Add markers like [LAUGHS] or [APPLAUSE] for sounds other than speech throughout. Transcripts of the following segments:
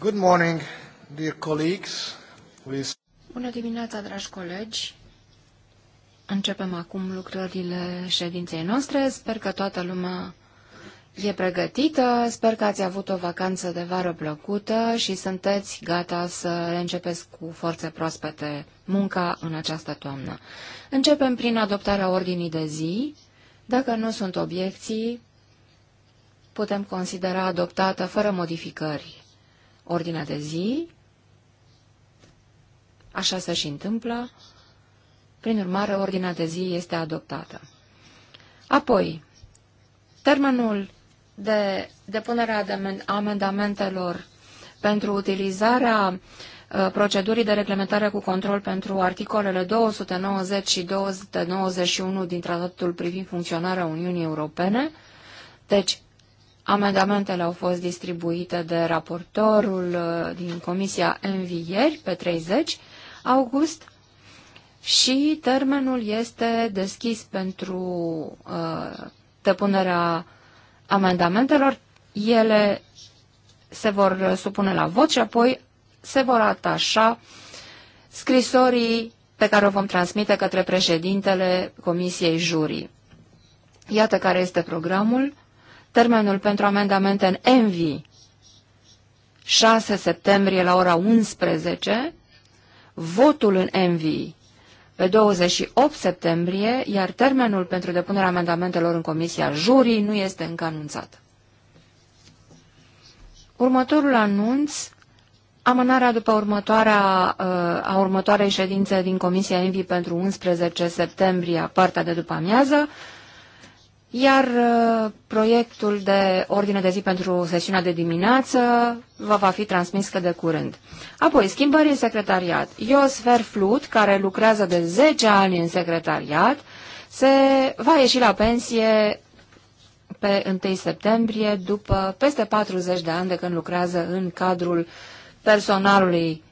Good morning, dear colleagues. Bună dimineața, dragi colegi. Începem acum lucrările ședinței noastre. Sper că toată lumea e pregătită. Sper că ați avut o vacanță de vară plăcută și sunteți gata să începeți cu forțe proaspete munca în această toamnă. Începem prin adoptarea ordinii de zi. Dacă nu sunt obiecții, putem considera adoptată fără modificări ordinea de zi. Așa se și întâmplă. Prin urmare, ordinea de zi este adoptată. Apoi, termenul de depunere a amendamentelor pentru utilizarea uh, procedurii de reglementare cu control pentru articolele 290 și 291 din Tratatul privind funcționarea Uniunii Europene, deci Amendamentele au fost distribuite de raportorul uh, din Comisia Envi ieri, pe 30 august, și termenul este deschis pentru uh, depunerea amendamentelor. Ele se vor uh, supune la vot și apoi se vor atașa scrisorii pe care o vom transmite către președintele Comisiei Jurii. Iată care este programul termenul pentru amendamente în ENVI 6 septembrie la ora 11, votul în ENVI pe 28 septembrie, iar termenul pentru depunerea amendamentelor în Comisia Jurii nu este încă anunțat. Următorul anunț, amânarea după următoarea, uh, a următoarei ședințe din Comisia Envi pentru 11 septembrie, partea de după amiază, iar uh, proiectul de ordine de zi pentru sesiunea de dimineață vă va fi transmis cât de curând. Apoi, schimbări în secretariat. Iosfer Flut, care lucrează de 10 ani în secretariat, se va ieși la pensie pe 1 septembrie, după peste 40 de ani de când lucrează în cadrul personalului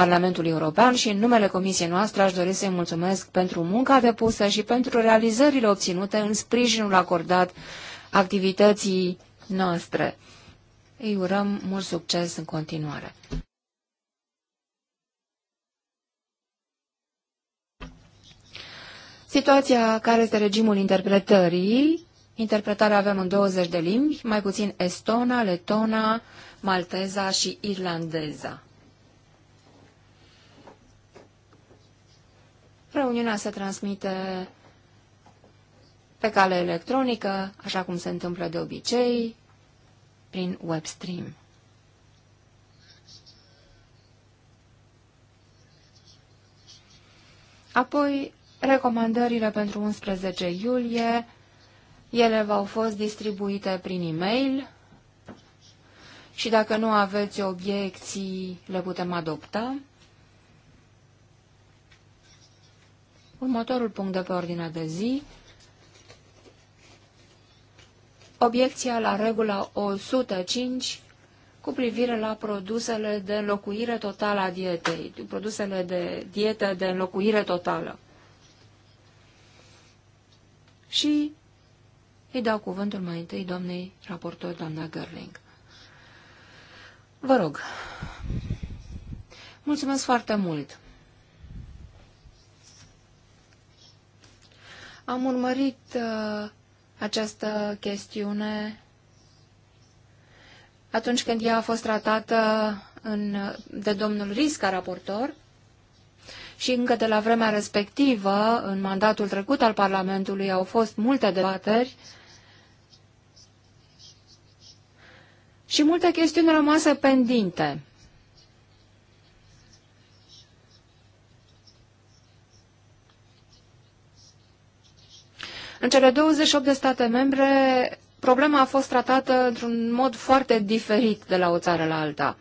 Parlamentului European și în numele comisiei noastre aș dori să-i mulțumesc pentru munca depusă și pentru realizările obținute în sprijinul acordat activității noastre. Îi urăm mult succes în continuare. Situația care este regimul interpretării, interpretarea avem în 20 de limbi, mai puțin estona, letona, malteza și irlandeza. Reuniunea se transmite pe cale electronică, așa cum se întâmplă de obicei, prin webstream. Apoi, recomandările pentru 11 iulie, ele v-au fost distribuite prin e-mail și dacă nu aveți obiecții, le putem adopta. Următorul punct de pe ordinea de zi, obiecția la regula 105 cu privire la produsele de înlocuire totală a dietei, produsele de dietă de înlocuire totală. Și îi dau cuvântul mai întâi doamnei raportor, doamna Gerling. Vă rog. Mulțumesc foarte mult. Am urmărit uh, această chestiune atunci când ea a fost tratată în, de domnul Risca, raportor, și încă de la vremea respectivă, în mandatul trecut al Parlamentului, au fost multe debateri și multe chestiuni rămase pendinte. În cele 28 de state membre, problema a fost tratată într-un mod foarte diferit de la o țară la alta.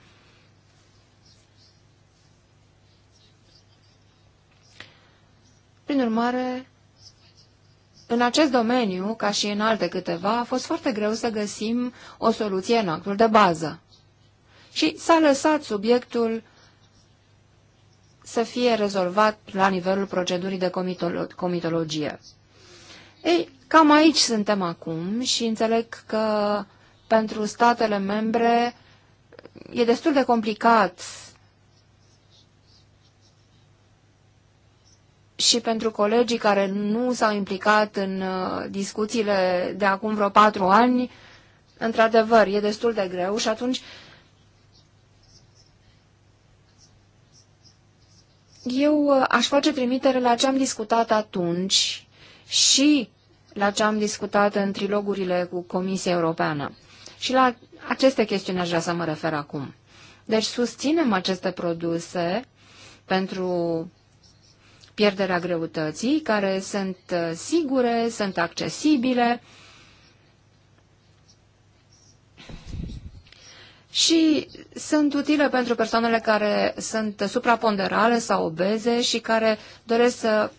Prin urmare, în acest domeniu, ca și în alte câteva, a fost foarte greu să găsim o soluție în actul de bază. Și s-a lăsat subiectul să fie rezolvat la nivelul procedurii de comitolo comitologie. Ei, cam aici suntem acum și înțeleg că pentru statele membre e destul de complicat și pentru colegii care nu s-au implicat în uh, discuțiile de acum vreo patru ani, într-adevăr, e destul de greu și atunci eu uh, aș face trimitere la ce am discutat atunci și la ce am discutat în trilogurile cu Comisia Europeană. Și la aceste chestiuni aș vrea să mă refer acum. Deci susținem aceste produse pentru pierderea greutății, care sunt uh, sigure, sunt accesibile și sunt utile pentru persoanele care sunt supraponderale sau obeze și care doresc să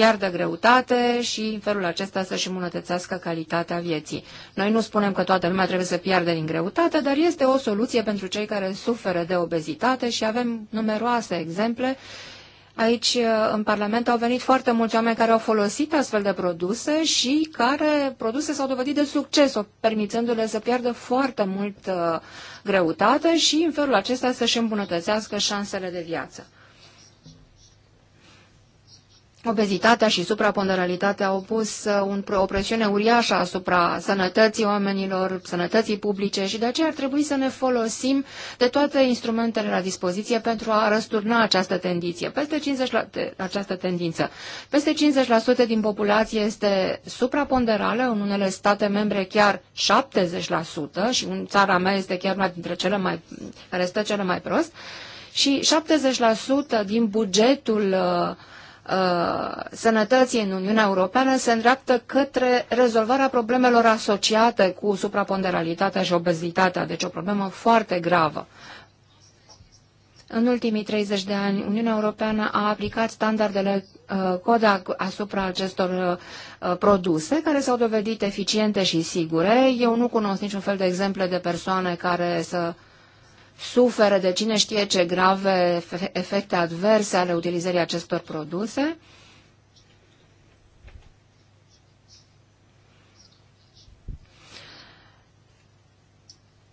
piardă greutate și în felul acesta să-și îmbunătățească calitatea vieții. Noi nu spunem că toată lumea trebuie să piardă din greutate, dar este o soluție pentru cei care suferă de obezitate și avem numeroase exemple Aici, uh, în Parlament, au venit foarte mulți oameni care au folosit astfel de produse și care produse s-au dovedit de succes, permițându-le să piardă foarte mult uh, greutate și, în felul acesta, să-și îmbunătățească șansele de viață. Obezitatea și supraponderalitatea au pus uh, un, o presiune uriașă asupra sănătății oamenilor, sănătății publice și de aceea ar trebui să ne folosim de toate instrumentele la dispoziție pentru a răsturna această tendință. Peste 50 la, de, această tendință. Peste 50% din populație este supraponderală, în unele state membre chiar 70% și în țara mea este chiar una dintre cele mai, care stă cele mai prost. Și 70% din bugetul uh, Uh, sănătății în Uniunea Europeană se îndreaptă către rezolvarea problemelor asociate cu supraponderalitatea și obezitatea, deci o problemă foarte gravă. În ultimii 30 de ani, Uniunea Europeană a aplicat standardele uh, asupra acestor uh, produse, care s-au dovedit eficiente și sigure. Eu nu cunosc niciun fel de exemple de persoane care să suferă de cine știe ce grave efecte adverse ale utilizării acestor produse.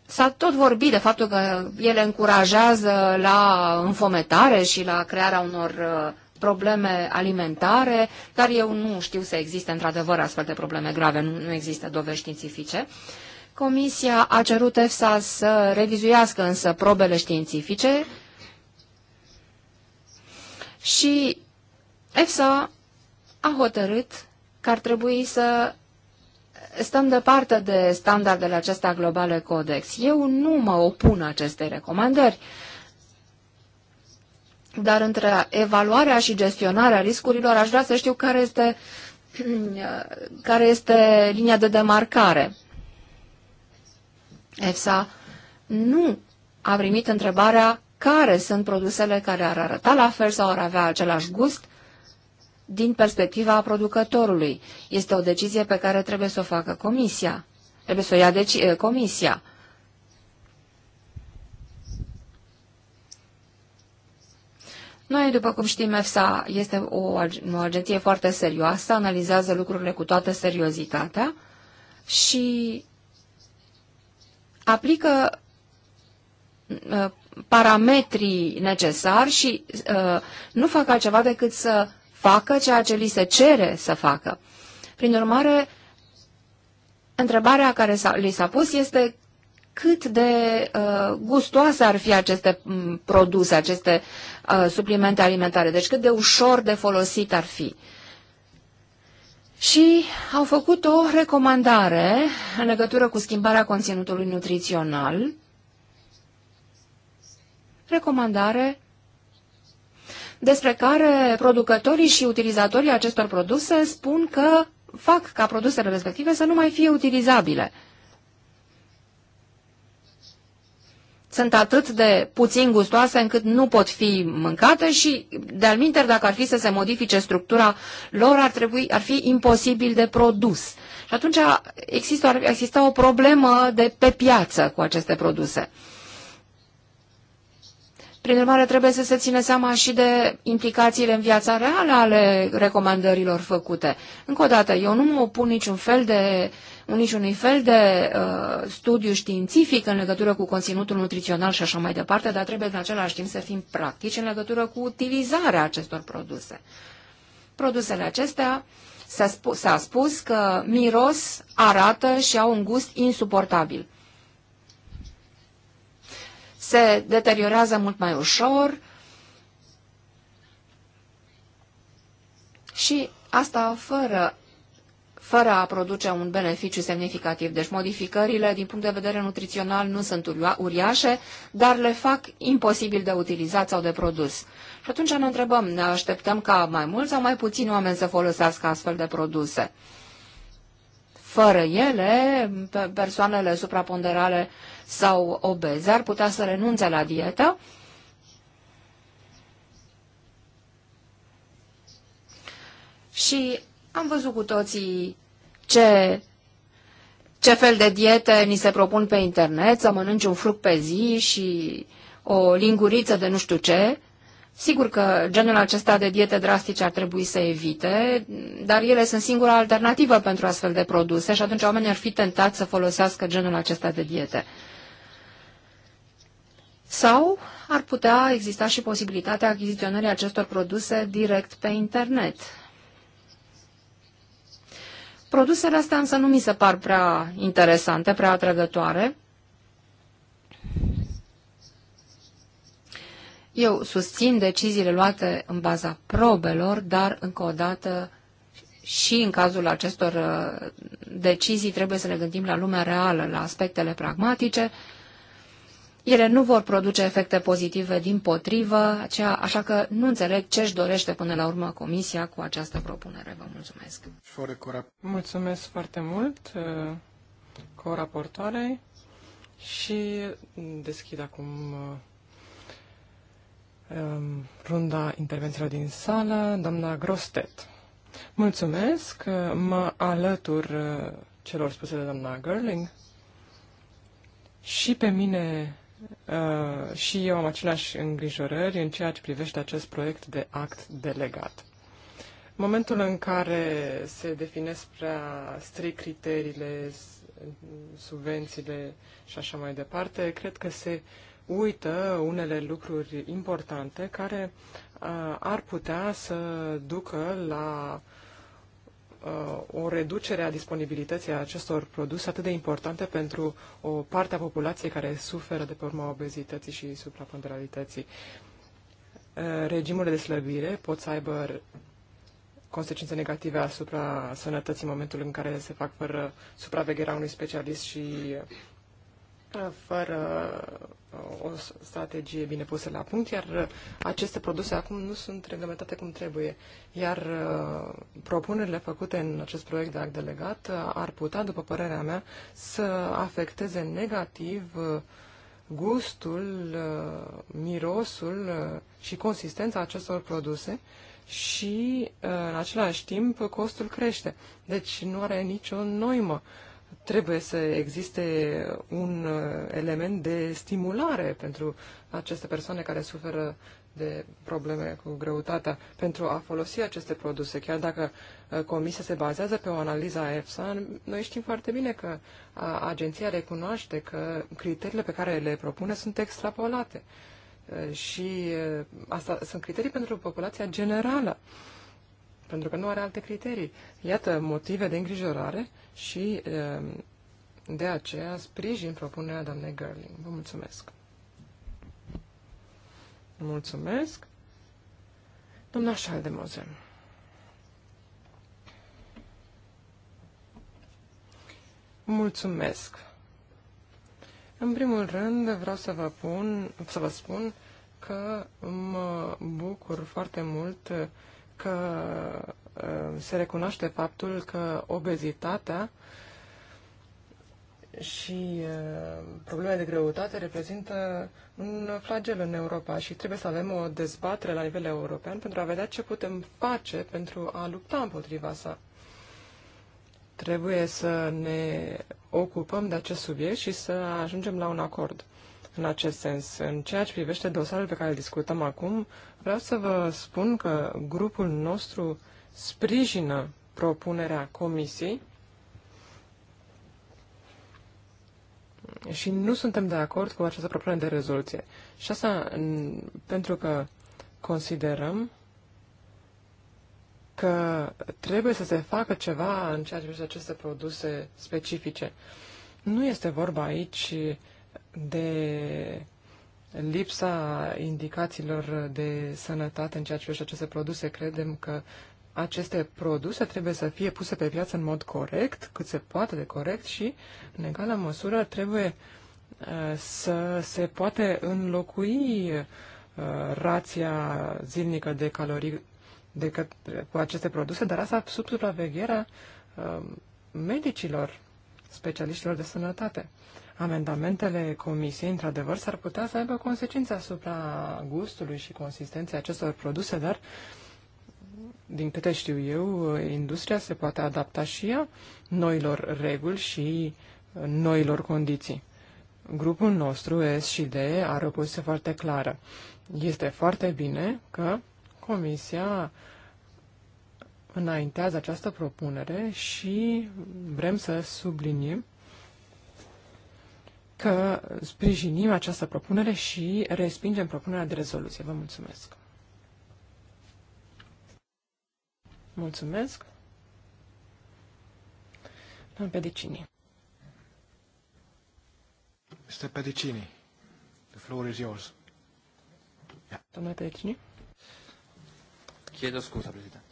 S-a tot vorbit de faptul că ele încurajează la înfometare și la crearea unor uh, probleme alimentare, dar eu nu știu să existe într-adevăr astfel de probleme grave, nu, nu există dovești științifice. Uh, Comisia a cerut EFSA să revizuiască însă probele științifice și EFSA a hotărât că ar trebui să stăm departe de standardele acestea globale codex. Eu nu mă opun acestei recomandări, dar între evaluarea și gestionarea riscurilor aș vrea să știu care este, [CLEARS THROAT] care este linia de demarcare. EFSA nu a primit întrebarea care sunt produsele care ar arăta la fel sau ar avea același gust din perspectiva producătorului. Este o decizie pe care trebuie să o facă comisia. Trebuie să o ia deci eh, comisia. Noi, după cum știm, EFSA este o, o agenție foarte serioasă, analizează lucrurile cu toată seriozitatea și aplică uh, parametrii necesari și uh, nu fac altceva decât să facă ceea ce li se cere să facă. Prin urmare, întrebarea care li s-a pus este cât de uh, gustoase ar fi aceste mm, produse, aceste suplimente alimentare, deci cât de ușor de folosit ar fi și au făcut o recomandare în legătură cu schimbarea conținutului nutrițional, recomandare despre care producătorii și utilizatorii acestor produse spun că fac ca produsele respective să nu mai fie utilizabile. sunt atât de puțin gustoase încât nu pot fi mâncate și, de-al minter, dacă ar fi să se modifice structura lor, ar, trebui, ar fi imposibil de produs. Și atunci există, ar exista o problemă de pe piață cu aceste produse. Prin urmare, trebuie să se țină seama și de implicațiile în viața reală ale recomandărilor făcute. Încă o dată, eu nu mă opun niciun fel de, niciunui fel de uh, studiu științific în legătură cu conținutul nutrițional și așa mai departe, dar trebuie în același timp să fim practici în legătură cu utilizarea acestor produse. Produsele acestea s-a spus, spus că miros, arată și au un gust insuportabil se deteriorează mult mai ușor și asta fără fără a produce un beneficiu semnificativ. Deci modificările din punct de vedere nutrițional nu sunt uriașe, dar le fac imposibil de utilizat sau de produs. Și atunci ne întrebăm, ne așteptăm ca mai mulți sau mai puțini oameni să folosească astfel de produse. Fără ele, persoanele supraponderale sau obeze ar putea să renunțe la dietă și am văzut cu toții ce, ce fel de diete ni se propun pe internet, să mănânci un fruct pe zi și o linguriță de nu știu ce. Sigur că genul acesta de diete drastice ar trebui să evite, dar ele sunt singura alternativă pentru astfel de produse și atunci oamenii ar fi tentați să folosească genul acesta de diete. Sau ar putea exista și posibilitatea achiziționării acestor produse direct pe internet. Produsele astea însă nu mi se par prea interesante, prea atrăgătoare. Eu susțin deciziile luate în baza probelor, dar încă o dată și în cazul acestor uh, decizii trebuie să ne gândim la lumea reală, la aspectele pragmatice ele nu vor produce efecte pozitive din potrivă, aceea, așa că nu înțeleg ce își dorește până la urmă Comisia cu această propunere. Vă mulțumesc. Mulțumesc foarte mult uh, co-raportoarei și deschid acum uh, um, runda intervențiilor din sală, doamna Grostet. Mulțumesc, uh, mă alătur celor spuse de doamna Gerling. Și pe mine Uh, și eu am aceleași îngrijorări în ceea ce privește acest proiect de act delegat. Momentul în care se definesc prea strict criteriile, subvențiile și așa mai departe, cred că se uită unele lucruri importante care uh, ar putea să ducă la uh, o reducere a disponibilității a acestor produse atât de importante pentru o parte a populației care suferă de pe urma obezității și supraponderalității. Uh, regimurile de slăbire pot să aibă consecințe negative asupra sănătății în momentul în care se fac fără supravegherea unui specialist și fără uh, o strategie bine pusă la punct, iar aceste produse acum nu sunt reglementate cum trebuie. Iar uh, propunerile făcute în acest proiect de act delegat uh, ar putea, după părerea mea, să afecteze negativ gustul, mirosul și consistența acestor produse și, în același timp, costul crește. Deci nu are nicio noimă trebuie să existe un uh, element de stimulare pentru aceste persoane care suferă de probleme cu greutatea pentru a folosi aceste produse. Chiar dacă uh, comisia se bazează pe o analiză a EFSA, noi știm foarte bine că agenția recunoaște că criteriile pe care le propune sunt extrapolate. Uh, și asta sunt criterii pentru populația generală pentru că nu are alte criterii. Iată motive de îngrijorare și ehm, de aceea sprijin propunerea doamnei Gerling. Vă mulțumesc. Mulțumesc. Doamna Șaldemoze. Mulțumesc. În primul rând vreau să vă, pun, să vă spun că mă bucur foarte mult că uh, se recunoaște faptul că obezitatea și uh, problemele de greutate reprezintă un flagel în Europa și trebuie să avem o dezbatere la nivel european pentru a vedea ce putem face pentru a lupta împotriva sa. Trebuie să ne ocupăm de acest subiect și să ajungem la un acord în acest sens. În ceea ce privește dosarul pe care îl discutăm acum, vreau să vă spun că grupul nostru sprijină propunerea comisiei și nu suntem de acord cu această propunere de rezoluție. Și asta pentru că considerăm că trebuie să se facă ceva în ceea ce privește aceste produse specifice. Nu este vorba aici de lipsa indicațiilor de sănătate în ceea ce privește aceste produse, credem că aceste produse trebuie să fie puse pe piață în mod corect, cât se poate de corect și, în egală măsură, trebuie uh, să se poate înlocui uh, rația zilnică de calorii de către, cu aceste produse, dar asta sub supravegherea uh, medicilor, specialiștilor de sănătate. Amendamentele comisiei, într-adevăr, s-ar putea să aibă consecințe asupra gustului și consistenței acestor produse, dar, din câte știu eu, industria se poate adapta și ea noilor reguli și noilor condiții. Grupul nostru, S și D, are o poziție foarte clară. Este foarte bine că Comisia înaintează această propunere și vrem să subliniem că sprijinim această propunere și respingem propunerea de rezoluție. Vă mulțumesc! Mulțumesc! Domnul Pedicini. Mr. Pedicini, the floor is yours. Yeah. Domnule Pedicini? Chiedo scuza, Presidente.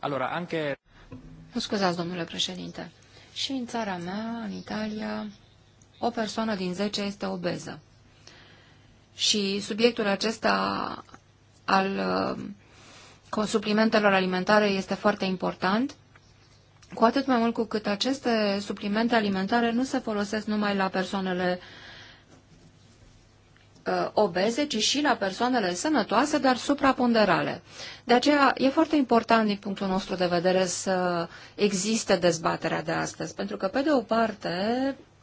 Allora, anche... Scuzați, domnule președinte. Și în țara mea, în Italia, o persoană din 10 este obeză. Și subiectul acesta al uh, suplimentelor alimentare este foarte important, cu atât mai mult cu cât aceste suplimente alimentare nu se folosesc numai la persoanele uh, obeze, ci și la persoanele sănătoase, dar supraponderale. De aceea e foarte important din punctul nostru de vedere să existe dezbaterea de astăzi, pentru că pe de o parte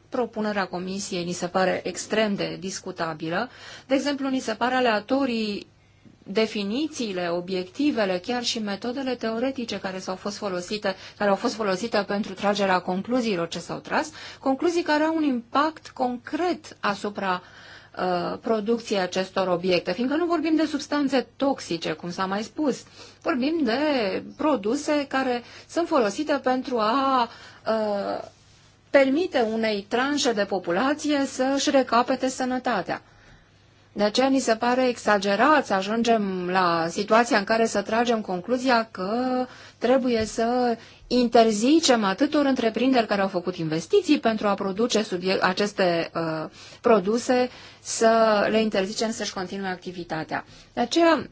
propunerea comisiei ni se pare extrem de discutabilă. De exemplu, ni se pare aleatorii definițiile, obiectivele, chiar și metodele teoretice care s-au fost folosite, care au fost folosite pentru tragerea concluziilor ce s-au tras, concluzii care au un impact concret asupra uh, producției acestor obiecte, fiindcă nu vorbim de substanțe toxice, cum s-a mai spus. Vorbim de produse care sunt folosite pentru a uh, permite unei tranșe de populație să-și recapete sănătatea. De aceea ni se pare exagerat să ajungem la situația în care să tragem concluzia că trebuie să interzicem atâtor întreprinderi care au făcut investiții pentru a produce subiect, aceste uh, produse, să le interzicem să-și continue activitatea. De aceea,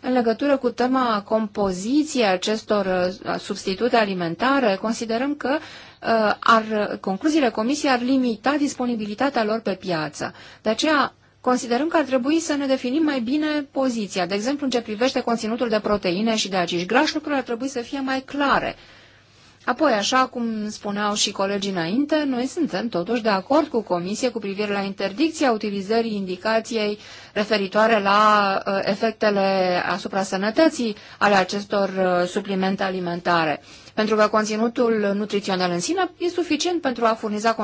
în legătură cu tema compoziției acestor uh, substitute alimentare, considerăm că Uh, ar, concluziile comisiei ar limita disponibilitatea lor pe piață. De aceea, considerăm că ar trebui să ne definim mai bine poziția. De exemplu, în ce privește conținutul de proteine și de acești grași, lucrurile ar trebui să fie mai clare. Apoi, așa cum spuneau și colegii înainte, noi suntem totuși de acord cu Comisie cu privire la interdicția utilizării indicației referitoare la uh, efectele asupra sănătății ale acestor uh, suplimente alimentare pentru că conținutul nutrițional în sine e suficient pentru a furniza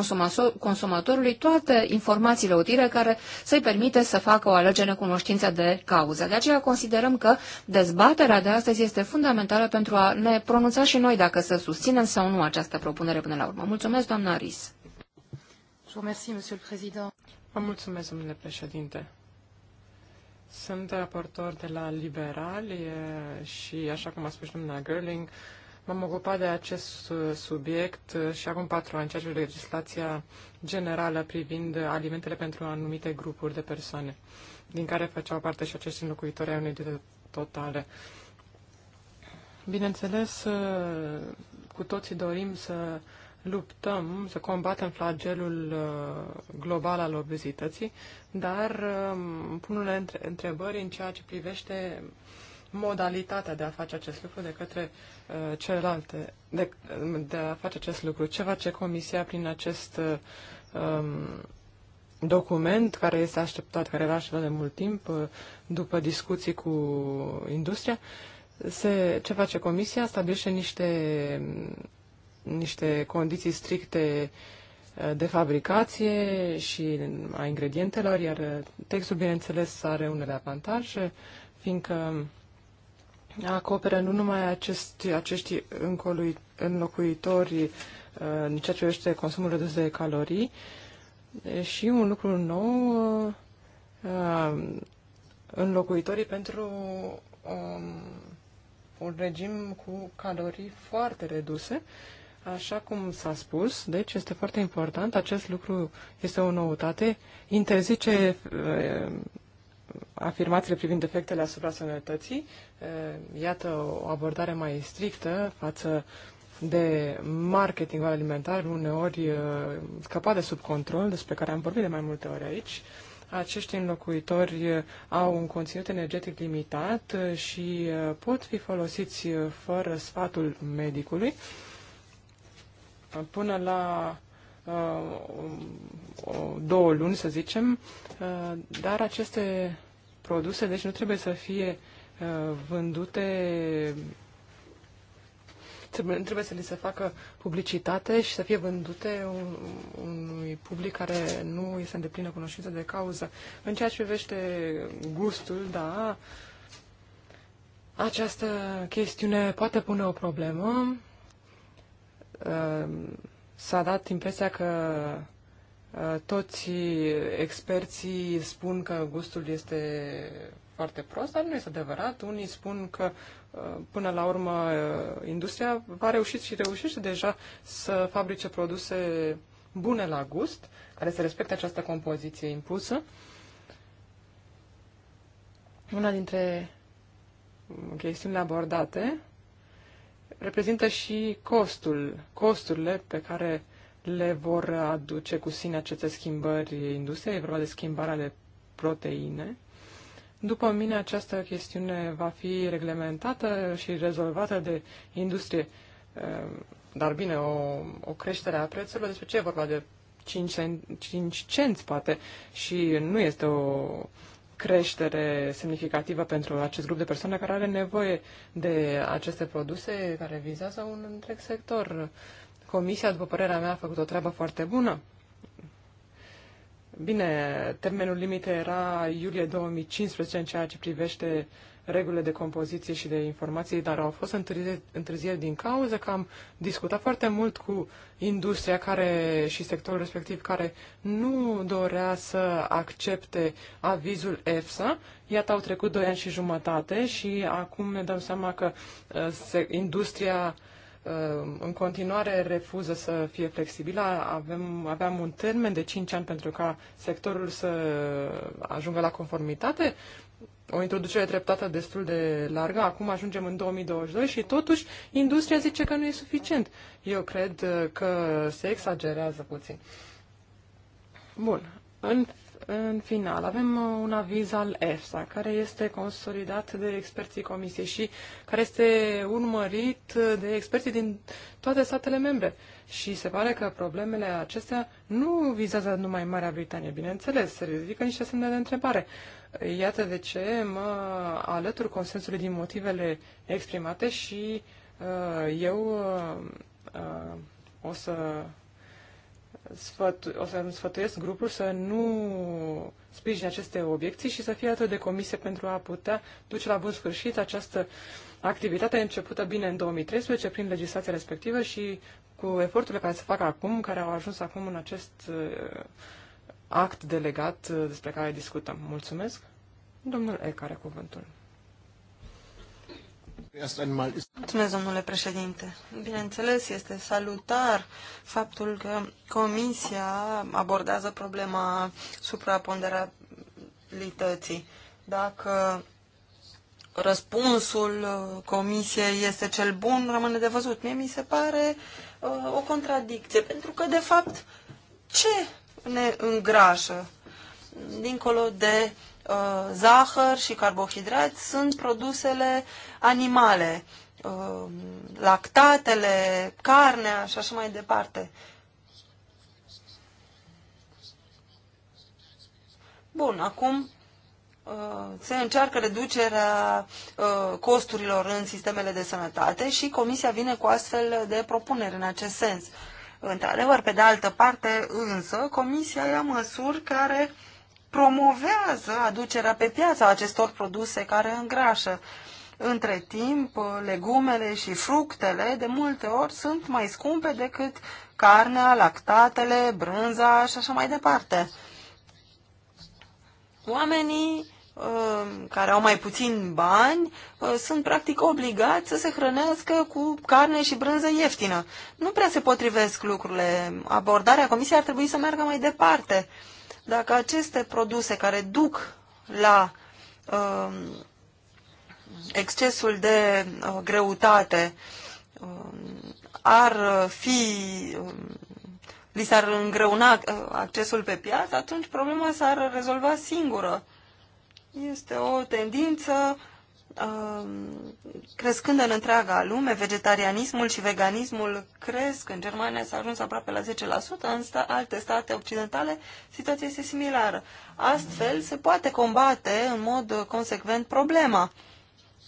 consumatorului toate informațiile utile care să-i permite să facă o alegere cu cunoștință de cauză. De aceea considerăm că dezbaterea de astăzi este fundamentală pentru a ne pronunța și noi dacă să susținem sau nu această propunere până la urmă. Mulțumesc, doamna Ris. Vă mulțumesc, domnule președinte. Sunt raportor de la Liberali și, așa cum a spus domnul Gerling, M-am ocupat de acest subiect uh, și acum patru ani, ceea ce legislația generală privind alimentele pentru anumite grupuri de persoane, din care făceau parte și acești înlocuitori ai unei totale. Bineînțeles, uh, cu toții dorim să luptăm, să combatem flagelul uh, global al obezității, dar um, pun unele întrebări în ceea ce privește modalitatea de a face acest lucru de către uh, celelalte, de, um, de a face acest lucru. Ce face Comisia prin acest uh, um, document care este așteptat, care era așteptat de mult timp, uh, după discuții cu industria? Se, ce face Comisia? Stabilește niște, um, niște condiții stricte uh, de fabricație și a ingredientelor, iar textul, bineînțeles, are unele avantaje, fiindcă um, acoperă nu numai acești acești înlocuitori uh, în ceea ce privește consumul redus de calorii, și un lucru nou, uh, înlocuitorii pentru um, un regim cu calorii foarte reduse, așa cum s-a spus, deci este foarte important, acest lucru este o noutate, interzice uh, afirmațiile privind defectele asupra sănătății, iată o abordare mai strictă față de marketingul alimentar, uneori scăpat de sub control, despre care am vorbit de mai multe ori aici. Acești înlocuitori au un conținut energetic limitat și pot fi folosiți fără sfatul medicului până la două luni, să zicem, dar aceste produse, deci nu trebuie să fie uh, vândute trebuie, trebuie să li se facă publicitate și să fie vândute un, unui public care nu este în deplină cunoștință de cauză. În ceea ce privește gustul, da, această chestiune poate pune o problemă. Uh, s-a dat impresia că toți experții spun că gustul este foarte prost, dar nu este adevărat. Unii spun că uh, până la urmă uh, industria va reușit și reușește deja să fabrice produse bune la gust, care să respecte această compoziție impusă. Una dintre uh, chestiunile abordate reprezintă și costul, costurile pe care le vor aduce cu sine aceste schimbări industriei, e vorba de schimbarea de proteine. După mine, această chestiune va fi reglementată și rezolvată de industrie. Ehm, dar bine, o, o creștere a prețurilor, despre ce e vorba de 5, cent, 5 cenți, poate, și nu este o creștere semnificativă pentru acest grup de persoane care are nevoie de aceste produse care vizează un întreg sector. Uh, Comisia, după părerea mea, a făcut o treabă foarte bună. Bine, termenul limite era iulie 2015 în ceea ce privește regulile de compoziție și de informații, dar au fost întârzieri, din cauza că am discutat foarte mult cu industria care și sectorul respectiv care nu dorea să accepte avizul EFSA. Iată, au trecut doi ani și jumătate și acum ne dăm seama că uh, se, industria uh, Uh, în continuare refuză să fie flexibilă. Avem, aveam un termen de 5 ani pentru ca sectorul să ajungă la conformitate. O introducere treptată destul de largă. Acum ajungem în 2022 și totuși industria zice că nu e suficient. Eu cred uh, că se exagerează puțin. Bun. În în final, avem uh, un aviz al EFSA, care este consolidat de experții comisiei și care este urmărit uh, de experții din toate statele membre. Și se pare că problemele acestea nu vizează numai Marea Britanie, bineînțeles, se ridică niște semne de întrebare. Iată de ce mă alătur consensului din motivele exprimate și uh, eu uh, uh, o să sfătu- o să sfătuiesc grupul să nu sprijine aceste obiecții și să fie atât de comisie pentru a putea duce la bun sfârșit această activitate începută bine în 2013 prin legislația respectivă și cu eforturile care se fac acum, care au ajuns acum în acest uh, act delegat uh, despre care discutăm. Mulțumesc. Domnul E, care cuvântul. Mulțumesc, domnule președinte. Bineînțeles, este salutar faptul că Comisia abordează problema supraponderabilității. Dacă răspunsul Comisiei este cel bun, rămâne de văzut. Mie mi se pare uh, o contradicție, pentru că, de fapt, ce ne îngrașă? Dincolo de uh, Uh, zahăr și carbohidrați sunt produsele animale, uh, lactatele, carnea și așa mai departe. Bun, acum uh, se încearcă reducerea costurilor în sistemele de sănătate și Comisia vine cu astfel de propuneri în acest sens. Într-adevăr, pe de altă parte, însă, Comisia ia măsuri care uh, promovează aducerea pe piață a acestor produse care îngrașă. Între timp, legumele și fructele de multe ori sunt mai scumpe decât carnea, lactatele, brânza și așa mai departe. Oamenii uh, care au mai puțin bani uh, sunt practic obligați să se hrănească cu carne și brânză ieftină. Nu prea se potrivesc lucrurile. Abordarea comisiei ar trebui să meargă mai departe. Dacă aceste produse care duc la uh, excesul de uh, greutate um, uh, ar fi, uh, li s-ar îngreuna uh, accesul pe piață, atunci problema s-ar rezolva singură. Este o tendință uh, Um, crescând în întreaga lume, vegetarianismul și veganismul cresc. În Germania s-a ajuns aproape la 10%, în sta- alte state occidentale situația este similară. Astfel se poate combate în mod consecvent problema.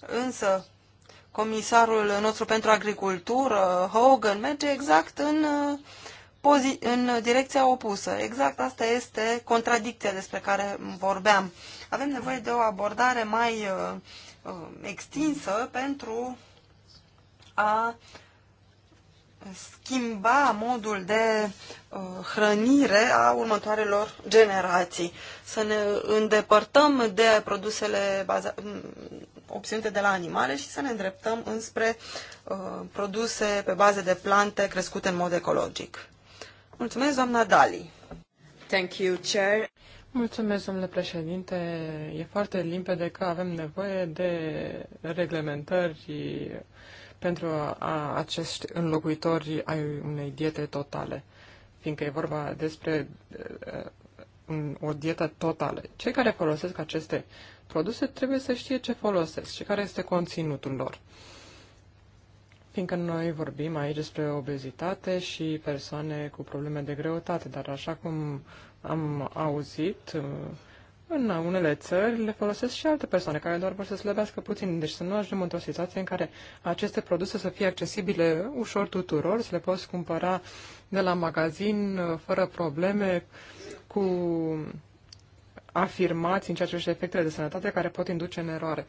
Însă comisarul nostru pentru agricultură, Hogan, merge exact în, uh, în direcția opusă. Exact asta este contradicția despre care vorbeam. Avem nevoie de o abordare mai uh, Um, extinsă pentru a schimba modul de uh, hrănire a următoarelor generații. Să ne îndepărtăm de produsele baza- mm, obținute de la animale și să ne îndreptăm înspre uh, produse pe bază de plante crescute în mod ecologic. Mulțumesc, doamna Dali. Thank you, Chair. Mulțumesc, domnule președinte. E foarte limpede că avem nevoie de reglementări pentru a, acești înlocuitori ai unei diete totale, fiindcă e vorba despre uh, o dietă totală. Cei care folosesc aceste produse trebuie să știe ce folosesc și care este conținutul lor. Fiindcă noi vorbim aici despre obezitate și persoane cu probleme de greutate, dar așa cum uh, am auzit, uh, în unele țări le folosesc și alte persoane care doar vor să slăbească puțin, deci să nu ajungem într-o situație în care aceste produse să fie accesibile ușor tuturor, să le poți cumpăra de la magazin uh, fără probleme, cu afirmații în ceea ce privește efectele de sănătate care pot induce în eroare.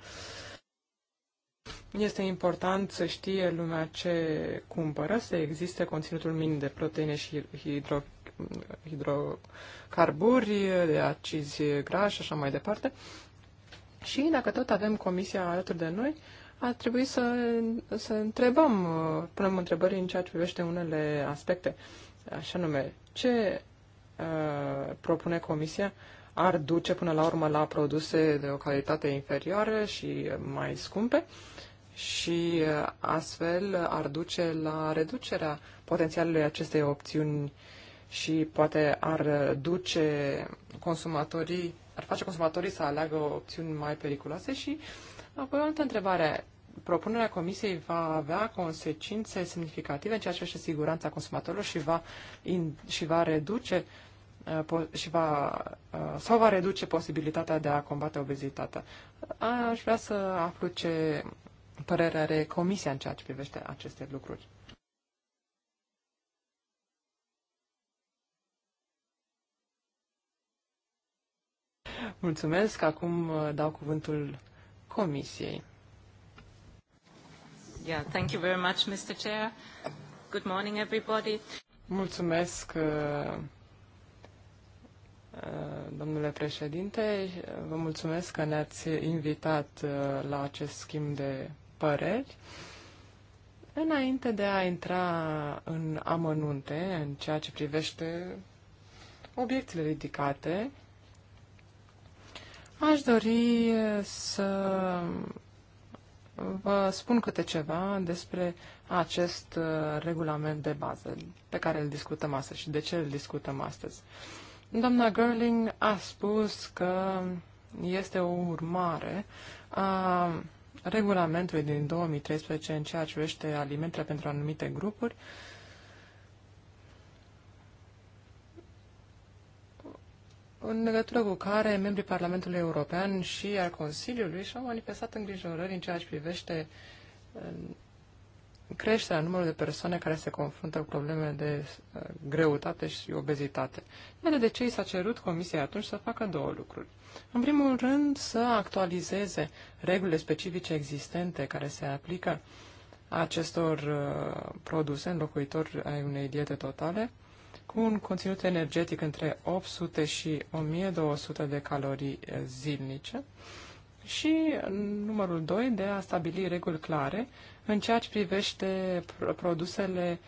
Este important să știe lumea ce cumpără, să existe conținutul minim de proteine și hidro- hidrocarburi, de acizi grași și așa mai departe. Și dacă tot avem comisia alături de noi, ar trebui să, să întrebăm, punem întrebări în ceea ce privește unele aspecte. Așa nume, ce uh, propune comisia ar duce până la urmă la produse de o calitate inferioară și mai scumpe și uh, astfel ar duce la reducerea potențialului acestei opțiuni uh, și poate ar duce consumatorii, ar face consumatorii să aleagă opțiuni mai periculoase și apoi o altă întrebare. Propunerea Comisiei va avea consecințe semnificative în ceea ce privește siguranța consumatorilor și va, in, și va reduce uh, și va, uh, sau va reduce posibilitatea de a combate obezitatea. Aș vrea să aflu ce părere are Comisia în ceea ce privește aceste lucruri. Mulțumesc. Acum uh, dau cuvântul Comisiei. Yeah, thank you very much, Mr. Chair. Good morning, everybody. Mulțumesc, uh, uh, domnule președinte. Vă mulțumesc că ne-ați invitat la acest schimb de păreri. Înainte de a intra în amănunte în ceea ce privește obiectele ridicate, Aș dori să vă spun câte ceva despre acest regulament de bază pe care îl discutăm astăzi și de ce îl discutăm astăzi. Doamna Gerling a spus că este o urmare a regulamentului din 2013 în ceea ce privește alimentele pentru anumite grupuri, uh, în legătură cu care membrii Parlamentului European și al Consiliului și-au manifestat îngrijorări în ceea ce privește creșterea numărului de persoane care se confruntă cu probleme de uh, greutate și obezitate. Iată de ce i s-a cerut Comisiei atunci să facă două lucruri. În primul rând, să actualizeze regulile specifice existente care se aplică acestor uh, produse înlocuitori ai unei diete totale, cu un conținut energetic între 800 și 1200 de calorii zilnice și numărul 2 de a stabili reguli clare în ceea ce privește produsele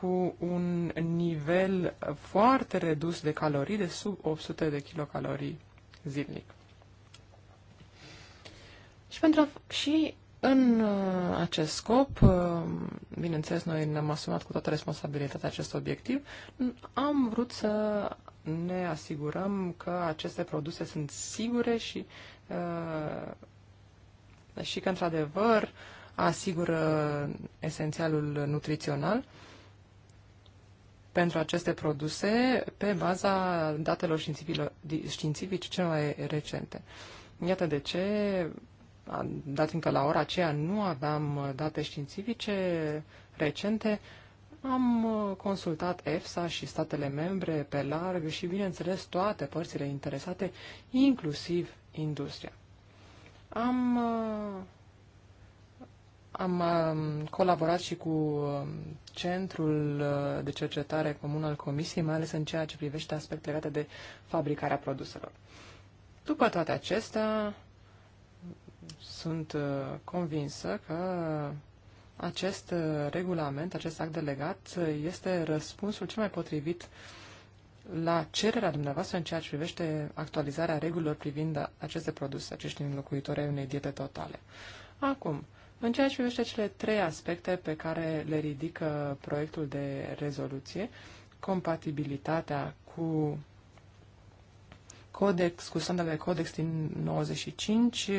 cu un nivel foarte redus de calorii, de sub 800 de kilocalorii zilnic. Și, pentru a, și în uh, acest scop, uh, bineînțeles, noi ne-am asumat cu toată responsabilitatea acest obiectiv, am vrut să ne asigurăm că aceste produse sunt sigure și, uh, și că, într-adevăr, asigură esențialul nutrițional pentru aceste produse pe baza datelor științifice cele mai recente. Iată de ce dat fiindcă la ora aceea nu aveam uh, date științifice recente, am uh, consultat EFSA și statele membre pe larg și, bineînțeles, toate părțile interesate, inclusiv industria. Am, uh, am um, colaborat și cu um, Centrul de Cercetare Comun al Comisiei, mai ales în ceea ce privește aspecte legate de fabricarea produselor. După toate acestea, sunt uh, convinsă că acest uh, regulament, acest act delegat, uh, este răspunsul cel mai potrivit la cererea dumneavoastră în ceea ce privește actualizarea regulilor privind aceste produse, acești înlocuitori ai unei diete totale. Acum, în ceea ce privește cele trei aspecte pe care le ridică proiectul de rezoluție, compatibilitatea cu codex, cu standardele codex din 95,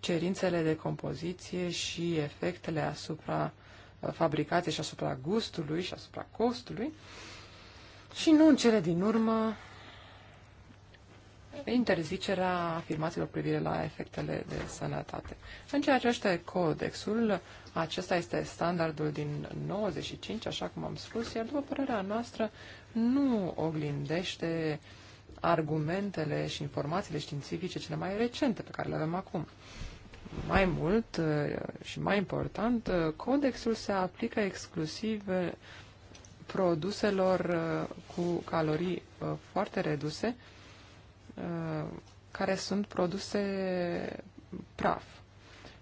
cerințele de compoziție și efectele asupra uh, fabricației și asupra gustului și asupra costului. Și nu în cele din urmă interzicerea afirmațiilor privire la efectele de sănătate. În ceea ce este codexul, acesta este standardul din 95, așa cum am spus, iar după părerea noastră nu oglindește uh, argumentele și informațiile științifice cele mai recente pe care le avem acum. Mai mult uh, și mai important, uh, codexul se aplică exclusiv uh, produselor cu calorii foarte reduse, care sunt produse praf.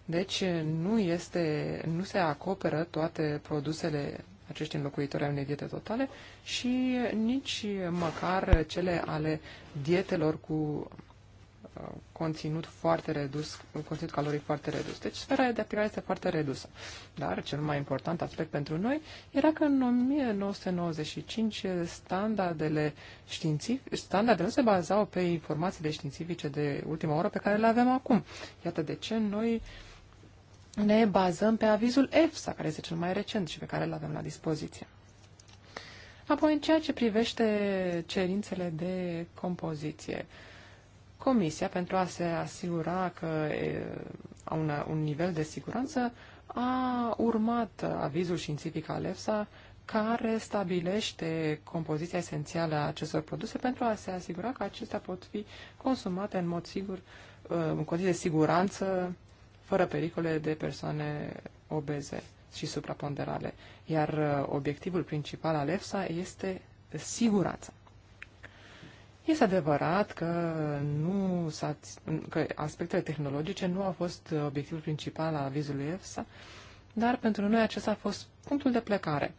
Deci nu, este, nu se acoperă toate produsele acești înlocuitori ai unei diete totale și nici măcar cele ale dietelor cu uh, conținut foarte redus, conținut caloric foarte redus. Deci sfera de activare este foarte redusă. Dar cel mai important aspect pentru noi era că în 1995 standardele științifice, standardele nu se bazau pe informațiile științifice de ultima oră pe care le avem acum. Iată de ce noi uh, ne bazăm pe avizul EFSA, care este cel mai recent și pe care îl avem la dispoziție. Apoi, în ceea ce privește cerințele de compoziție, Comisia, pentru a se asigura că au un, un nivel de siguranță, a urmat avizul științific al EFSA, care stabilește compoziția esențială a acestor produse pentru a se asigura că acestea pot fi consumate în mod sigur, în condiții de siguranță, fără pericole de persoane obeze și supraponderale. Iar uh, obiectivul principal al EFSA este siguranța. Este adevărat că, nu că aspectele tehnologice nu au fost uh, obiectivul principal al vizului EFSA, dar pentru noi acesta a fost punctul de plecare.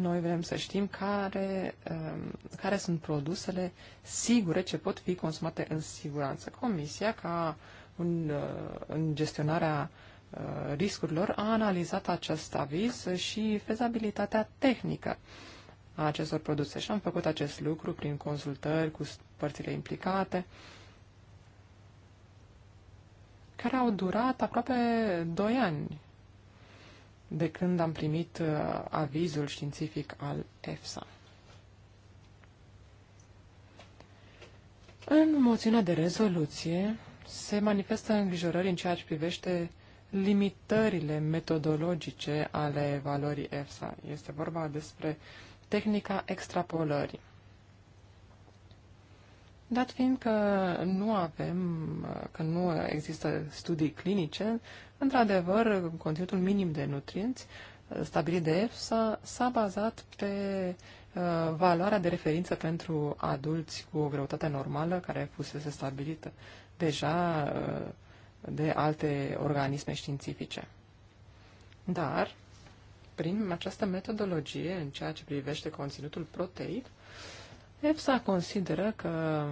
Noi vrem să știm care, um, care sunt produsele sigure ce pot fi consumate în siguranță. Comisia, ca în, uh, în gestionarea uh, riscurilor, a analizat acest aviz și fezabilitatea tehnică a acestor produse și am făcut acest lucru prin consultări cu părțile implicate, care au durat aproape 2 ani de când am primit uh, avizul științific al EFSA. În moțiunea de rezoluție se manifestă îngrijorări în ceea ce privește limitările metodologice ale evaluării EFSA. Este vorba despre tehnica extrapolării. Dat fiind că nu avem, că nu există studii clinice, într-adevăr, conținutul minim de nutrienți uh, stabilit de EFSA s-a bazat pe uh, valoarea de referință pentru adulți cu o greutate normală care fusese stabilită deja uh, de alte organisme științifice. Dar, prin această metodologie, în ceea ce privește conținutul proteic, EFSA consideră că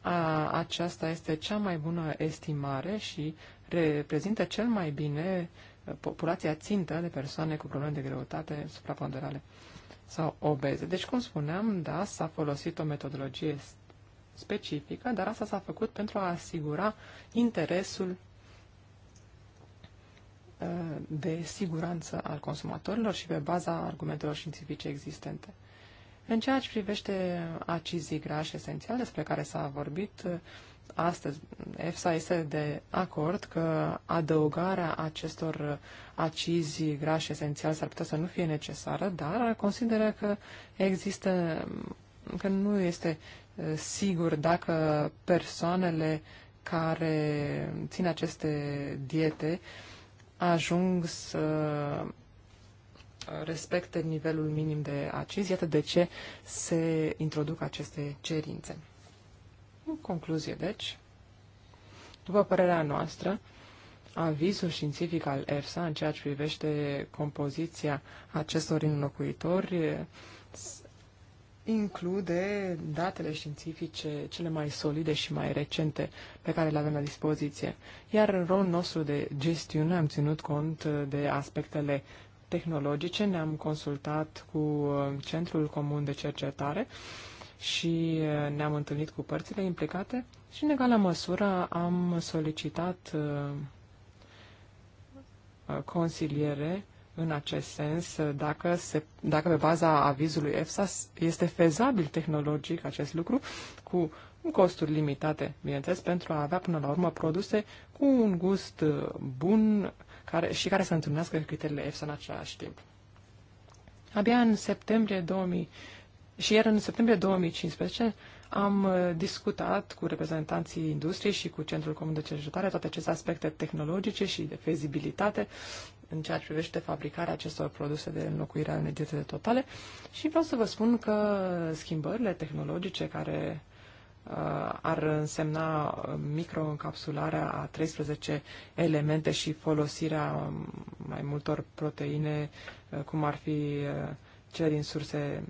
a, aceasta este cea mai bună estimare și reprezintă cel mai bine uh, populația țintă de persoane cu probleme de greutate supraponderale sau obeze. Deci, cum spuneam, da, s-a folosit o metodologie specifică, dar asta s-a făcut pentru a asigura interesul uh, de siguranță al consumatorilor și pe baza argumentelor științifice existente. În ceea ce privește acizii grași esențiale despre care s-a vorbit astăzi, EFSA este de acord că adăugarea acestor acizi grași esențiali s-ar putea să nu fie necesară, dar consideră că există, că nu este uh, sigur dacă persoanele care țin aceste diete ajung să respecte nivelul minim de acizi. Iată de ce se introduc aceste cerințe. În concluzie, deci, după părerea noastră, avizul științific al EFSA în ceea ce privește compoziția acestor înlocuitori eh, include datele științifice cele mai solide și mai recente pe care le avem la dispoziție. Iar în rolul nostru de gestiune am ținut cont eh, de aspectele tehnologice, ne-am consultat cu uh, Centrul Comun de Cercetare și uh, ne-am întâlnit cu părțile implicate și, în egală măsură, am solicitat uh, consiliere în acest sens, dacă, se, dacă pe baza avizului EFSA este fezabil tehnologic acest lucru, cu costuri limitate, bineînțeles, pentru a avea până la urmă produse cu un gust bun, care, și care să întâlnească criteriile EFSA în același timp. Abia în septembrie 2000, și iar în septembrie 2015 am uh, discutat cu reprezentanții industriei și cu Centrul Comun de Cercetare toate aceste aspecte tehnologice și de fezibilitate în ceea ce privește fabricarea acestor produse de înlocuire a energiei totale și vreau să vă spun că schimbările tehnologice care uh, Uh, ar însemna uh, microencapsularea a 13 elemente și folosirea um, mai multor proteine, uh, cum ar fi cele din surse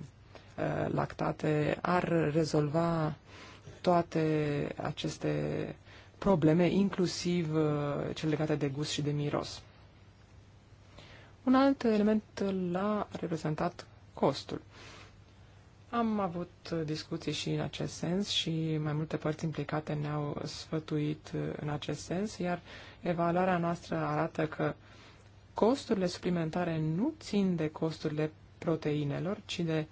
lactate, ar rezolva toate aceste probleme, inclusiv cele legate de gust și de miros. Un alt element l-a reprezentat costul. Uh, am avut discuții și în acest sens și mai multe părți implicate ne-au sfătuit în acest sens, iar evaluarea noastră arată că costurile suplimentare nu țin de costurile proteinelor, ci de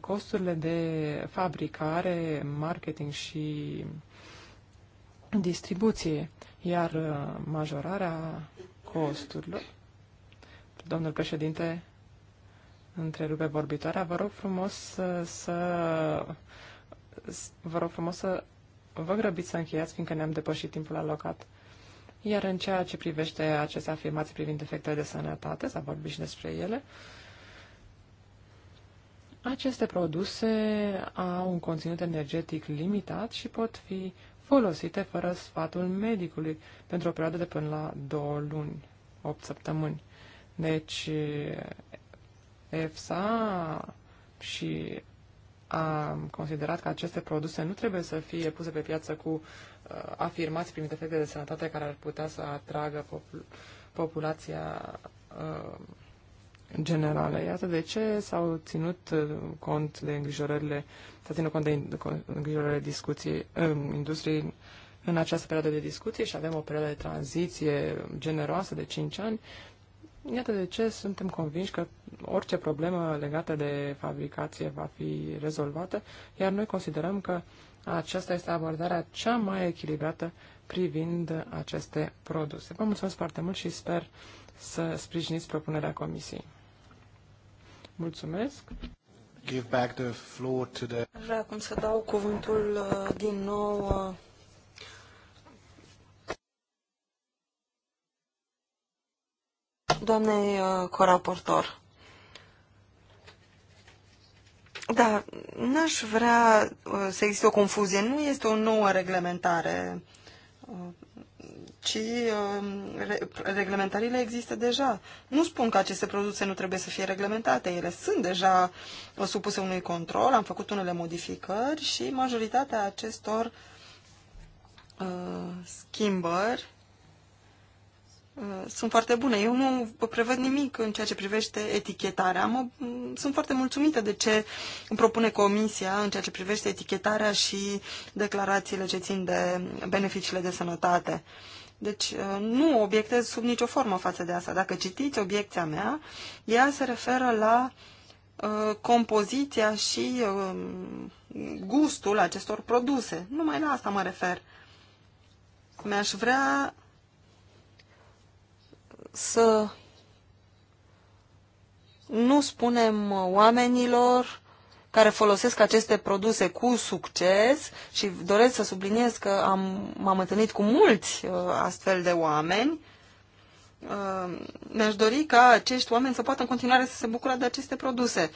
costurile de fabricare, marketing și distribuție, iar majorarea costurilor. Domnul președinte, întrerupe vorbitoarea. Vă rog frumos să, să vă rog frumos să vă grăbiți să încheiați, fiindcă ne-am depășit timpul alocat. Iar în ceea ce privește aceste afirmații privind efectele de sănătate, s-a vorbit și despre ele, aceste produse au un conținut energetic limitat și pot fi folosite fără sfatul medicului pentru o perioadă de până la două luni, 8 săptămâni. Deci, EFSA și a considerat că aceste produse nu trebuie să fie puse pe piață cu uh, afirmații primite efecte de sănătate care ar putea să atragă popul- populația uh, generală. Iată de ce s-au ținut uh, cont de îngrijorările, s-a ținut cont de îngrijorările discuției, uh, industriei în această perioadă de discuție și avem o perioadă de tranziție generoasă de 5 ani Iată de ce suntem convinși că orice problemă legată de fabricație va fi rezolvată, iar noi considerăm că aceasta este abordarea cea mai echilibrată privind aceste produse. Vă mulțumesc foarte mult și sper să sprijiniți propunerea comisiei. Mulțumesc! Give back the floor to the... Aș vrea acum să dau cuvântul uh, din nou uh, doamnei uh, coraportor. Da, n-aș vrea uh, să existe o confuzie. Nu este o nouă reglementare, uh, ci reglementările există deja. Nu spun că aceste produse nu trebuie să fie reglementate. Ele sunt deja supuse unui control, am făcut unele modificări și majoritatea acestor schimbări Uh, sunt foarte bune. Eu nu prevăd nimic în ceea ce privește etichetarea. Am, mm, sunt foarte mulțumită de ce îmi propune Comisia în ceea ce privește etichetarea și declarațiile ce țin de beneficiile de sănătate. Deci uh, nu obiectez sub nicio formă față de asta. Dacă citiți obiecția mea, ea se referă la uh, compoziția și uh, gustul acestor produse. Numai la asta mă refer. Mi-aș vrea să nu spunem oamenilor care folosesc aceste produse cu succes și doresc să subliniez că am, m-am întâlnit cu mulți uh, astfel de oameni, uh, mi-aș dori ca acești oameni să poată în continuare să se bucure de aceste produse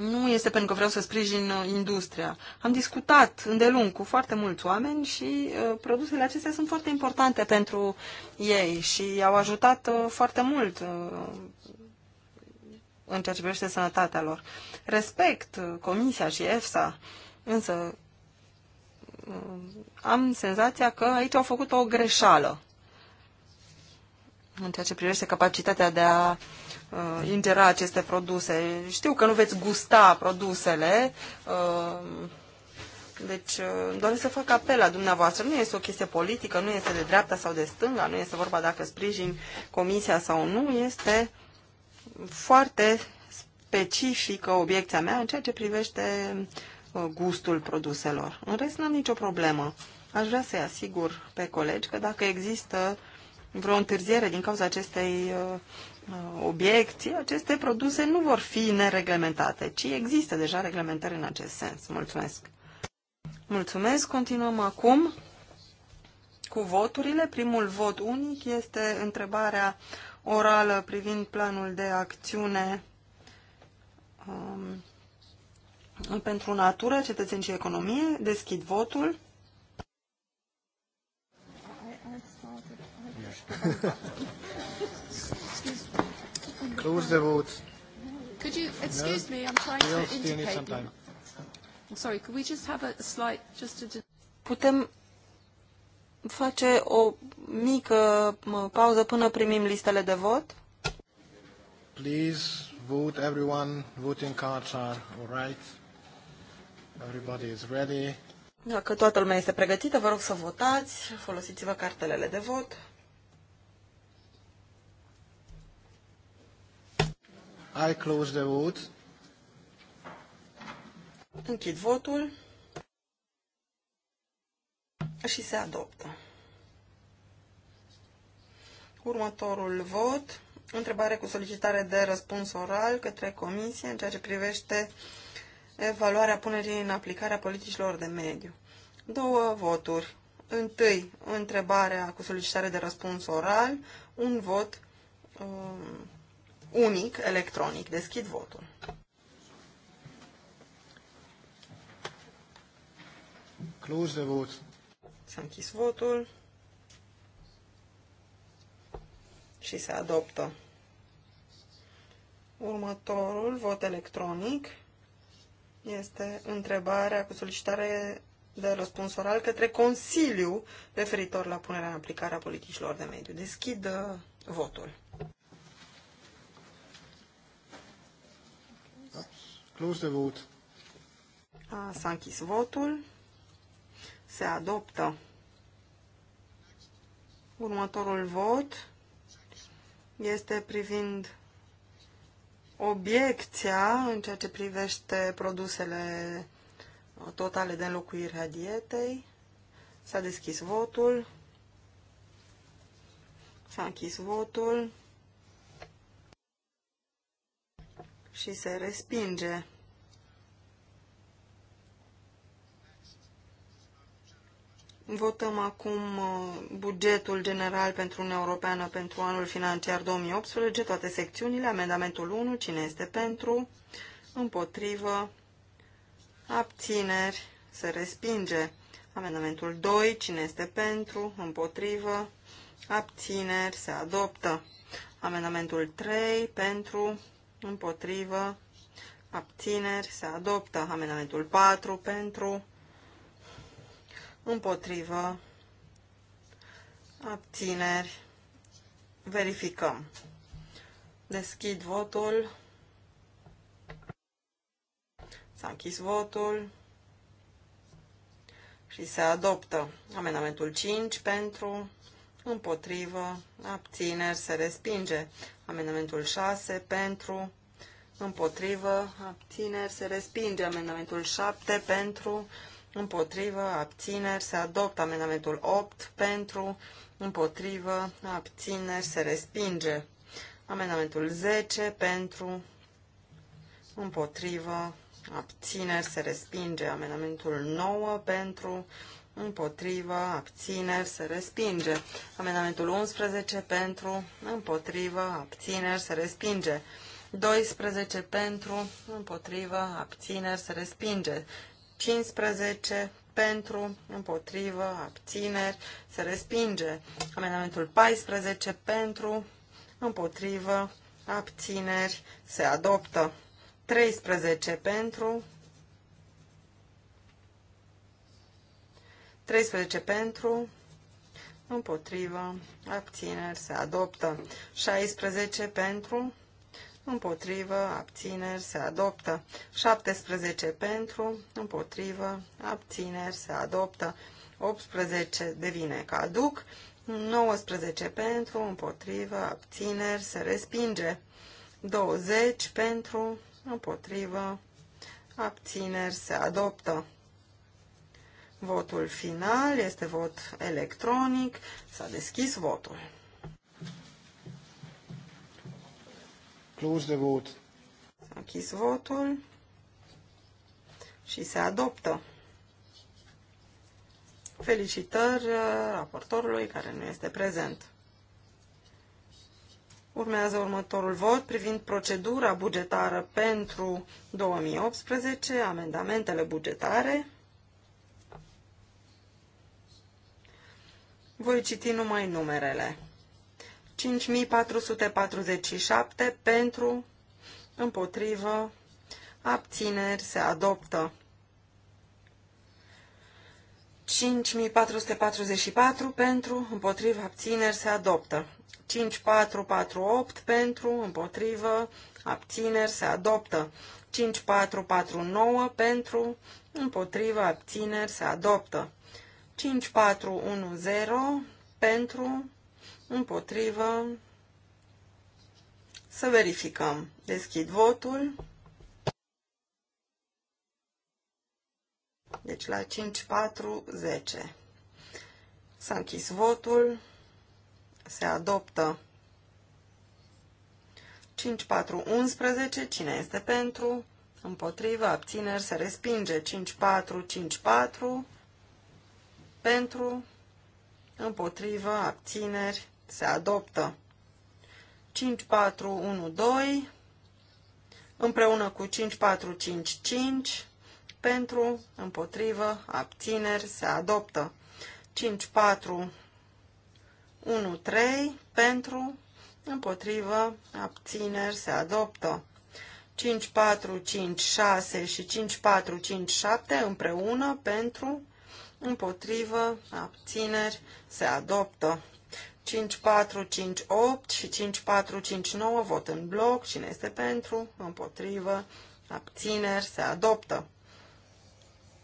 nu este pentru că vreau să sprijin uh, industria. Am discutat îndelung cu foarte mulți oameni și uh, produsele acestea sunt foarte importante pentru ei și au ajutat uh, foarte mult uh, în ceea ce privește sănătatea lor. Respect uh, Comisia și EFSA, însă uh, am senzația că aici au făcut o greșeală în ceea ce privește capacitatea de a uh, uh, ingera aceste produse. Știu că nu veți gusta produsele, uh, deci uh, doresc să fac apel la dumneavoastră. Nu este o chestie politică, nu este de dreapta sau de stânga, nu este vorba dacă sprijin comisia sau nu, este foarte specifică obiecția mea în ceea ce privește uh, gustul produselor. În rest, n-am nicio problemă. Aș vrea să-i asigur pe colegi că dacă există vreo întârziere din cauza acestei uh, Uh, obiecții, aceste produse nu vor fi nereglementate, ci există deja reglementări în acest sens. Mulțumesc! Mulțumesc! Continuăm acum cu voturile. Primul vot unic este întrebarea orală privind planul de acțiune um, pentru natură, cetățeni și economie. Deschid votul. [LAUGHS] Close the vote. Could you excuse no? me? I'm trying we to indicate. need some time. I'm oh, sorry. Could we just have a slight just to. Putem face o mică pauză până primim listele de vot? Please vote everyone. Voting cards are all right. Everybody is ready. Dacă toată lumea este pregătită, vă rog să votați, folosiți-vă cartelele de vot. I close the vote. Închid votul și se adoptă. Următorul vot, întrebare cu solicitare de răspuns oral către Comisie în ceea ce privește evaluarea punerii în aplicare a politicilor de mediu. Două voturi. Întâi, întrebarea cu solicitare de răspuns oral, un vot um, unic electronic. Deschid votul. Close the vote. S-a închis votul și se adoptă. Următorul vot electronic este întrebarea cu solicitare de răspuns oral către Consiliu referitor la punerea în aplicare a politicilor de mediu. Deschid uh, votul. Close the vote. S-a închis votul. Se adoptă următorul vot. Este privind obiecția în ceea ce privește produsele uh, totale de înlocuire a dietei. S-a deschis votul. S-a închis votul. Și se respinge. Votăm acum uh, bugetul general pentru Uniunea Europeană pentru anul financiar 2018, toate secțiunile, amendamentul 1, cine este pentru, împotrivă, abțineri, se respinge. Amendamentul 2, cine este pentru, împotrivă, abțineri, se adoptă. Amendamentul 3, pentru, împotrivă, abțineri, se adoptă. Amendamentul 4, pentru, împotrivă, abțineri, verificăm. Deschid votul. S-a închis votul și se adoptă amendamentul 5 pentru, împotrivă, abțineri, se respinge. Amendamentul 6 pentru, împotrivă, abțineri, se respinge. Amendamentul 7 pentru, împotrivă, abțineri, se adoptă amendamentul 8 pentru, împotrivă, abțineri, se respinge. Amendamentul 10 pentru, împotrivă, abțineri, se respinge. Amendamentul 9 pentru, împotrivă, abțineri, se respinge. Amendamentul 11 pentru, împotrivă, abțineri, se respinge. 12 pentru, împotrivă, abțineri, se respinge. 15 pentru, împotrivă, abțineri, se respinge. Amendamentul 14 pentru, împotrivă, abțineri, se adoptă. 13 pentru, 13 pentru, împotrivă, abțineri, se adoptă. 16 pentru, împotrivă, abțineri, se adoptă. 17 pentru, împotrivă, abțineri, se adoptă. 18 devine caduc, 19 pentru, împotrivă, abțineri, se respinge. 20 pentru, împotrivă, abțineri, se adoptă. Votul final este vot electronic. S-a deschis votul. Close the vote. S-a închis votul și se adoptă. Felicitări uh, raportorului care nu este prezent. Urmează următorul vot privind procedura bugetară pentru 2018, amendamentele bugetare. Voi citi numai numerele. 5447 pentru, împotrivă, abțineri se adoptă. 5444 pentru, împotrivă, abțineri se adoptă. 5448 pentru, împotrivă, abțineri se adoptă. 5449 pentru, împotrivă, abțineri se adoptă. 5410 pentru, împotrivă, să verificăm. Deschid votul. Deci la 5, 4, 10. S-a închis votul. Se adoptă 5, 4, 11. Cine este pentru? Împotrivă, abțineri, se respinge. 5, 4, 5, 4. Pentru, împotrivă, abțineri, se adoptă. 5412 împreună cu 5455 pentru, împotrivă, abțineri, se adoptă. 5413 pentru, împotrivă, abțineri, se adoptă. 5456 și 5457 împreună pentru, împotrivă, abțineri, se adoptă. 5458 și 5459 vot în bloc. Cine este pentru? Împotrivă. Abțineri. Se adoptă.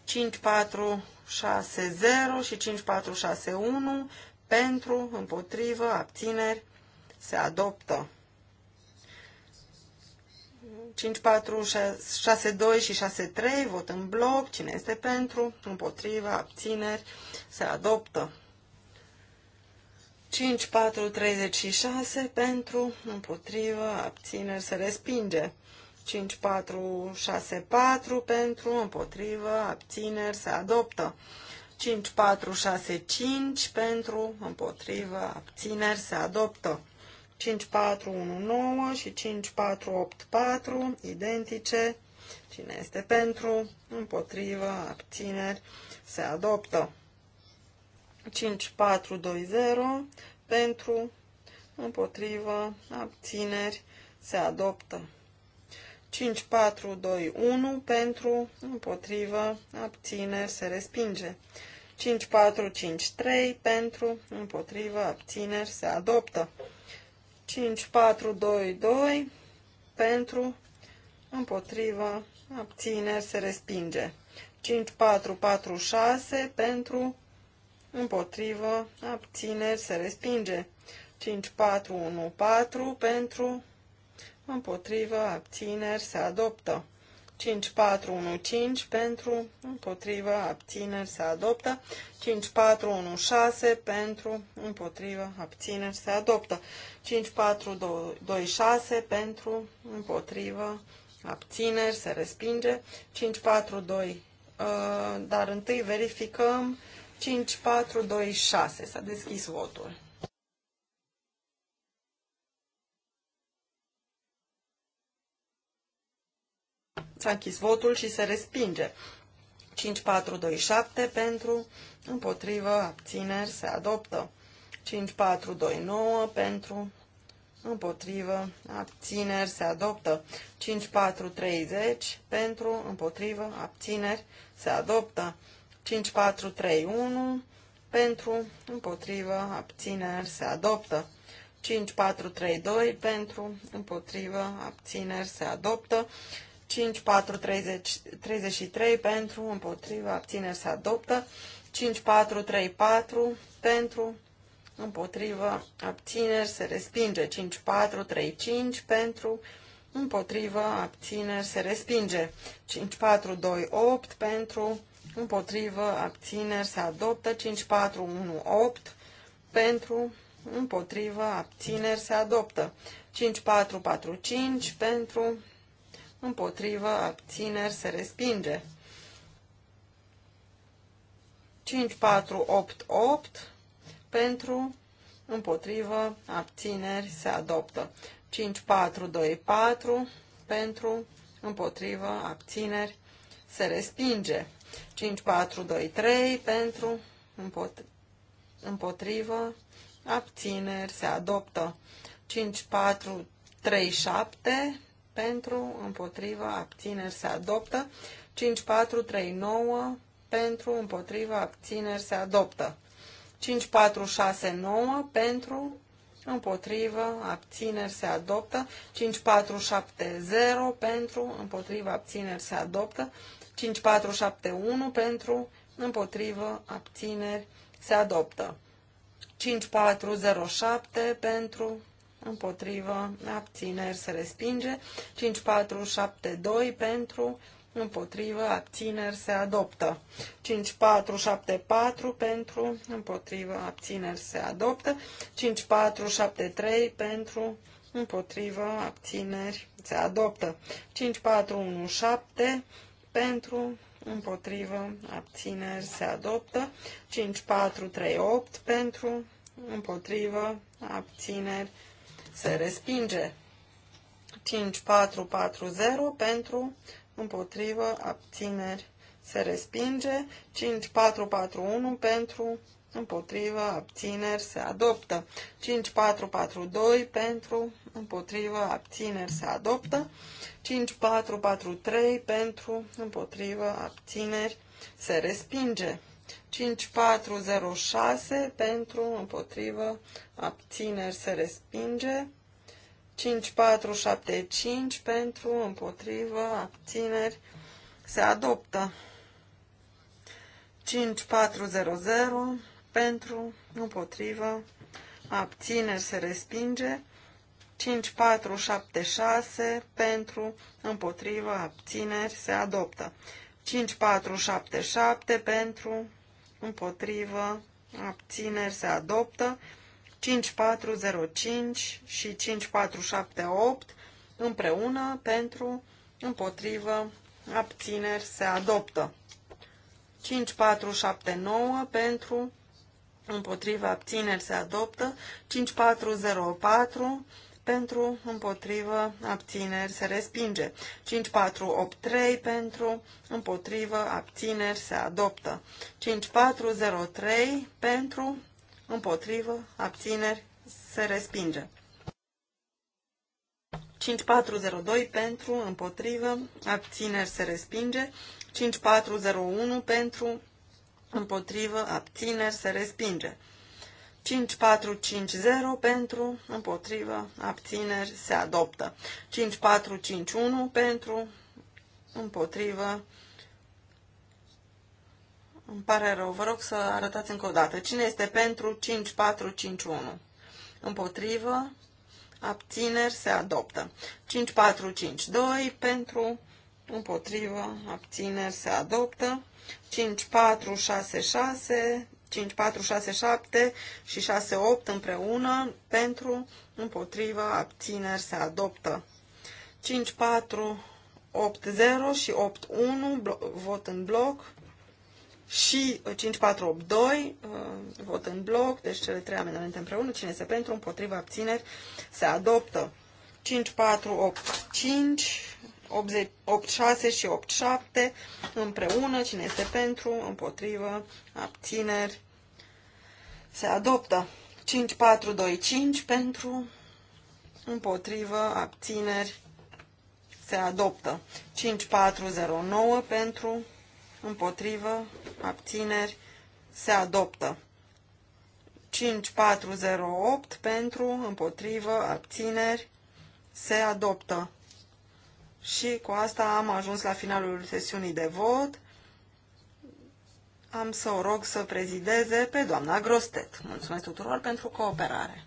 5460 și 5461 pentru, împotrivă, abțineri. Se adoptă. 5462 și 63 vot în bloc. Cine este pentru? Împotrivă, abțineri. Se adoptă. 36 pentru, împotrivă, abțineri se respinge. 4 pentru, împotrivă, abțineri se adoptă. 5 pentru, împotrivă, abțineri se adoptă. 9 și 4, identice. Cine este pentru, împotrivă, abțineri se adoptă. 5420 pentru, împotrivă, abțineri, se adoptă. 5421 pentru, împotrivă, abțineri, se respinge. 5453 pentru, împotrivă, abțineri, se adoptă. 5422 pentru, împotrivă, abțineri, se respinge. 5446 pentru, împotrivă, abține se respinge. 5414 pentru, împotrivă, abțineri, se adoptă. 5415 pentru, împotrivă, abțineri, se adoptă. 5416 pentru, împotrivă, abțineri, se adoptă. 5426 pentru, împotrivă, abțineri, se respinge. 542, uh, dar întâi verificăm 5426. S-a deschis votul. S-a închis votul și se respinge. 5427 pentru, împotrivă, abțineri, se adoptă. 5429 pentru, împotrivă, abțineri, se adoptă. 5430 pentru, împotrivă, abțineri, se adoptă. 5431 pentru, împotrivă, abțineri, se adoptă. 5432 pentru, împotrivă, abțineri, se adoptă. 5433 pentru, împotrivă, abțineri, se adoptă. 5434 pentru, împotrivă, abțineri, se respinge. 5435 pentru, împotrivă, abțineri, se respinge. 5428 pentru, împotrivă, abțineri, se adoptă, 5418 pentru, împotrivă, abțineri, se adoptă, 5445 pentru, împotrivă, abțineri, se respinge, 5488 pentru, împotrivă, abțineri, se adoptă, 5424 pentru, împotrivă, abțineri, se respinge. 5, 4, 2, 3 pentru, împotrivă, abțineri, se adoptă 5, 4, 3, 7 pentru, împotrivă, abțineri, se adoptă 5, 4, 3, 9 pentru, împotrivă, abțineri, se adoptă 5, 4, 6, 9 pentru, împotrivă, abțineri se adoptă, 5, 4, 7, 0 pentru, împotrivă, abțineri se adoptă, 5471 pentru, împotrivă, abțineri, se adoptă. 5407 pentru, împotrivă, abțineri, se respinge. 5472 pentru, împotrivă, abțineri, se adoptă. 5474 pentru, împotrivă, abțineri, se adoptă. 5473 pentru, împotrivă, abțineri, se adoptă. 5417 pentru, împotrivă, abțineri, se adoptă. 5438 pentru, împotrivă, abțineri, se respinge. 5440 pentru, împotrivă, abțineri, se respinge. 5441 pentru, împotrivă, abțineri, se adoptă. 5442 pentru, împotrivă, abțineri, se adoptă. 5443 pentru, împotrivă, abțineri, se respinge. 5406 pentru, împotrivă, abțineri, se respinge. 5475 pentru, împotrivă, abțineri, se adoptă. 5400 pentru, împotrivă, abțineri se respinge, 6, pentru, împotrivă, abțineri se adoptă, 7, pentru, împotrivă, abțineri se adoptă, 5 și 8, împreună pentru, împotrivă, abțineri se adoptă. 5479 pentru, împotriva abțineri se adoptă, 5404 pentru, împotrivă, abțineri, se respinge. 5483 pentru, împotrivă, abțineri, se adoptă. 5403 pentru, împotrivă, abțineri, se respinge. 5402 pentru, împotrivă, abțineri, se respinge. 5401 pentru, împotrivă, abțineri, se respinge. 5450 pentru, împotrivă, abțineri, se adoptă. 5451 pentru, împotrivă, îmi pare rău, vă rog să arătați încă o dată. Cine este pentru 5451? Împotrivă, abțineri, se adoptă. 5452 pentru, împotrivă, abțineri, se adoptă. 5466, 5467 și 68 împreună pentru, împotrivă, abțineri se adoptă. 5480 și 81 vot în bloc și 5482 uh, uh, vot în bloc, deci cele trei amendamente împreună, cine este pentru, împotrivă abțineri, se adoptă. 5485 86 și 87 împreună, cine este pentru, împotrivă, abțineri, se adoptă. 5425 pentru, împotrivă, abțineri, se adoptă. 5409 pentru, împotrivă, abțineri, se adoptă. 5408 pentru, împotrivă, abțineri, se adoptă. Și cu asta am ajuns la finalul sesiunii de vot. Am să o rog să prezideze pe doamna Grostet. Mulțumesc tuturor pentru cooperare.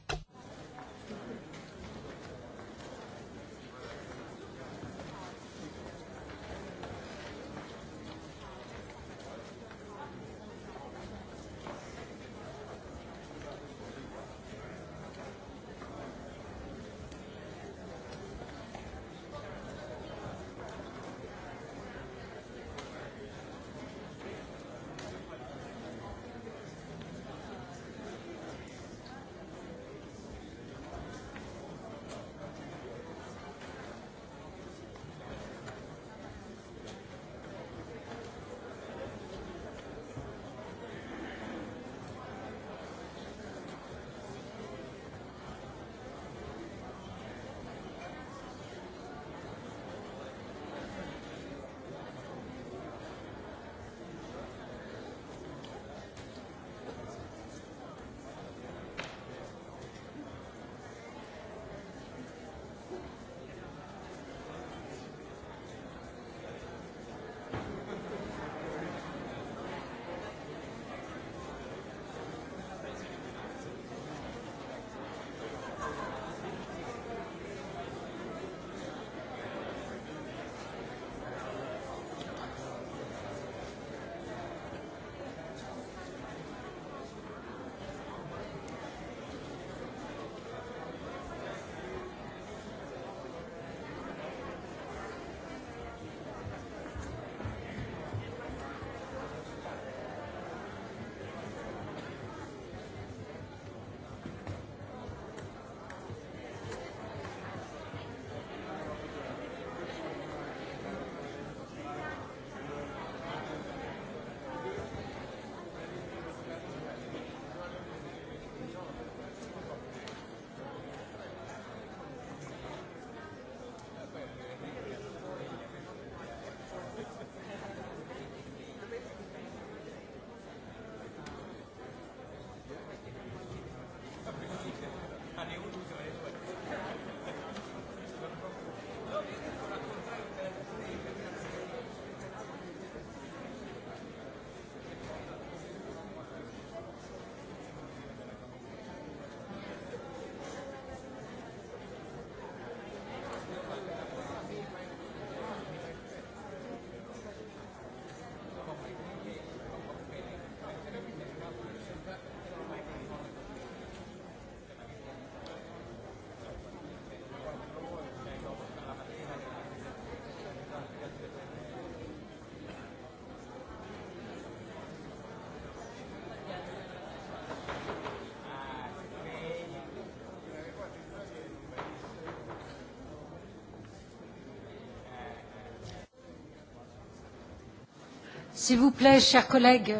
S'il vous plaît, chers collègues,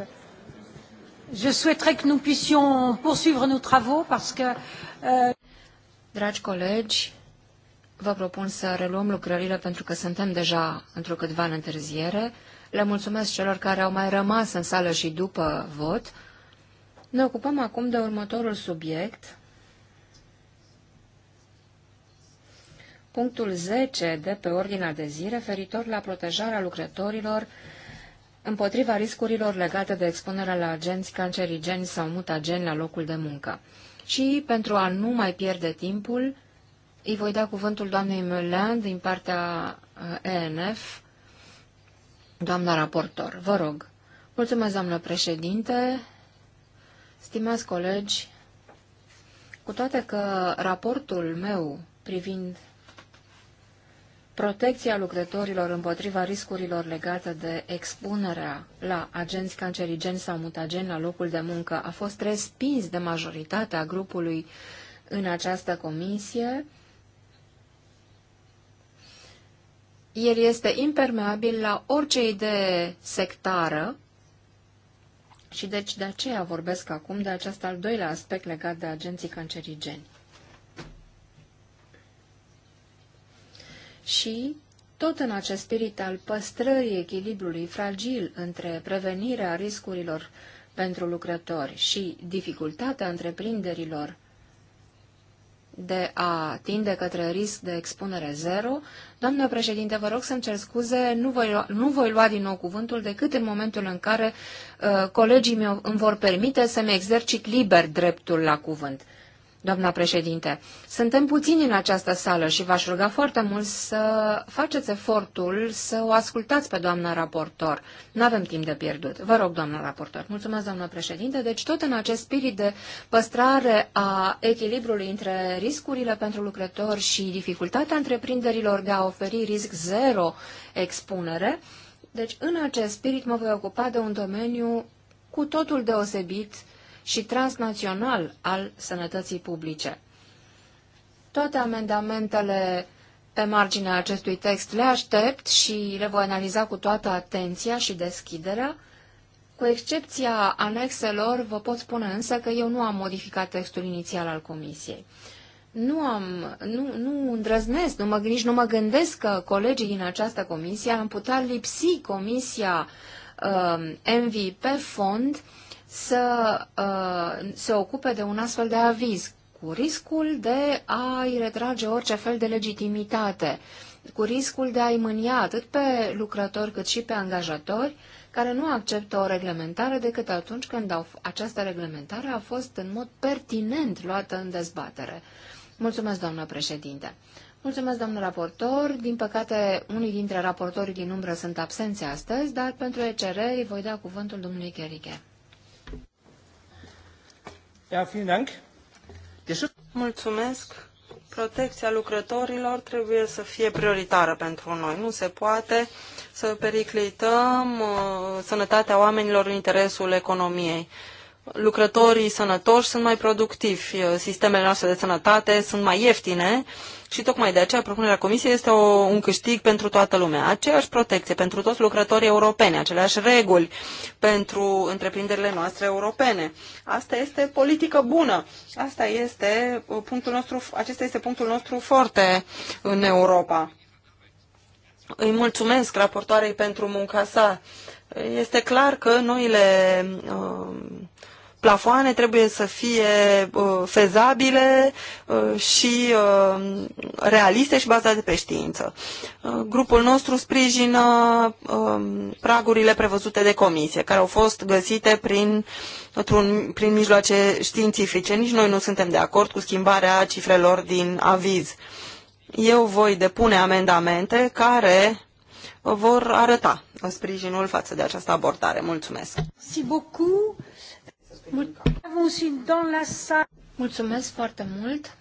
je souhaiterais que nous puissions poursuivre nos travaux parce que... Euh... Dragi colegi, vă propun să reluăm lucrările pentru că suntem deja într-o câtva în întârziere. Le mulțumesc celor care au mai rămas în sală și după vot. Ne ocupăm acum de următorul subiect. Punctul 10 de pe ordinea de zi referitor la protejarea lucrătorilor împotriva riscurilor legate de expunerea la agenți cancerigeni sau mutageni la locul de muncă. Și, pentru a nu mai pierde timpul, îi voi da cuvântul doamnei Melan din partea uh, ENF, doamna raportor. Vă rog. Mulțumesc, doamnă președinte. Stimați colegi, cu toate că raportul meu privind protecția lucrătorilor împotriva riscurilor legate de expunerea la agenți cancerigeni sau mutageni la locul de muncă a fost respins de majoritatea grupului în această comisie, el este impermeabil la orice idee sectară și deci de aceea vorbesc acum de acest al doilea aspect legat de agenții cancerigeni. și, tot în acest spirit al păstrării echilibrului fragil între prevenirea riscurilor pentru lucrători și dificultatea întreprinderilor de a tinde către risc de expunere zero. Doamnă președinte, vă rog să-mi cer scuze, nu voi, lua, nu voi lua din nou cuvântul decât în momentul în care uh, colegii mei îmi vor permite să-mi exercit liber dreptul la cuvânt doamna președinte. Suntem puțini în această sală și v-aș ruga foarte mult să faceți efortul să o ascultați pe doamna raportor. Nu avem timp de pierdut. Vă rog, doamna raportor. Mulțumesc, doamna președinte. Deci tot în acest spirit de păstrare a echilibrului între riscurile pentru lucrători și dificultatea întreprinderilor de a oferi risc zero expunere, deci în acest spirit mă voi ocupa de un domeniu cu totul deosebit și transnațional al sănătății publice. Toate amendamentele pe marginea acestui text le aștept și le voi analiza cu toată atenția și deschiderea. Cu excepția anexelor, vă pot spune însă că eu nu am modificat textul inițial al Comisiei. Nu am, nu, nu îndrăznesc, nu mă, nici nu mă gândesc că colegii din această comisie am putea lipsi Comisia uh, um, MV pe fond uh, să uh, se ocupe de un astfel de aviz, cu riscul de a-i retrage orice fel de legitimitate, cu riscul de a-i mânia atât pe lucrători cât și pe angajatori, care nu acceptă o reglementare decât atunci când au, această reglementare a fost în mod pertinent luată în dezbatere. Mulțumesc, doamnă președinte. Mulțumesc, doamnă raportor. Din păcate, unii dintre raportorii din umbră sunt absenți astăzi, dar pentru ECR îi voi da cuvântul domnului Cheriche. Mulțumesc. Protecția lucrătorilor trebuie să fie prioritară pentru noi. Nu se poate să periclităm uh, sănătatea oamenilor în interesul economiei lucrătorii sănătoși sunt mai productivi, eh, sistemele noastre de sănătate sunt mai ieftine și tocmai de aceea propunerea Comisiei este o, un câștig pentru toată lumea. Aceeași protecție pentru toți lucrătorii europeni, aceleași reguli pentru întreprinderile noastre europene. Asta este politică bună. Asta este eh, punctul nostru, acesta este punctul nostru foarte în Europa. Îi mulțumesc raportoarei pentru munca sa. Este clar că noile uh, plafoane trebuie să fie uh, fezabile uh, și uh, realiste și bazate pe știință. Uh, grupul nostru sprijină uh, pragurile prevăzute de comisie, care au fost găsite prin, prin mijloace științifice. Nici noi nu suntem de acord cu schimbarea cifrelor din aviz. Eu voi depune amendamente care uh, vor arăta uh, sprijinul față de această abordare. Mulțumesc! Si beaucoup. Mulțumesc foarte mult!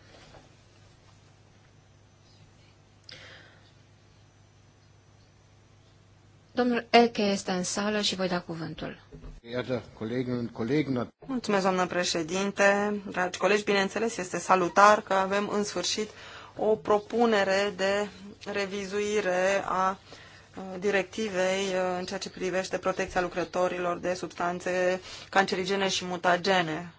Domnul Eche este în sală și voi da cuvântul. Mulțumesc, doamnă președinte, dragi colegi, bineînțeles, este salutar că avem în sfârșit o propunere de revizuire a directivei uh, în ceea ce privește protecția lucrătorilor de substanțe cancerigene și mutagene.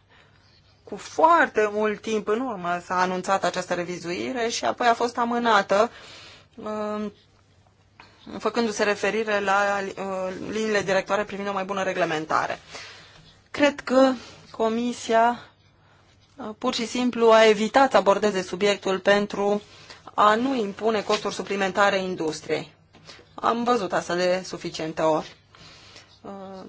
Cu foarte mult timp în urmă s-a anunțat această revizuire și apoi a fost amânată, uh, făcându-se referire la uh, liniile directoare privind o mai bună reglementare. Cred că Comisia pur și simplu a evitat să abordeze subiectul pentru a nu impune costuri suplimentare industriei am văzut asta de suficiente ori. Ehm,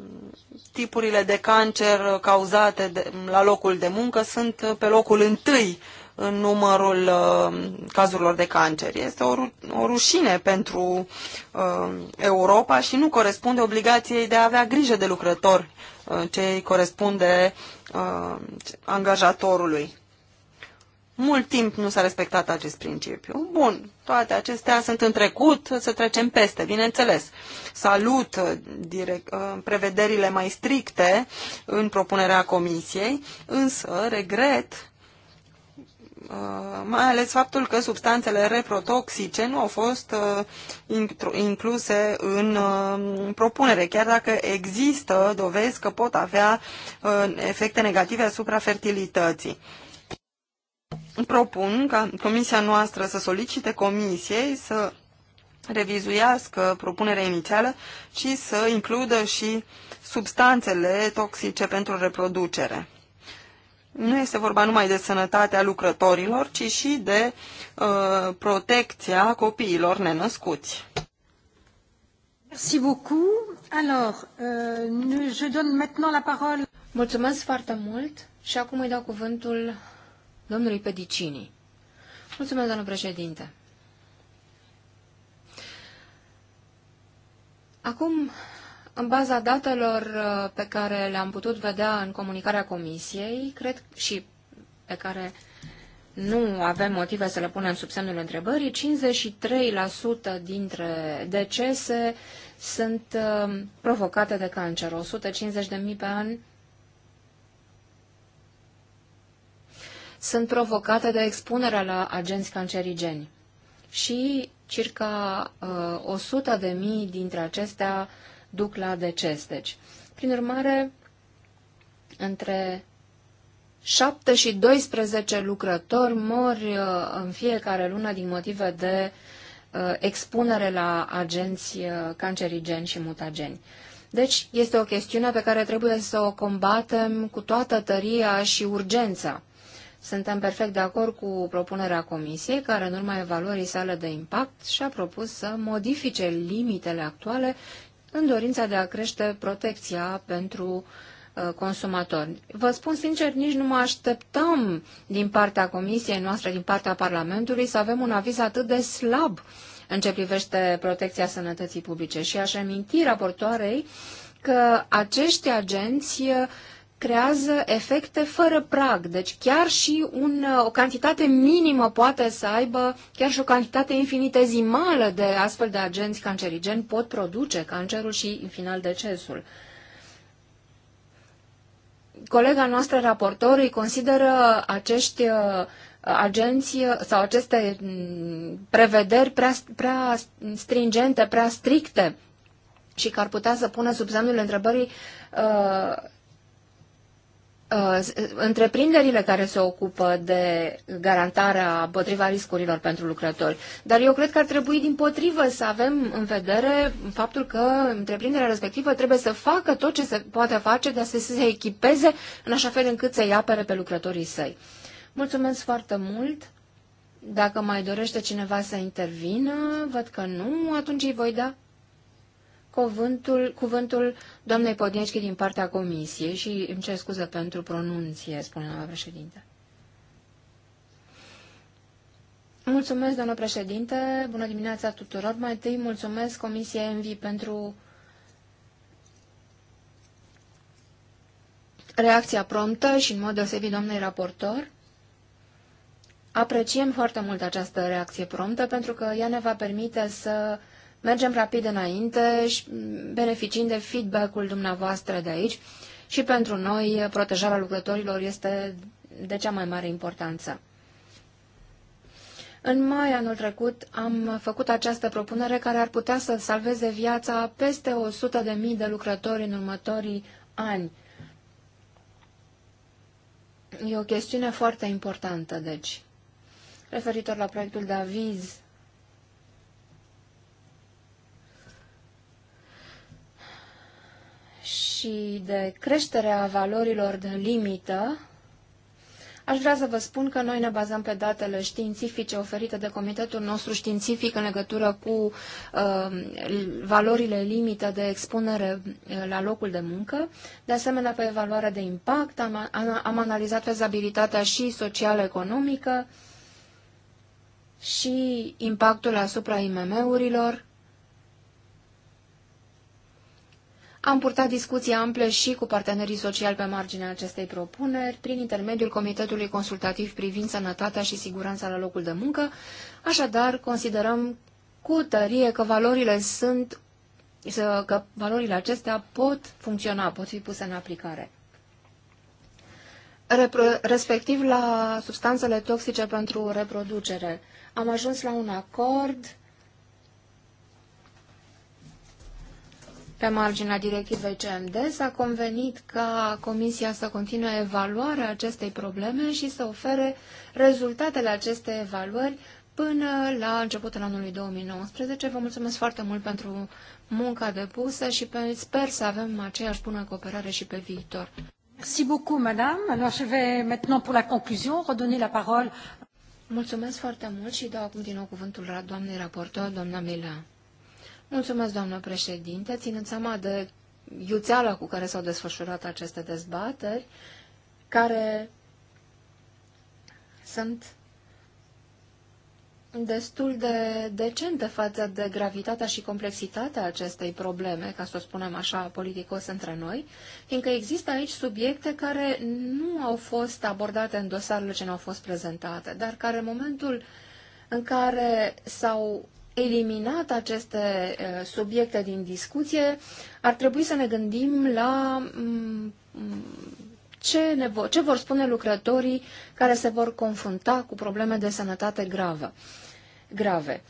tipurile de cancer cauzate de, la locul de muncă sunt pe locul întâi în numărul ehm, cazurilor de cancer. Este o, ru- o rușine pentru uh, Europa și nu corespunde obligației de a avea grijă de lucrători, uh, ce îi corespunde uh, angajatorului. Mult timp nu s-a respectat acest principiu. Bun, toate acestea sunt în trecut, să trecem peste, bineînțeles. Salut uh, direct, uh, prevederile mai stricte în propunerea comisiei, însă regret uh, mai ales faptul că substanțele reprotoxice nu au fost incluse în propunere, chiar dacă există dovezi că pot avea efecte negative asupra fertilității propun ca comisia noastră să solicite comisiei să revizuiască propunerea inițială și să includă și substanțele toxice pentru reproducere. Nu este vorba numai de sănătatea lucrătorilor, ci și de uh, protecția copiilor nenăscuți. Merci beaucoup. Alors, euh, je donne maintenant la parole. Mulțumesc foarte mult și acum îi dau cuvântul domnului Pedicini. Mulțumesc, domnul președinte. Acum, în baza datelor uh, pe care le-am putut vedea în comunicarea comisiei, cred și pe care nu avem motive să le punem sub semnul întrebării, 53% dintre decese sunt uh, provocate de cancer, 150.000 pe an sunt provocate de expunerea la agenți cancerigeni. Și circa uh, 100 de mii dintre acestea duc la deces. Deci, prin urmare, între 7 și 12 lucrători mor uh, în fiecare lună din motive de uh, expunere la agenți uh, cancerigeni și mutageni. Deci este o chestiune pe care trebuie să o combatem cu toată tăria și urgența. Suntem perfect de acord cu propunerea Comisiei, care în urma evaluării sale de impact și-a propus să modifice limitele actuale în dorința de a crește protecția pentru uh, consumatori. Vă spun sincer, nici nu mă așteptam din partea Comisiei noastre, din partea Parlamentului, să avem un aviz atât de slab în ce privește protecția sănătății publice. Și aș aminti raportoarei că acești agenți creează efecte fără prag. Deci chiar și un, uh, o cantitate minimă poate să aibă, chiar și o cantitate infinitezimală de astfel de agenți cancerigeni pot produce cancerul și, în final, decesul. Colega noastră raportor îi consideră acești uh, agenți uh, sau aceste mm, prevederi prea, prea stringente, prea stricte și că ar putea să pună sub semnul întrebării uh, Uh, întreprinderile care se ocupă de garantarea împotriva riscurilor pentru lucrători. Dar eu cred că ar trebui din potrivă să avem în vedere faptul că întreprinderea respectivă trebuie să facă tot ce se poate face, dar să se echipeze în așa fel încât să-i apere pe lucrătorii săi. Mulțumesc foarte mult! Dacă mai dorește cineva să intervină, văd că nu, atunci îi voi da cuvântul, cuvântul doamnei Podinski din partea comisiei și îmi cer scuze pentru pronunție, spune doamna președinte. Mulțumesc, doamnă președinte, bună dimineața tuturor. Mai întâi mulțumesc Comisiei Envi pentru reacția promptă și în mod deosebit doamnei raportor. Apreciem foarte mult această reacție promptă pentru că ea ne va permite să Mergem rapid înainte și mm, beneficiind de feedback-ul dumneavoastră de aici și pentru noi protejarea lucrătorilor este de cea mai mare importanță. În mai anul trecut am făcut această propunere care ar putea să salveze viața peste 100.000 de, de lucrători în următorii ani. E o chestiune foarte importantă, deci. Referitor la proiectul de aviz și de creșterea valorilor de limită, aș vrea să vă spun că noi ne bazăm pe datele științifice oferite de comitetul nostru științific în legătură cu uh, valorile limită de expunere uh, la locul de muncă, de asemenea pe evaluarea de impact, am, am, am analizat fezabilitatea și social-economică și impactul asupra IMM-urilor, Am purtat discuții ample și cu partenerii sociali pe marginea acestei propuneri, prin intermediul Comitetului Consultativ privind sănătatea și siguranța la locul de muncă, așadar considerăm cu tărie că valorile sunt că valorile acestea pot funcționa, pot fi puse în aplicare. respectiv la substanțele toxice pentru reproducere. Am ajuns la un acord Pe marginea directivei CMD s-a convenit ca Comisia să continue evaluarea acestei probleme și să ofere rezultatele acestei evaluări până la începutul anului 2019. Vă mulțumesc foarte mult pentru munca depusă și pe, sper să avem aceeași bună cooperare și pe viitor. Merci beaucoup, madame. Alors, je vais maintenant, pour la conclusion, redonner la parole. Mulțumesc foarte mult și dau acum din nou cuvântul la doamnei raportor, doamna Mila. Mulțumesc, doamnă președinte. Ținând seama de iuțeala cu care s-au desfășurat aceste dezbateri, care sunt destul de decente față de gravitatea și complexitatea acestei probleme, ca să o spunem așa politicos între noi, fiindcă există aici subiecte care nu au fost abordate în dosarele ce ne-au fost prezentate, dar care în momentul în care s-au eliminat aceste subiecte din discuție, ar trebui să ne gândim la mm, mm, ce, nevo- ce vor spune lucrătorii care se vor confrunta cu probleme de sănătate gravă, grave.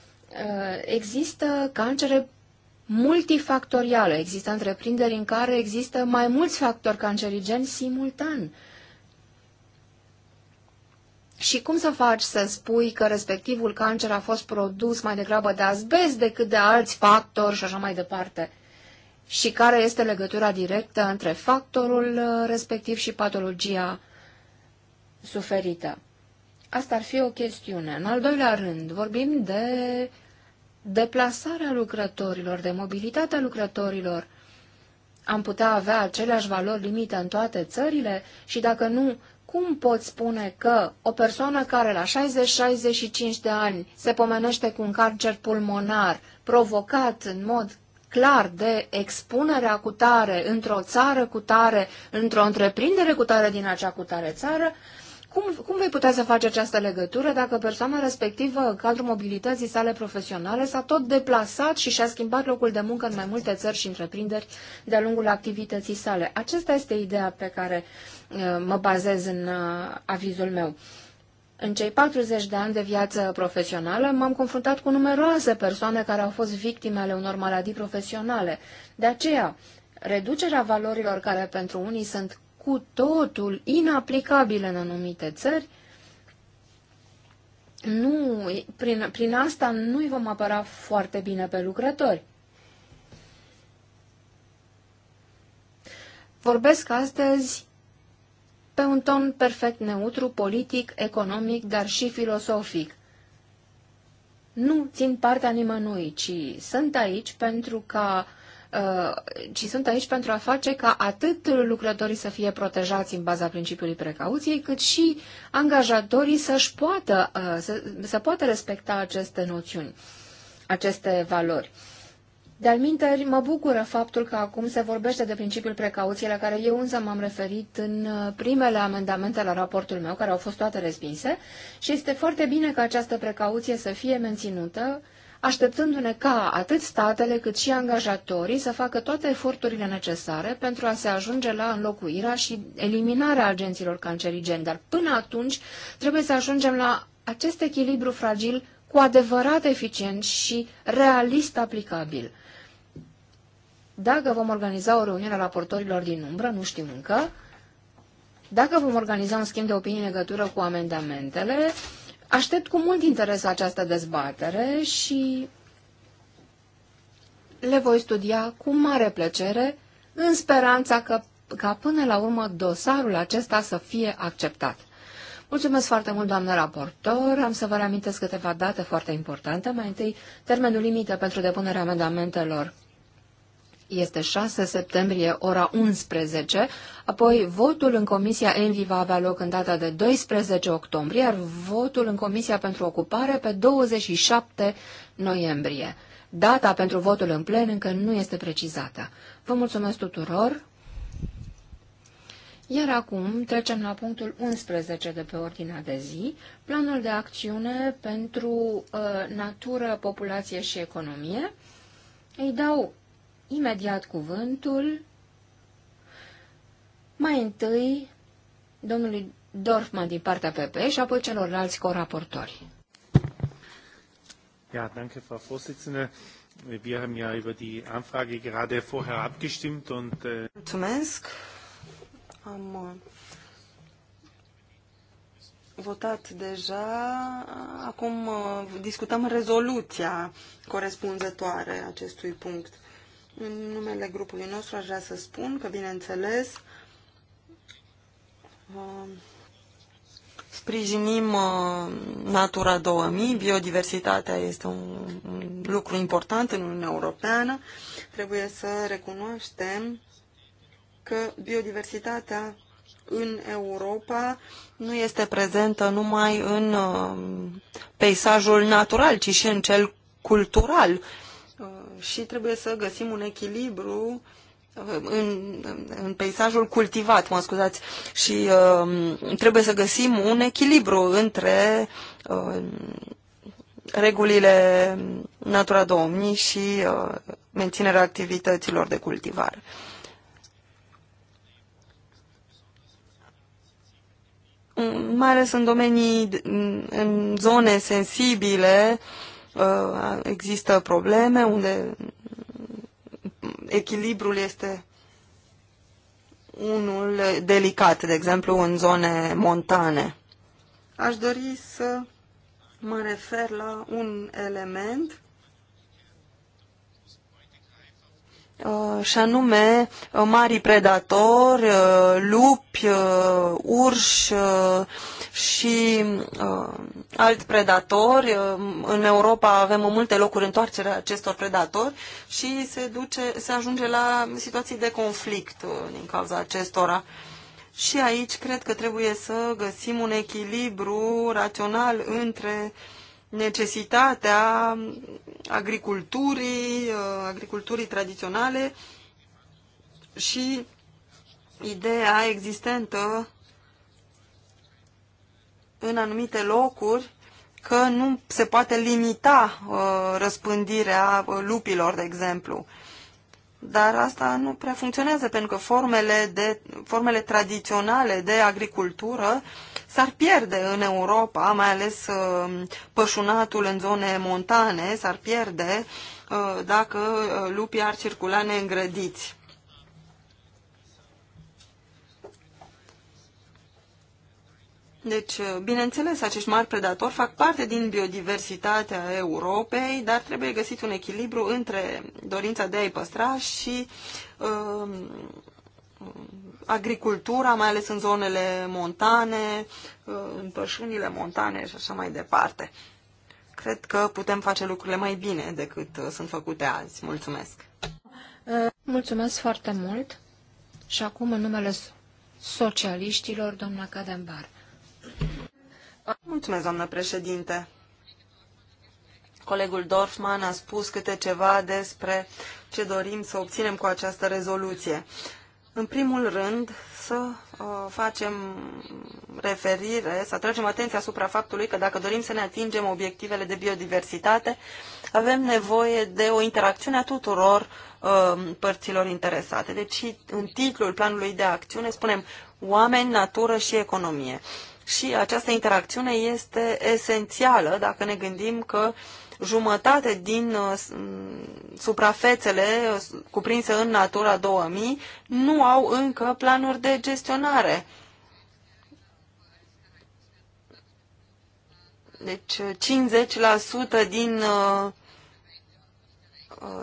Există cancere multifactoriale, există întreprinderi în care există mai mulți factori cancerigeni simultan. Și cum să faci să spui că respectivul cancer a fost produs mai degrabă de asbest decât de alți factori și așa mai departe? Și care este legătura directă între factorul uh, respectiv și patologia suferită? Asta ar fi o chestiune. În al doilea rând, vorbim de deplasarea lucrătorilor, de mobilitatea lucrătorilor. Am putea avea aceleași valori limită în toate țările și dacă nu, cum pot spune că o persoană care la 60-65 de ani se pomenește cu un cancer pulmonar provocat în mod clar de expunerea cu tare într-o țară cu tare, într-o întreprindere cu tare din acea cu tare țară, cum, cum vei putea să faci această legătură dacă persoana respectivă, în cadrul mobilității sale profesionale, s-a tot deplasat și și-a schimbat locul de muncă în mai multe țări și întreprinderi de-a lungul activității sale? Acesta este ideea pe care Uh, mă bazez în uh, avizul meu. În cei 40 de ani de viață profesională m-am confruntat cu numeroase persoane care au fost victime ale unor maladii profesionale. De aceea, reducerea valorilor care pentru unii sunt cu totul inaplicabile în anumite țări, nu, prin, prin asta nu îi vom apăra foarte bine pe lucrători. Vorbesc astăzi pe un ton perfect neutru, politic, economic, dar și filosofic. Nu țin partea nimănui, ci sunt aici pentru ca uh, ci sunt aici pentru a face ca atât lucrătorii să fie protejați în baza principiului precauției, cât și angajatorii să-și poată, uh, să, să poată respecta aceste noțiuni, aceste valori. De-al minteri, mă bucură faptul că acum se vorbește de principiul precauției la care eu însă m-am referit în uh, primele amendamente la raportul meu, care au fost toate respinse, și este foarte bine că această precauție să fie menținută, așteptându-ne ca atât statele cât și angajatorii să facă toate eforturile necesare pentru a se ajunge la înlocuirea și eliminarea agenților cancerigeni. Dar până atunci trebuie să ajungem la acest echilibru fragil cu adevărat eficient și realist aplicabil dacă vom organiza o reuniune a raportorilor din umbră, nu știm încă, dacă vom organiza un schimb de opinii în legătură cu amendamentele, aștept cu mult interes această dezbatere și le voi studia cu mare plăcere, în speranța că, ca până la urmă dosarul acesta să fie acceptat. Mulțumesc foarte mult, doamnă raportor. Am să vă reamintesc câteva date foarte importante. Mai întâi, termenul limită pentru depunerea amendamentelor este 6 septembrie, ora 11, apoi votul în Comisia Envi va avea loc în data de 12 octombrie, iar votul în Comisia pentru Ocupare pe 27 noiembrie. Data pentru votul în plen încă nu este precizată. Vă mulțumesc tuturor! Iar acum trecem la punctul 11 de pe ordinea de zi, planul de acțiune pentru uh, natură, populație și economie. Îi dau imediat cuvântul. Mai întâi domnului Dorfman din partea PP și apoi celorlalți coraportori. Ja, danke, Frau Vorsitzende. Wir haben ja über die Anfrage gerade vorher abgestimmt und... Äh, Mulțumesc. Am äh, votat deja. Acum äh, discutăm rezoluția corespunzătoare acestui punct. În numele grupului nostru aș vrea să spun că, bineînțeles, uh, sprijinim uh, Natura 2000, biodiversitatea este un, lucru important în Uniunea Europeană. Trebuie să recunoaștem că biodiversitatea în Europa nu este prezentă numai în uh, peisajul natural, ci și în cel cultural. Uh, și trebuie să găsim un echilibru uh, în, în peisajul cultivat, mă scuzați, și uh, trebuie să găsim un echilibru între uh, regulile Natura 2000 și uh, menținerea activităților de cultivare. Mai ales în domenii, în zone sensibile, uh, Uh, există probleme, unde echilibrul este unul delicat, de exemplu în zone montane. Aș dori să mă refer la un element Uh, și anume uh, mari predatori, uh, lupi, urși și alți predatori. În Europa avem în multe locuri întoarcerea acestor predatori și se, duce, se ajunge la situații de conflict din cauza acestora. Și aici cred că trebuie să găsim un echilibru rațional între uh, necesitatea agriculturii, uh, agriculturii tradiționale și ideea existentă în anumite locuri că nu se poate limita uh, răspândirea uh, lupilor, de exemplu dar asta nu prea funcționează, pentru că formele, de, formele tradiționale de agricultură s-ar pierde în Europa, mai ales uh, pășunatul în zone montane s-ar pierde uh, dacă uh, lupii ar circula neîngrădiți. Deci, uh, bineînțeles, acești mari predatori fac parte din biodiversitatea Europei, dar trebuie găsit un echilibru între dorința de a-i păstra și uh, agricultura, mai ales în zonele montane, uh, în pășunile montane și așa mai departe. Cred că putem face lucrurile mai bine decât uh, sunt făcute azi. Mulțumesc! Mulțumesc foarte mult! Și acum, în numele socialiștilor, doamna Cadembar. Mulțumesc, doamnă președinte. Colegul Dorfman a spus câte ceva despre ce dorim să obținem cu această rezoluție. În primul rând, să uh, facem referire, să atragem atenția asupra faptului că dacă dorim să ne atingem obiectivele de biodiversitate, avem nevoie de o interacțiune a tuturor uh, părților interesate. Deci, în titlul planului de acțiune spunem oameni, natură și economie și această interacțiune este esențială dacă ne gândim că jumătate din uh, suprafețele uh, cuprinse în Natura 2000 nu au încă planuri de gestionare. Deci 50% uh, din uh,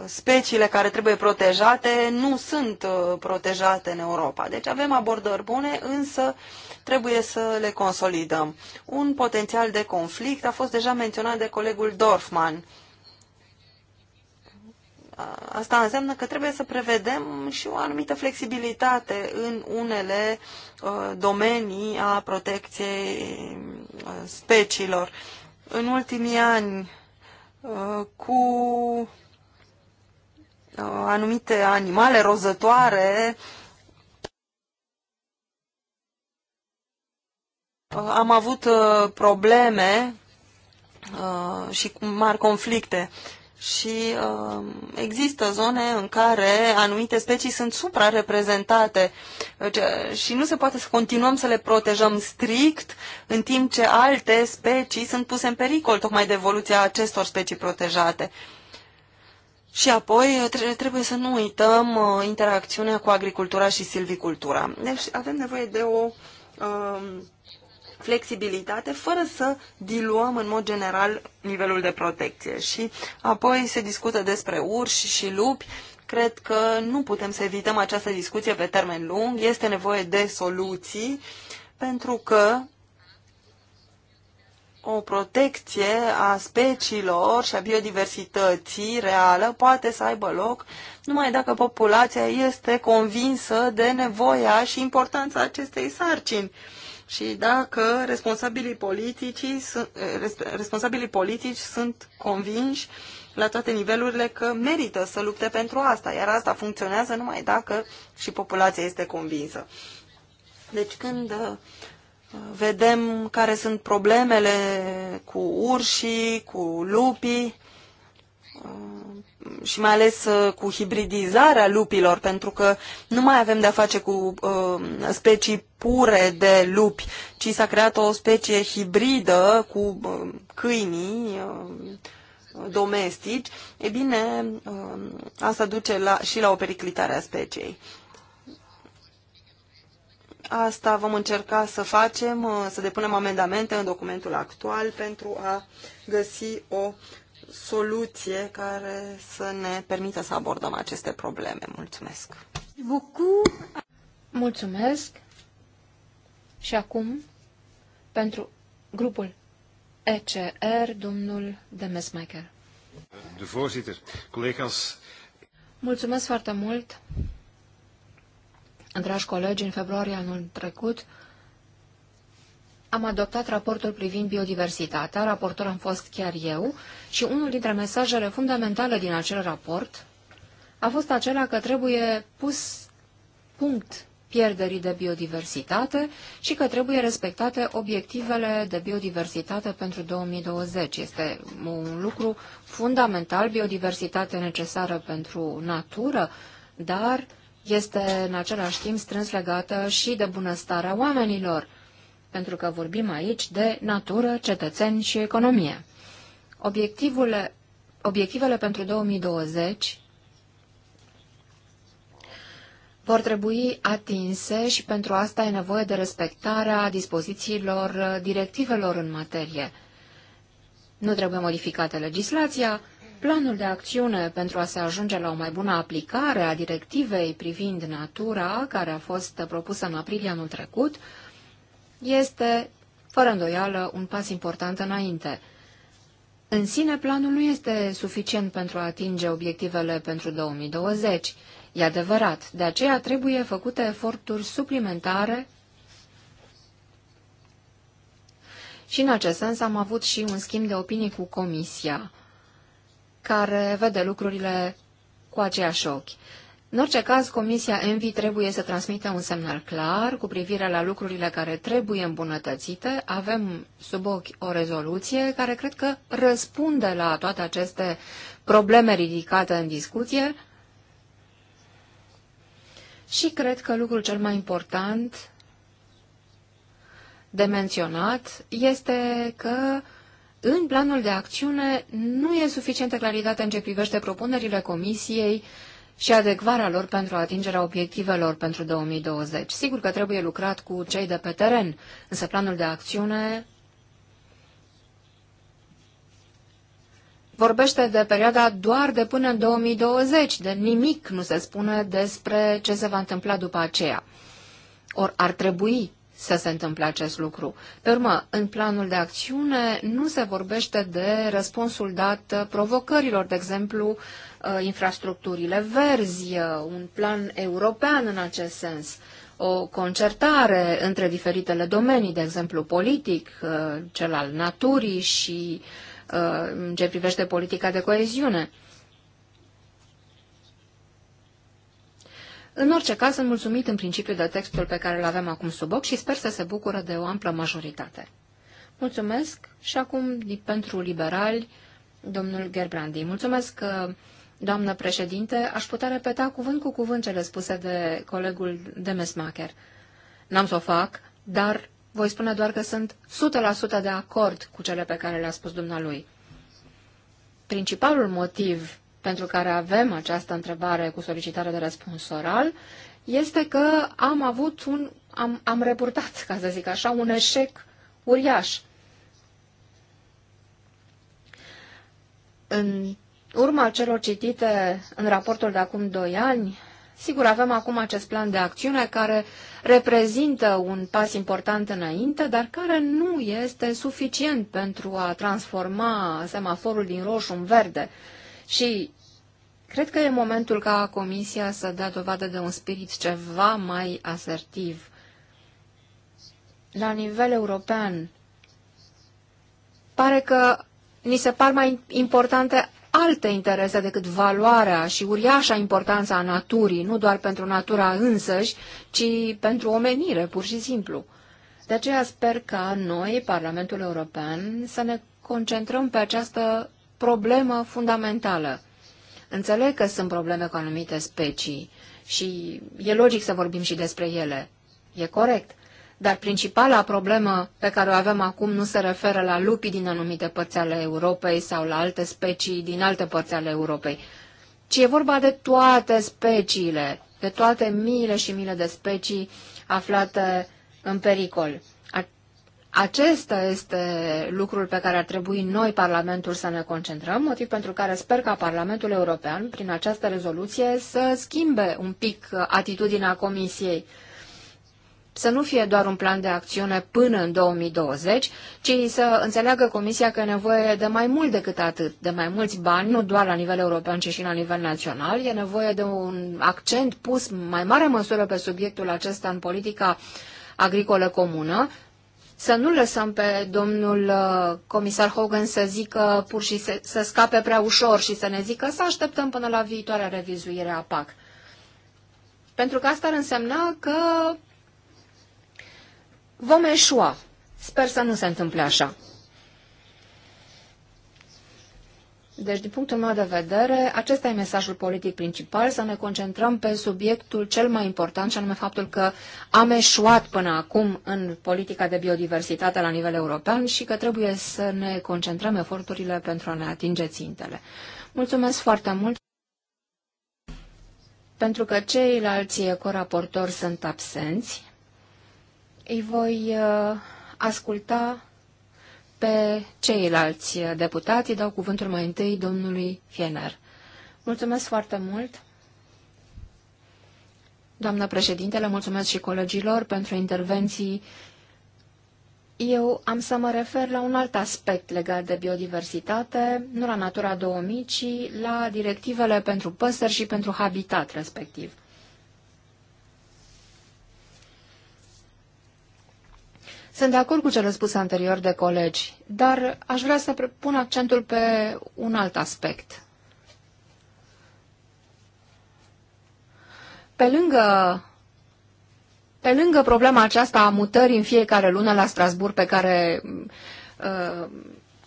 speciile care trebuie protejate nu sunt uh, protejate în Europa. Deci avem abordări bune, însă trebuie să le consolidăm. Un potențial de conflict a fost deja menționat de colegul Dorfman. Asta înseamnă că trebuie să prevedem și o anumită flexibilitate în unele uh, domenii a protecției uh, speciilor. În ultimii ani, cu Uh, anumite animale rozătoare. Uh, am avut uh, probleme și mari conflicte și există zone în care anumite specii sunt suprareprezentate și nu se poate să continuăm să le protejăm strict în timp ce alte specii sunt puse în pericol tocmai de evoluția acestor specii protejate. Și apoi eh, trebuie să nu uităm eh, interacțiunea cu agricultura și silvicultura. Deci avem nevoie de o um, flexibilitate fără să diluăm în mod general nivelul de protecție. Și apoi se discută despre urși și lupi. Cred că nu putem să evităm această discuție pe termen lung. Este nevoie de soluții pentru că o protecție a speciilor și a biodiversității reală poate să aibă loc numai dacă populația este convinsă de nevoia și importanța acestei sarcini și dacă responsabilii politici, responsabilii politici sunt convinși la toate nivelurile că merită să lupte pentru asta, iar asta funcționează numai dacă și populația este convinsă. Deci când vedem care sunt problemele cu urșii, cu lupii uh, și mai ales uh, cu hibridizarea lupilor, pentru că nu mai avem de-a face cu uh, specii pure de lupi, ci s-a creat o specie hibridă cu câinii domestici, e bine, asta duce la, și la o periclitare a speciei. Asta vom încerca să facem, uh, să depunem amendamente în documentul actual pentru a găsi o soluție care să ne permită să abordăm aceste probleme. Mulțumesc! Mulțumesc! Și acum, pentru grupul ECR, domnul Demesmaker. De Mulțumesc foarte mult, Dragi colegi, în februarie anul trecut am adoptat raportul privind biodiversitatea, raportor am fost chiar eu, și unul dintre mesajele fundamentale din acel raport a fost acela că trebuie pus punct pierderii de biodiversitate și că trebuie respectate obiectivele de biodiversitate pentru 2020. Este un lucru fundamental, biodiversitate necesară pentru natură, dar este în același timp strâns legată și de bunăstarea oamenilor, pentru că vorbim aici de natură, cetățeni și economie. Obiectivele, obiectivele pentru 2020 vor trebui atinse și pentru asta e nevoie de respectarea dispozițiilor uh, directivelor în materie. Nu trebuie modificată legislația, Planul de acțiune pentru a se ajunge la o mai bună aplicare a directivei privind natura, care a fost propusă în aprilie anul trecut, este, fără îndoială, un pas important înainte. În sine, planul nu este suficient pentru a atinge obiectivele pentru 2020. E adevărat, de aceea trebuie făcute eforturi suplimentare și în acest sens am avut și un schimb de opinii cu Comisia care vede lucrurile cu aceiași ochi. În orice caz, Comisia Envi trebuie să transmită un semnal clar cu privire la lucrurile care trebuie îmbunătățite. Avem sub ochi o rezoluție care cred că răspunde la toate aceste probleme ridicate în discuție și cred că lucrul cel mai important de menționat este că în planul de acțiune nu e suficientă claritate în ce privește propunerile Comisiei și adecvarea lor pentru atingerea obiectivelor pentru 2020. Sigur că trebuie lucrat cu cei de pe teren, însă planul de acțiune vorbește de perioada doar de până în 2020, de nimic nu se spune despre ce se va întâmpla după aceea. Or, ar trebui să se întâmple acest lucru. Pe urmă, în planul de acțiune nu se vorbește de răspunsul dat provocărilor, de exemplu, uh, infrastructurile verzi, uh, un plan european în acest sens, o concertare între diferitele domenii, de exemplu politic, uh, cel al naturii și în ce privește politica de coeziune. În orice caz, sunt mulțumit în principiu de textul pe care îl avem acum sub ochi și sper să se bucură de o amplă majoritate. Mulțumesc și acum pentru liberali, domnul Gerbrandi. Mulțumesc că, uh, doamnă președinte, aș putea repeta cuvânt cu cuvânt cele spuse de colegul Demesmacher. N-am să o fac, dar voi spune doar că sunt 100% de acord cu cele pe care le-a spus dumnealui. Principalul motiv pentru care avem această întrebare cu solicitare de răspuns oral este că am avut un, am, am reportat, ca să zic așa, un eșec uriaș. În urma celor citite în raportul de acum 2 ani, sigur avem acum acest plan de acțiune care reprezintă un pas important înainte, dar care nu este suficient pentru a transforma semaforul din roșu în verde. Uh, și cred că e momentul ca Comisia să dea dovadă de un spirit ceva mai asertiv. La nivel european, pare că ni se par mai importante alte interese decât valoarea și uriașa importanța a naturii, nu doar pentru natura însăși, ci pentru omenire, pur și simplu. De aceea sper ca noi, Parlamentul European, să ne concentrăm pe această problemă fundamentală. Înțeleg că sunt probleme cu anumite specii și e logic să vorbim și despre ele. E corect. Dar principala problemă pe care o avem acum nu se referă la lupii din anumite părți ale Europei sau la alte specii din alte părți ale Europei, ci e vorba de toate speciile, de toate miile și miile de specii aflate în pericol. Acesta este lucrul pe care ar trebui noi, Parlamentul, să ne concentrăm, motiv pentru care sper ca Parlamentul European, prin această rezoluție, să schimbe un pic atitudinea Comisiei. Să nu fie doar un plan de acțiune până în 2020, ci să înțeleagă Comisia că e nevoie de mai mult decât atât, de mai mulți bani, nu doar la nivel european, ci și la nivel național. E nevoie de un accent pus mai mare măsură pe subiectul acesta în politica agricolă comună, să nu lăsăm pe domnul uh, comisar Hogan să zică pur și se, să scape prea ușor și să ne zică să așteptăm până la viitoarea revizuire a PAC. Pentru că asta ar însemna că vom eșua. Sper să nu se întâmple așa. Deci, din punctul meu de vedere, acesta e mesajul politic principal, să ne concentrăm pe subiectul cel mai important, și anume faptul că am eșuat până acum în politica de biodiversitate la nivel european și că trebuie să ne concentrăm eforturile pentru a ne atinge țintele. Mulțumesc foarte mult pentru că ceilalți coraportori sunt absenți. Îi voi uh, asculta pe ceilalți deputați. Dau cuvântul mai întâi domnului Fiener. Mulțumesc foarte mult! Doamnă președintele, mulțumesc și colegilor pentru intervenții. Eu am să mă refer la un alt aspect legat de biodiversitate, nu la Natura 2000, ci la directivele pentru păsări și pentru habitat respectiv. Sunt de acord cu cele spus anterior de colegi, dar aș vrea să pun accentul pe un alt aspect. Pe lângă, pe lângă problema aceasta a mutării în fiecare lună la Strasburg, pe care uh,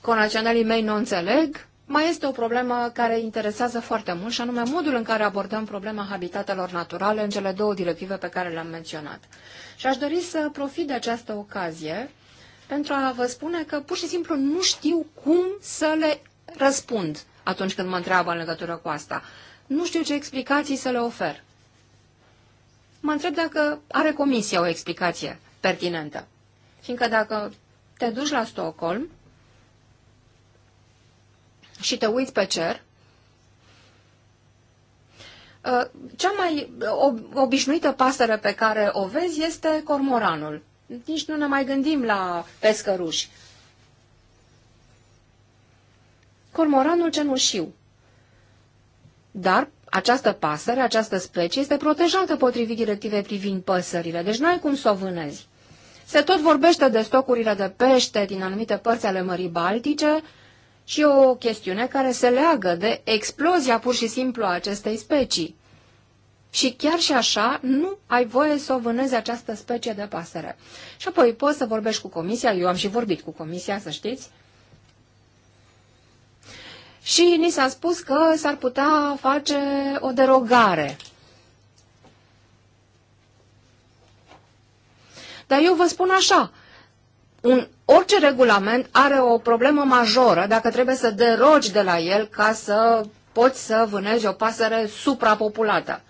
conaționalii mei nu înțeleg, mai este o problemă care interesează foarte mult și anume modul în care abordăm problema habitatelor naturale în cele două directive pe care le-am menționat. Și aș dori să profit de această ocazie pentru a vă spune că pur și simplu nu știu cum să le răspund atunci când mă întreabă în legătură cu asta. Nu știu ce explicații să le ofer. Mă întreb dacă are comisia o explicație pertinentă. Fiindcă dacă te duci la Stockholm, și te uiți pe cer, uh, cea mai uh, obișnuită pasăre pe care o vezi este cormoranul. Nici nu ne mai gândim la pescăruși. Cormoranul cenușiu. Dar această pasăre, această specie, este protejată potrivit directivei privind păsările, deci nu ai cum să o vânezi. Se tot vorbește de stocurile de pește din anumite părți ale Mării Baltice, și o chestiune care se leagă de explozia pur și simplu a acestei specii. Și chiar și așa, nu ai voie să o vânezi această specie de pasăre. Și apoi poți să vorbești cu comisia, eu am și vorbit cu comisia, să știți, și ni s-a spus că s-ar putea face o derogare. Dar eu vă spun așa, un orice regulament are o problemă majoră dacă trebuie să derogi de la el ca să poți să vânezi o pasăre suprapopulată.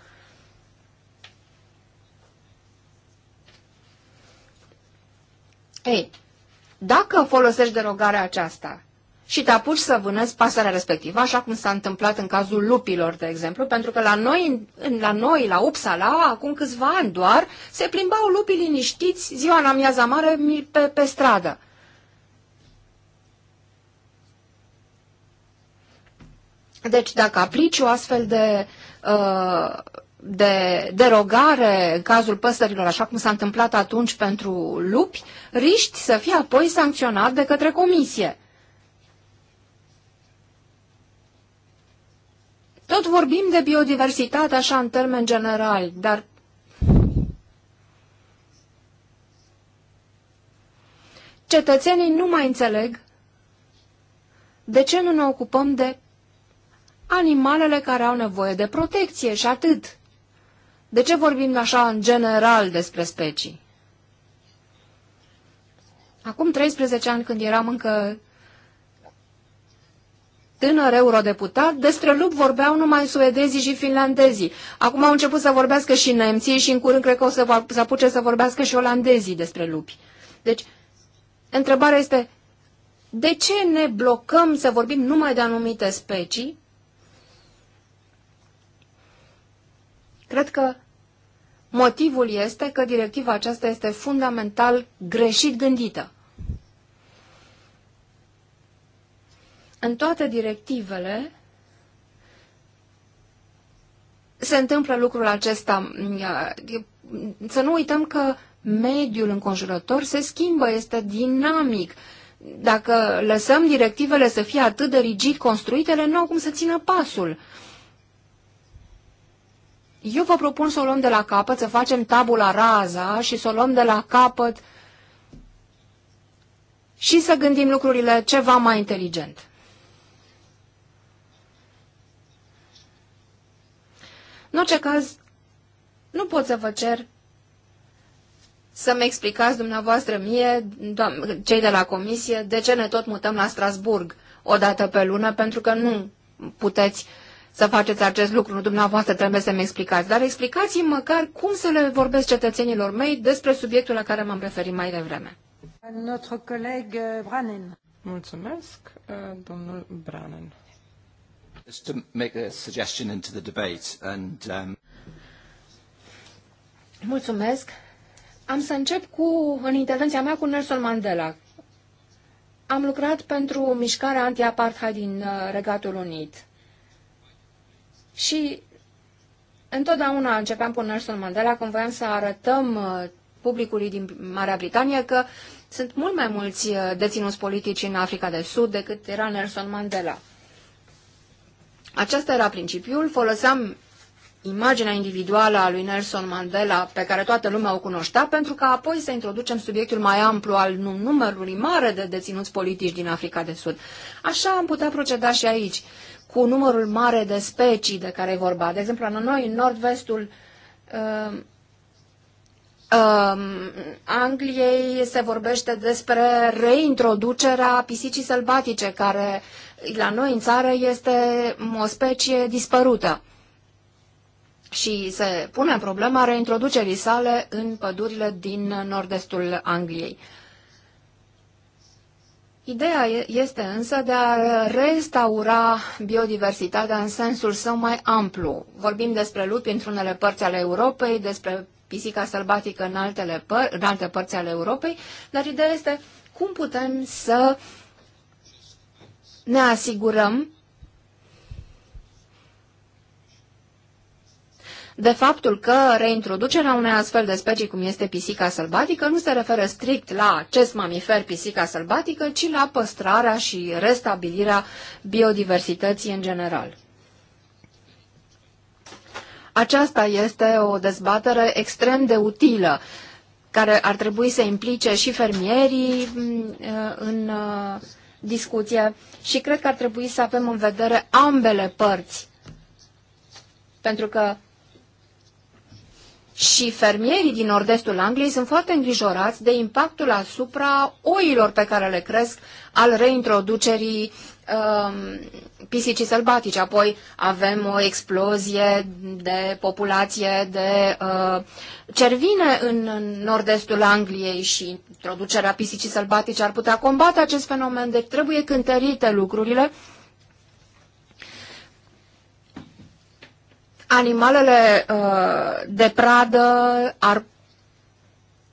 Ei, dacă folosești derogarea aceasta și te apuci să vânezi pasărea respectivă, așa cum s-a întâmplat în cazul lupilor, de exemplu, pentru că la noi, la, noi, la Uppsala, acum câțiva ani doar, se plimbau lupii liniștiți ziua în amiaza mare pe, pe stradă. Deci dacă aplici o astfel de, uh, de derogare în cazul păsărilor, așa cum s-a întâmplat atunci pentru lupi, riști să fii apoi sancționat de către comisie. Tot vorbim de biodiversitate așa în termen general, dar cetățenii nu mai înțeleg de ce nu ne ocupăm de animalele care au nevoie de protecție și atât. De ce vorbim așa în general despre specii? Acum 13 ani, când eram încă tânăr eurodeputat, despre lup vorbeau numai suedezii și finlandezii. Acum au început să vorbească și nemții și în curând cred că o să, să apuce să vorbească și olandezii despre lupi. Deci, întrebarea este, de ce ne blocăm să vorbim numai de anumite specii Cred că motivul este că directiva aceasta este fundamental greșit gândită. În toate directivele se întâmplă lucrul acesta. Să nu uităm că mediul înconjurător se schimbă, este dinamic. Dacă lăsăm directivele să fie atât de rigid construite, ele nu au cum să țină pasul. Uh, eu vă propun să o luăm de la capăt, să facem tabula raza și să o luăm de la capăt și să gândim lucrurile ceva mai inteligent. În orice caz, nu pot să vă cer să-mi explicați dumneavoastră mie, cei de la comisie, de ce ne tot mutăm la Strasburg o dată pe lună, pentru că nu puteți uh, să faceți acest lucru. Dumneavoastră trebuie să-mi explicați, dar explicați-mi măcar cum să le vorbesc cetățenilor mei despre subiectul la care m-am referit mai devreme. Notre coleg uh, Branen. Mulțumesc, uh, domnul Branen. Just to make a suggestion into the debate and, um... Mulțumesc. Am să încep cu, în intervenția mea cu Nelson Mandela. Am lucrat pentru mișcarea anti-apartheid din uh, Regatul Unit și întotdeauna începeam cu Nelson Mandela când voiam să arătăm uh, publicului din Marea Britanie că sunt mult mai mulți uh, deținuți politici în Africa de Sud decât era Nelson Mandela. Acesta era principiul, foloseam imaginea individuală a lui Nelson Mandela pe care toată lumea o cunoștea, pentru că apoi să introducem subiectul mai amplu al numărului mare de deținuți politici din Africa de Sud. Așa am putea proceda și aici cu numărul mare de specii de care e vorba. De exemplu, la noi, în nord-vestul uh, uh, Angliei, se vorbește despre reintroducerea pisicii sălbatice, care la noi în țară este o specie dispărută. Și se pune problema reintroducerii sale în pădurile din nord-estul Angliei. Ideea este însă de a restaura biodiversitatea în sensul său mai amplu. Vorbim despre lupi într unele părți ale Europei, despre pisica sălbatică în, altele păr- în alte părți ale Europei, dar ideea este cum putem să ne asigurăm de faptul că reintroducerea unei astfel de specii, cum este pisica sălbatică, nu se referă strict la acest mamifer, pisica sălbatică, ci la păstrarea și restabilirea biodiversității în general. Aceasta este o dezbatere extrem de utilă, care ar trebui să implice și fermierii mm, uh, în uh, discuție și cred că ar trebui să avem în vedere ambele părți. Pentru că și fermierii din nord-estul Angliei sunt foarte îngrijorați de impactul asupra oilor pe care le cresc al reintroducerii um, pisicii sălbatice. Apoi avem o explozie de populație de uh, cervine în nord-estul Angliei și introducerea pisicii sălbatice ar putea combate acest fenomen, deci trebuie cântărite lucrurile animalele uh, de pradă ar,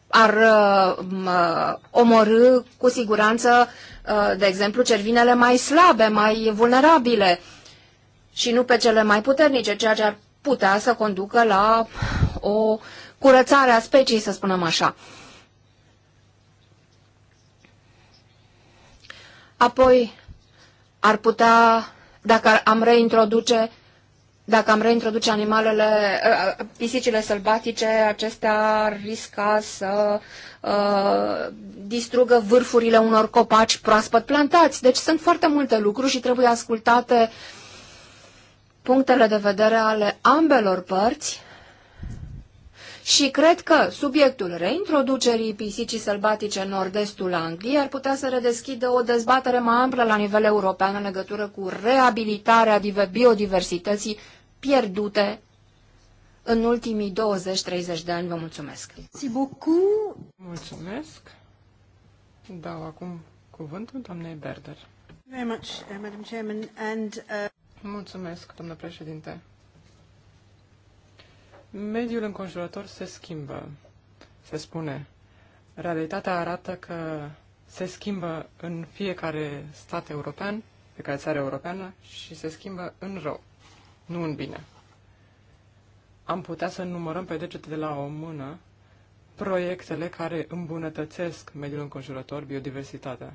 ar uh, uh, omorâ cu siguranță, uh, de exemplu, cervinele mai slabe, mai vulnerabile și nu pe cele mai puternice, ceea ce ar putea să conducă la o curățare a speciei, să spunem așa. Apoi, ar putea, dacă am reintroduce uh, dacă am reintroduce animalele, ă, ă, pisicile sălbatice, acestea ar risca să ă, distrugă vârfurile unor copaci proaspăt plantați. Deci sunt foarte multe lucruri și trebuie ascultate punctele de vedere ale ambelor părți. Și cred că subiectul reintroducerii pisicii sălbatice în nord-estul Angliei ar putea să redeschidă o dezbatere mai amplă la nivel european în legătură cu reabilitarea biodiversității pierdute în ultimii 20-30 de ani. Vă mulțumesc! Mulțumesc! Dau acum cuvântul doamnei Berder. Very much, uh, Madam Chairman, and, uh... Mulțumesc, doamnă președinte. Mediul înconjurător se schimbă, se spune. Realitatea arată că se schimbă în fiecare stat european, fiecare țară europeană și se schimbă în rău nu în bine. Am putea să numărăm pe degete de la o mână proiectele care îmbunătățesc mediul înconjurător, biodiversitatea.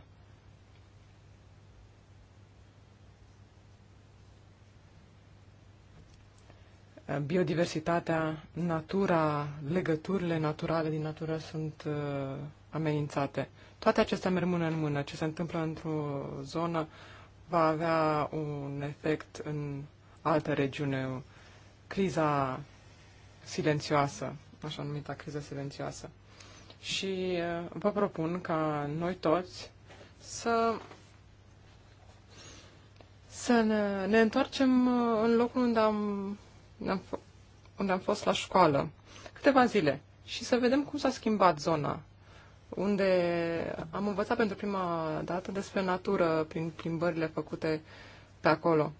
biodiversitatea, natura, legăturile naturale din natură sunt uh, amenințate. Toate acestea merg mână în mână. Ce se întâmplă într-o zonă va avea un efect în altă regiune, criza silențioasă, așa numită criza silențioasă. Și vă propun ca noi toți să să ne, ne întoarcem în locul unde am, unde am, unde am fost la școală, câteva zile, și să vedem cum s-a schimbat zona, unde am învățat pentru prima dată despre natură prin plimbările făcute pe acolo.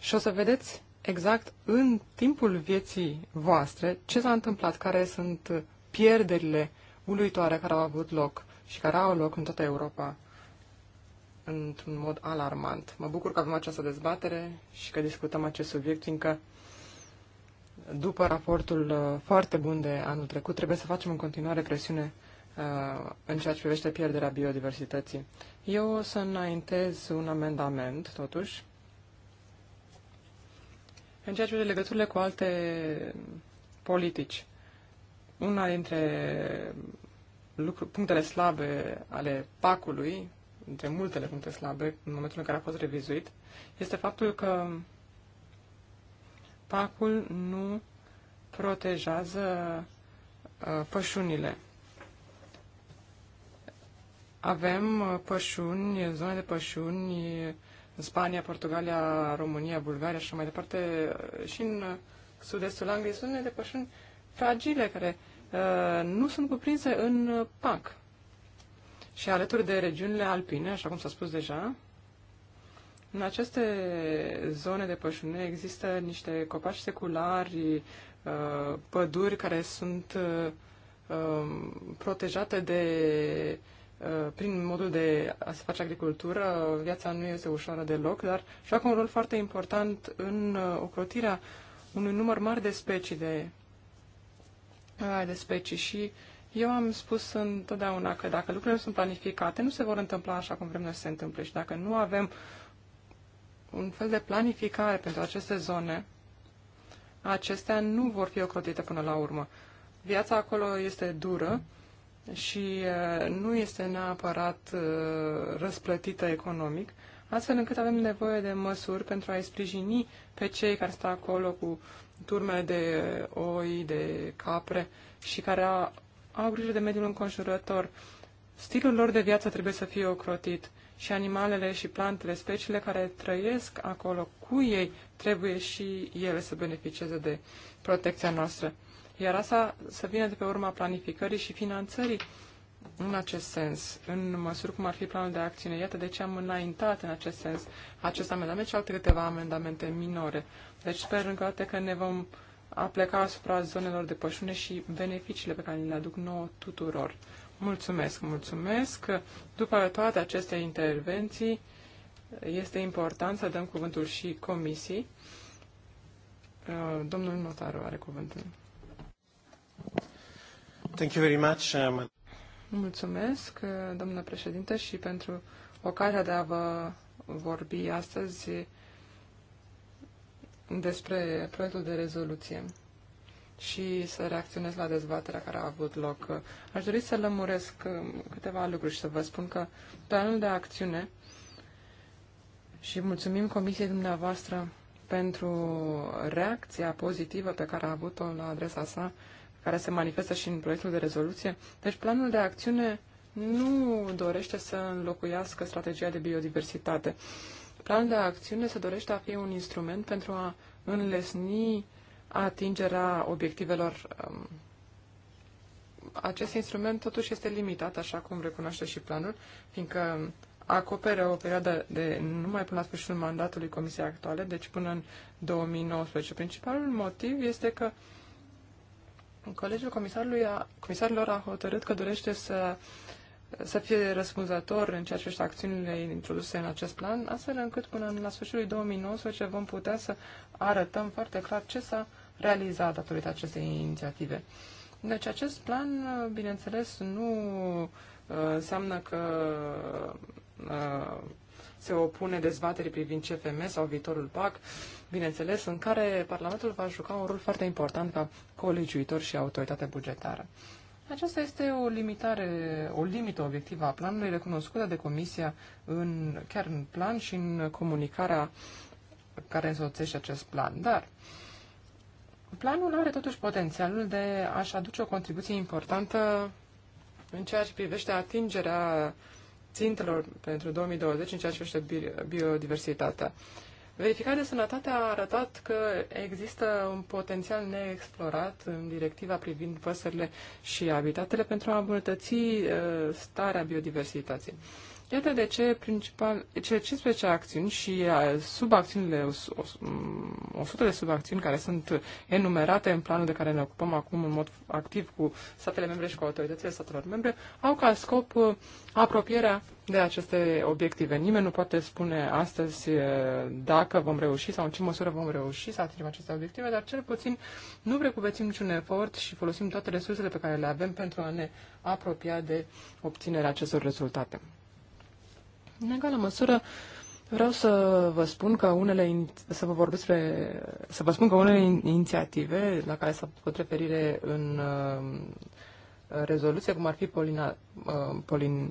Și o să vedeți exact în timpul vieții voastre ce s-a întâmplat, care sunt pierderile uluitoare care au avut loc și care au loc în toată Europa într-un mod alarmant. Mă bucur că avem această dezbatere și că discutăm acest subiect, fiindcă după raportul uh, foarte bun de anul trecut, trebuie să facem în continuare presiune uh, în ceea ce privește pierderea biodiversității. Eu o să înaintez un amendament, totuși, în ceea ce privește legăturile cu alte politici, una dintre lucru, punctele slabe ale pacului, dintre multele puncte slabe în momentul în care a fost revizuit, este faptul că pacul nu protejează uh, pășunile. Avem uh, pășuni, zone de pășuni Spania, Portugalia, România, Bulgaria și mai departe, și în sud-estul Angliei, sunt unele pășuni fragile care uh, nu sunt cuprinse în PAC. Și alături de regiunile alpine, așa cum s-a spus deja, în aceste zone de pășune există niște copaci seculari, uh, păduri care sunt uh, um, protejate de Uh, prin modul de a se face agricultură, viața nu este ușoară deloc, dar joacă un rol foarte important în uh, ocrotirea unui număr mare de specii de, uh, de specii și eu am spus întotdeauna că dacă lucrurile nu sunt planificate, nu se vor întâmpla așa cum vrem noi să se întâmple și dacă nu avem un fel de planificare pentru aceste zone, acestea nu vor fi ocrotite până la urmă. Viața acolo este dură și uh, nu este neapărat uh, răsplătită economic, astfel încât avem nevoie de măsuri pentru a-i sprijini pe cei care stau acolo cu turme de oi, de capre și care au, au grijă de mediul înconjurător. Stilul lor de viață trebuie să fie ocrotit și animalele și plantele, speciile care trăiesc acolo cu ei, trebuie și ele să beneficieze de protecția noastră iar asta să vină de pe urma planificării și finanțării în acest sens, în măsuri cum ar fi planul de acțiune. Iată de ce am înaintat în acest sens acest amendament și alte câteva amendamente minore. Deci sper încă o că ne vom apleca asupra zonelor de pășune și beneficiile pe care le aduc nouă tuturor. Mulțumesc, mulțumesc. După toate aceste intervenții, este important să dăm cuvântul și comisii. Domnul notar are cuvântul. Thank you very much. Um... Mulțumesc, uh, domnule președinte, și pentru ocazia de a vă vorbi astăzi despre proiectul de rezoluție și să reacționez la dezbaterea care a avut loc. Aș dori să lămuresc uh, câteva lucruri și să vă spun că planul de acțiune și mulțumim Comisiei dumneavoastră pentru reacția pozitivă pe care a avut-o la adresa sa care se manifestă și în proiectul de rezoluție. Deci planul de acțiune nu dorește să înlocuiască strategia de biodiversitate. Planul de acțiune se dorește a fi un instrument pentru a înlesni atingerea obiectivelor. Um, acest instrument totuși este limitat, așa cum recunoaște și planul, fiindcă acoperă o perioadă de numai până la sfârșitul mandatului Comisiei actuale, deci până în 2019. Principalul motiv este că uh, Colegiul comisarului a, comisarilor a hotărât că dorește să, să fie răspunzător în ceea ce privește acțiunile introduse în acest plan, astfel încât până la sfârșitul 2019 vom putea să arătăm foarte clar ce s-a realizat datorită acestei inițiative. Deci acest plan, bineînțeles, nu uh, înseamnă că uh, se opune dezbaterii privind CFM sau viitorul PAC, bineînțeles, în care Parlamentul va juca un rol foarte important ca colegiuitor și autoritate bugetară. Aceasta este o limitare, o limită obiectivă a planului recunoscută de Comisia în, chiar în plan și în comunicarea care însoțește acest plan. Dar planul are totuși potențialul de a-și aduce o contribuție importantă în ceea ce privește atingerea uh, țintelor pentru 2020 în ceea ce privește biodiversitatea. Verificarea de sănătate a arătat că există un potențial neexplorat în directiva privind păsările și habitatele pentru a îmbunătăți uh, starea biodiversității. Iată de ce principal, cele 15 acțiuni și uh, subacțiunile, 100 mm, de subacțiuni care sunt enumerate în planul de care ne ocupăm acum în mod activ cu statele membre și cu autoritățile statelor membre, au ca scop uh, apropierea de aceste obiective. Nimeni nu poate spune astăzi uh, dacă vom reuși sau în ce măsură vom reuși să atingem aceste obiective, dar cel puțin nu recuvețim niciun efort și folosim toate resursele pe care le avem pentru a ne apropia de obținerea acestor rezultate. În egală măsură, vreau să vă spun că unele, să vă vorbesc pe, să vă spun că unele inițiative la care s-a făcut referire în uh, rezoluție, cum ar fi polina, uh, polin,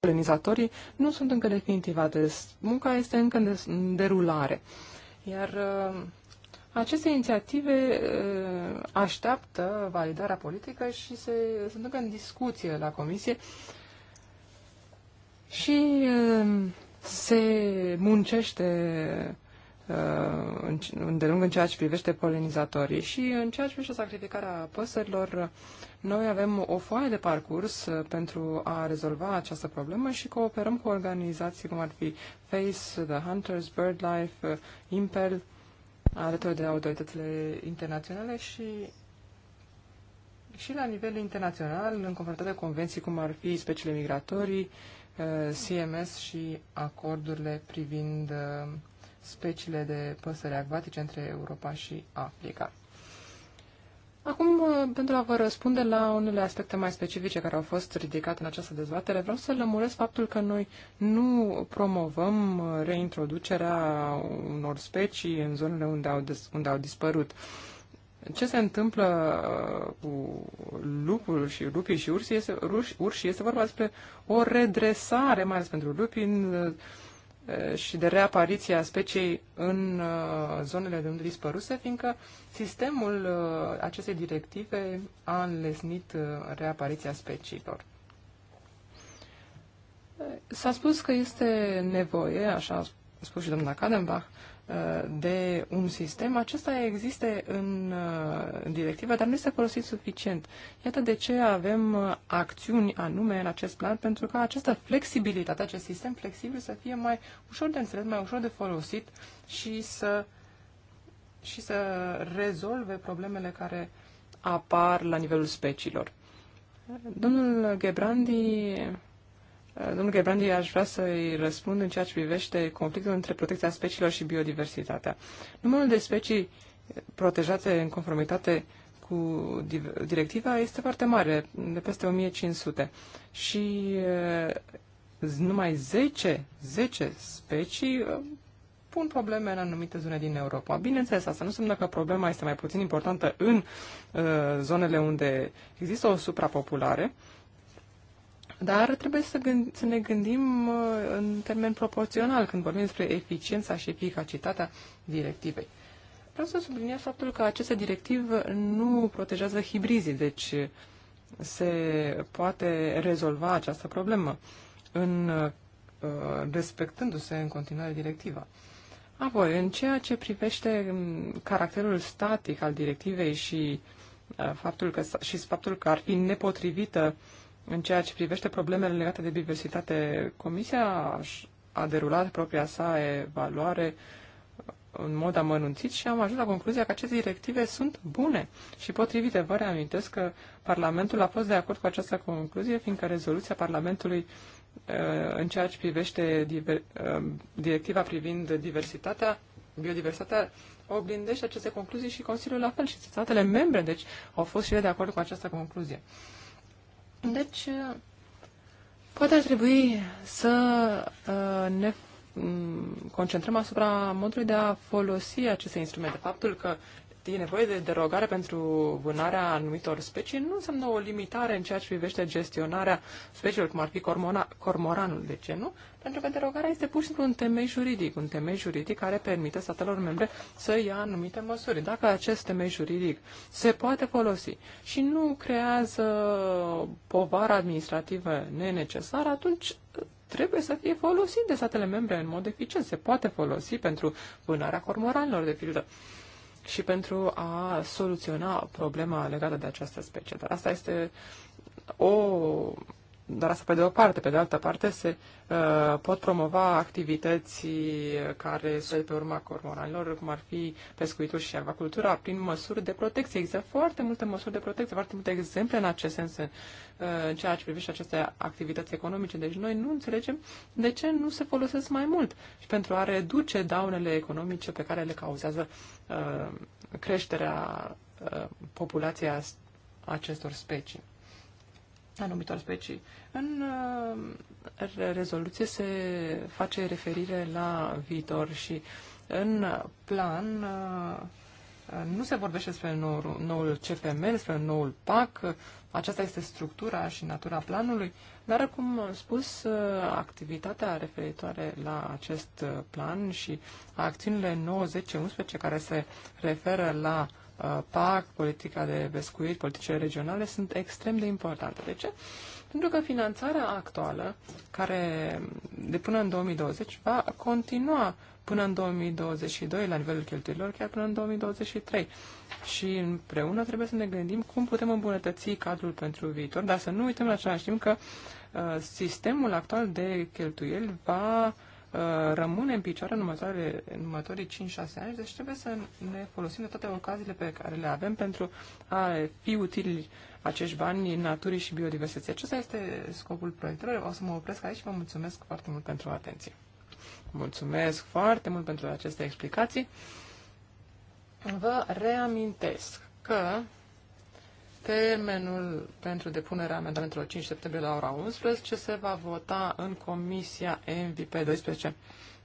polinizatorii, nu sunt încă definitivate. Munca este încă în, derulare. Iar uh, aceste inițiative uh, așteaptă validarea politică și se, sunt încă în discuție la Comisie și um, se muncește uh, îndelung în ceea ce privește polenizatorii și în ceea ce privește sacrificarea păsărilor, noi avem o foaie de parcurs uh, pentru a rezolva această problemă și cooperăm cu organizații cum ar fi FACE, The Hunters, BirdLife, uh, Impel, alături de autoritățile internaționale și și la nivel internațional, în conformitate cu convenții cum ar fi speciile migratorii, Uh, CMS și acordurile privind uh, speciile de păsări acvatice între Europa și Africa. Acum, uh, pentru a vă răspunde la unele aspecte mai specifice care au fost ridicate în această dezbatere, vreau să lămuresc faptul că noi nu promovăm reintroducerea unor specii în zonele unde au, unde au dispărut. Uh, ce se întâmplă uh, cu lupul și lupii și urși este, urși este vorba despre o redresare, mai ales pentru lupi, în, uh, și de reapariția speciei în uh, zonele de unde dispăruse, fiindcă sistemul acestei directive a înlesnit reapariția speciilor. S-a spus că este nevoie, așa a spus și doamna Kadenbach, Uh, de un sistem, acesta există în, uh, în directivă, dar nu este folosit suficient. Iată de ce avem uh, acțiuni anume în acest plan, pentru ca această flexibilitate, acest sistem flexibil să fie mai ușor de înțeles, mai ușor de folosit și să, și să rezolve problemele care apar la nivelul speciilor. Domnul Gebrandi Uh, domnul Gebrandi, aș vrea să-i răspund în ceea ce privește conflictul între protecția speciilor și biodiversitatea. Numărul de specii protejate în conformitate cu directiva este foarte mare, de peste 1500. Și uh, numai 10, 10 specii uh, pun probleme în anumite zone din Europa. Bineînțeles, asta nu înseamnă că problema este mai puțin importantă în uh, zonele unde există o suprapopulare, uh, dar trebuie să, gând, să ne gândim uh, în termen proporțional când vorbim despre eficiența și eficacitatea directivei. Vreau să subliniez faptul că această directivă nu protejează hibrizii, deci se poate rezolva această problemă în uh, respectându-se în continuare directiva. Apoi, în ceea ce privește um, caracterul static al directivei și uh, faptul că, și faptul că ar fi nepotrivită uh, în ceea ce privește problemele legate de diversitate, Comisia a derulat propria sa evaluare în mod amănunțit și am ajuns la concluzia că aceste directive sunt bune și potrivite. Vă reamintesc că Parlamentul a fost de acord cu această concluzie, fiindcă rezoluția Parlamentului uh, în ceea ce privește diver, uh, directiva privind diversitatea, biodiversitatea, oglindește aceste concluzii și Consiliul la fel și statele membre, deci au fost și ele de acord cu această concluzie. Deci, poate ar trebui să uh, ne mm, concentrăm asupra modului de a folosi aceste instrumente. Faptul că e nevoie de derogare pentru vânarea anumitor specii, nu înseamnă o limitare în ceea ce privește gestionarea speciilor, cum ar fi cormona, cormoranul. De ce nu? Pentru că derogarea este pur și simplu un temei juridic, un temei juridic care permite statelor membre să ia anumite măsuri. Dacă acest temei juridic se poate folosi și nu creează povară administrativă nenecesară, atunci trebuie să fie folosit de statele membre în mod eficient. Se poate folosi pentru vânarea cormoranilor, de pildă și pentru a soluționa problema legată de această specie. Dar asta este o dar asta pe de o parte. Pe de altă parte se uh, pot promova activități care sunt pe urma cormoranilor, cum ar fi pescuitul și acvacultura, prin măsuri de protecție. Există foarte multe măsuri de protecție, foarte multe exemple în acest sens, uh, în ceea ce privește aceste activități economice. Deci noi nu înțelegem de ce nu se folosesc mai mult și pentru a reduce daunele economice pe care le cauzează uh, creșterea uh, populației acestor specii anumitor specii. În uh, rezoluție se face referire la viitor și în plan uh, nu se vorbește despre noul, noul CFM, despre noul PAC, aceasta este structura și natura planului, dar, cum am spus, uh, activitatea referitoare la acest plan și acțiunile 90 11 care se referă la uh, Uh, PAC, politica de vescuit, politicile regionale sunt extrem de importante. De ce? Pentru că finanțarea actuală, care de până în 2020 va continua până în 2022 la nivelul cheltuielilor, chiar până în 2023. Și împreună trebuie să ne gândim cum putem îmbunătăți cadrul pentru viitor, dar să nu uităm la același timp că uh, sistemul actual de cheltuieli va Uh, rămâne în picioare în, următorii 5-6 ani, deci trebuie să ne folosim de toate ocaziile pe care le avem pentru a fi utili acești bani naturii și biodiversității. Acesta este scopul proiectelor. O să mă opresc aici și vă mulțumesc foarte mult pentru atenție. Mulțumesc foarte mult pentru aceste explicații. Vă reamintesc că Termenul pentru depunerea amendamentelor 5 septembrie la ora 11 se va vota în Comisia MVP 12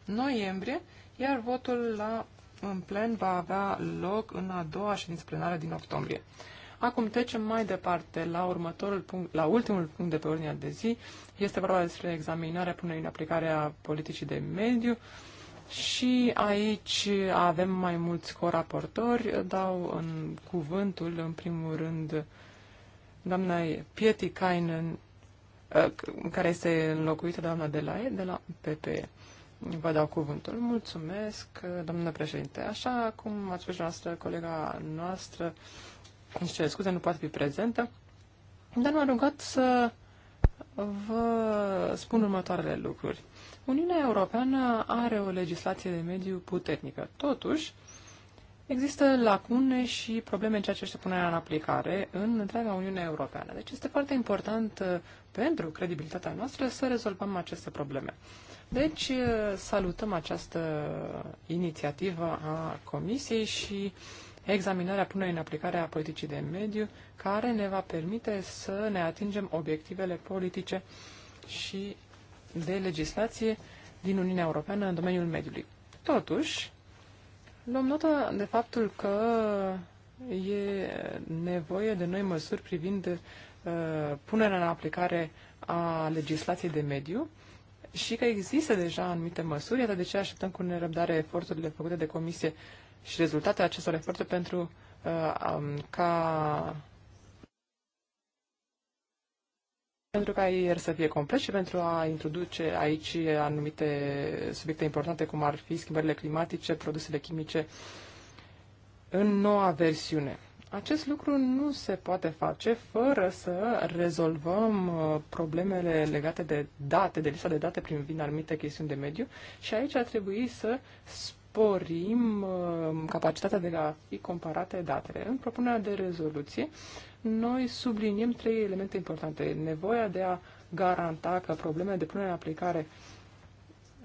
noiembrie, iar votul la, în plen va avea loc în a doua ședință plenară din octombrie. Acum trecem mai departe la următorul punct, la ultimul punct de pe ordinea de zi. Este vorba despre examinarea punerii în aplicare a politicii de mediu. Uh, și aici avem mai mulți coraportori. Dau în cuvântul, în primul rând, doamna Pieti Kainen, uh, care este înlocuită doamna de la, de la PPE. Vă dau cuvântul. Mulțumesc, doamnă președinte. Așa cum ați spus noastră, colega noastră, nici ce scuze, nu poate fi prezentă, dar m-a rugat să vă spun următoarele lucruri. Uniunea Europeană are o legislație de mediu puternică. Totuși, există lacune și probleme în ceea ce se punerea în aplicare în întreaga Uniune Europeană. Deci este foarte important uh, pentru credibilitatea noastră să rezolvăm aceste probleme. Deci uh, salutăm această inițiativă a Comisiei și examinarea punerii în aplicare a politicii de mediu, care ne va permite să ne atingem obiectivele politice și de legislație din Uniunea Europeană în domeniul mediului. Totuși, luăm notă de faptul că e nevoie de noi măsuri privind uh, punerea în aplicare a legislației de mediu și că există deja anumite măsuri, iată de ce așteptăm cu nerăbdare eforturile făcute de comisie și rezultatele acestor eforturi pentru uh, um, ca pentru ca el să fie complet și pentru a introduce aici anumite subiecte importante, cum ar fi schimbările climatice, produsele chimice, în noua versiune. Acest lucru nu se poate face fără să rezolvăm uh, problemele legate de date, de lista de date prin vin anumite chestiuni de mediu și aici ar trebui să sporim uh, capacitatea de a fi comparate datele. În propunerea de rezoluție noi subliniem trei elemente importante. Nevoia de a garanta că problemele de punere în aplicare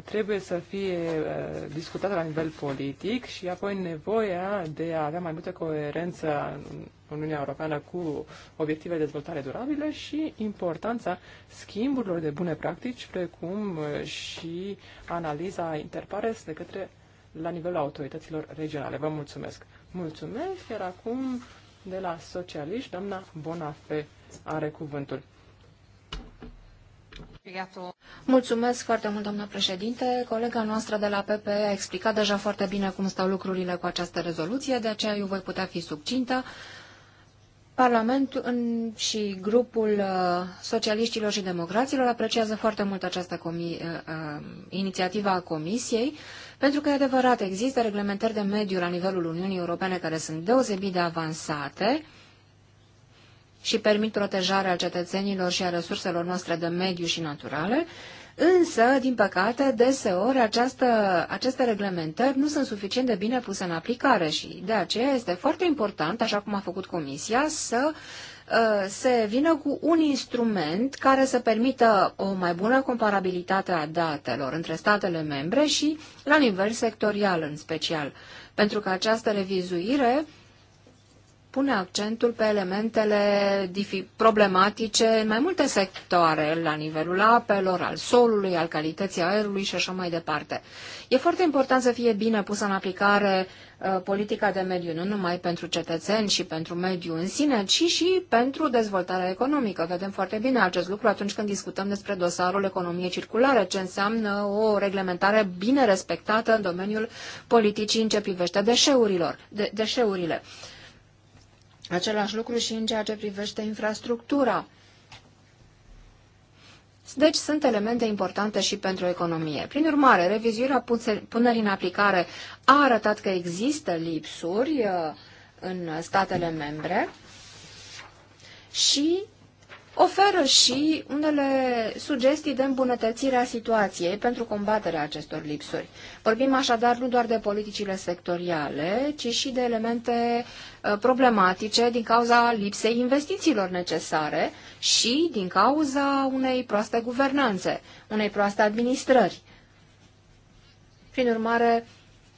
trebuie să fie uh, discutate la nivel politic și apoi nevoia de a avea mai multă coerență în Uniunea Europeană cu obiective de dezvoltare durabilă și importanța schimburilor de bune practici, precum uh, și analiza interpares de către la nivelul autorităților regionale. Vă mulțumesc! Mulțumesc, iar acum de la socialiști, doamna Bonafe are cuvântul. Mulțumesc foarte mult, doamnă președinte. Colega noastră de la PP a explicat deja foarte bine cum stau lucrurile cu această rezoluție, de aceea eu voi putea fi subcintă. Parlamentul și grupul uh, socialiștilor și democraților apreciază foarte mult această uh, uh, inițiativă a Comisiei, pentru că, e adevărat, există reglementări de mediu la nivelul Uniunii Europene care sunt deosebit de avansate și permit protejarea cetățenilor și a resurselor noastre de mediu și naturale, Însă, din păcate, deseori această, aceste reglementări nu sunt suficient de bine puse în aplicare și de aceea este foarte important, așa cum a făcut Comisia, să uh, se vină cu un instrument care să permită o mai bună comparabilitate a datelor între statele membre și la nivel sectorial în special, pentru că această revizuire pune accentul pe elementele problematice în mai multe sectoare, la nivelul apelor, al solului, al calității aerului și așa mai departe. E foarte important să fie bine pusă în aplicare uh, politica de mediu, nu numai pentru cetățeni și pentru mediu în sine, ci și pentru dezvoltarea economică. Vedem foarte bine acest lucru atunci când discutăm despre dosarul economiei circulare, ce înseamnă o reglementare bine respectată în domeniul politicii în ce privește deșeurilor, de, deșeurile. Uh, Același lucru și în ceea ce privește infrastructura. Deci sunt elemente importante și pentru economie. Prin urmare, revizuirea punerii în aplicare a arătat că există lipsuri uh, în statele membre și oferă și unele sugestii de îmbunătățire a situației pentru combaterea acestor lipsuri. Vorbim așadar nu doar de politicile sectoriale, ci și de elemente uh, problematice din cauza lipsei investițiilor necesare și din cauza unei proaste guvernanțe, unei proaste administrări. Prin urmare,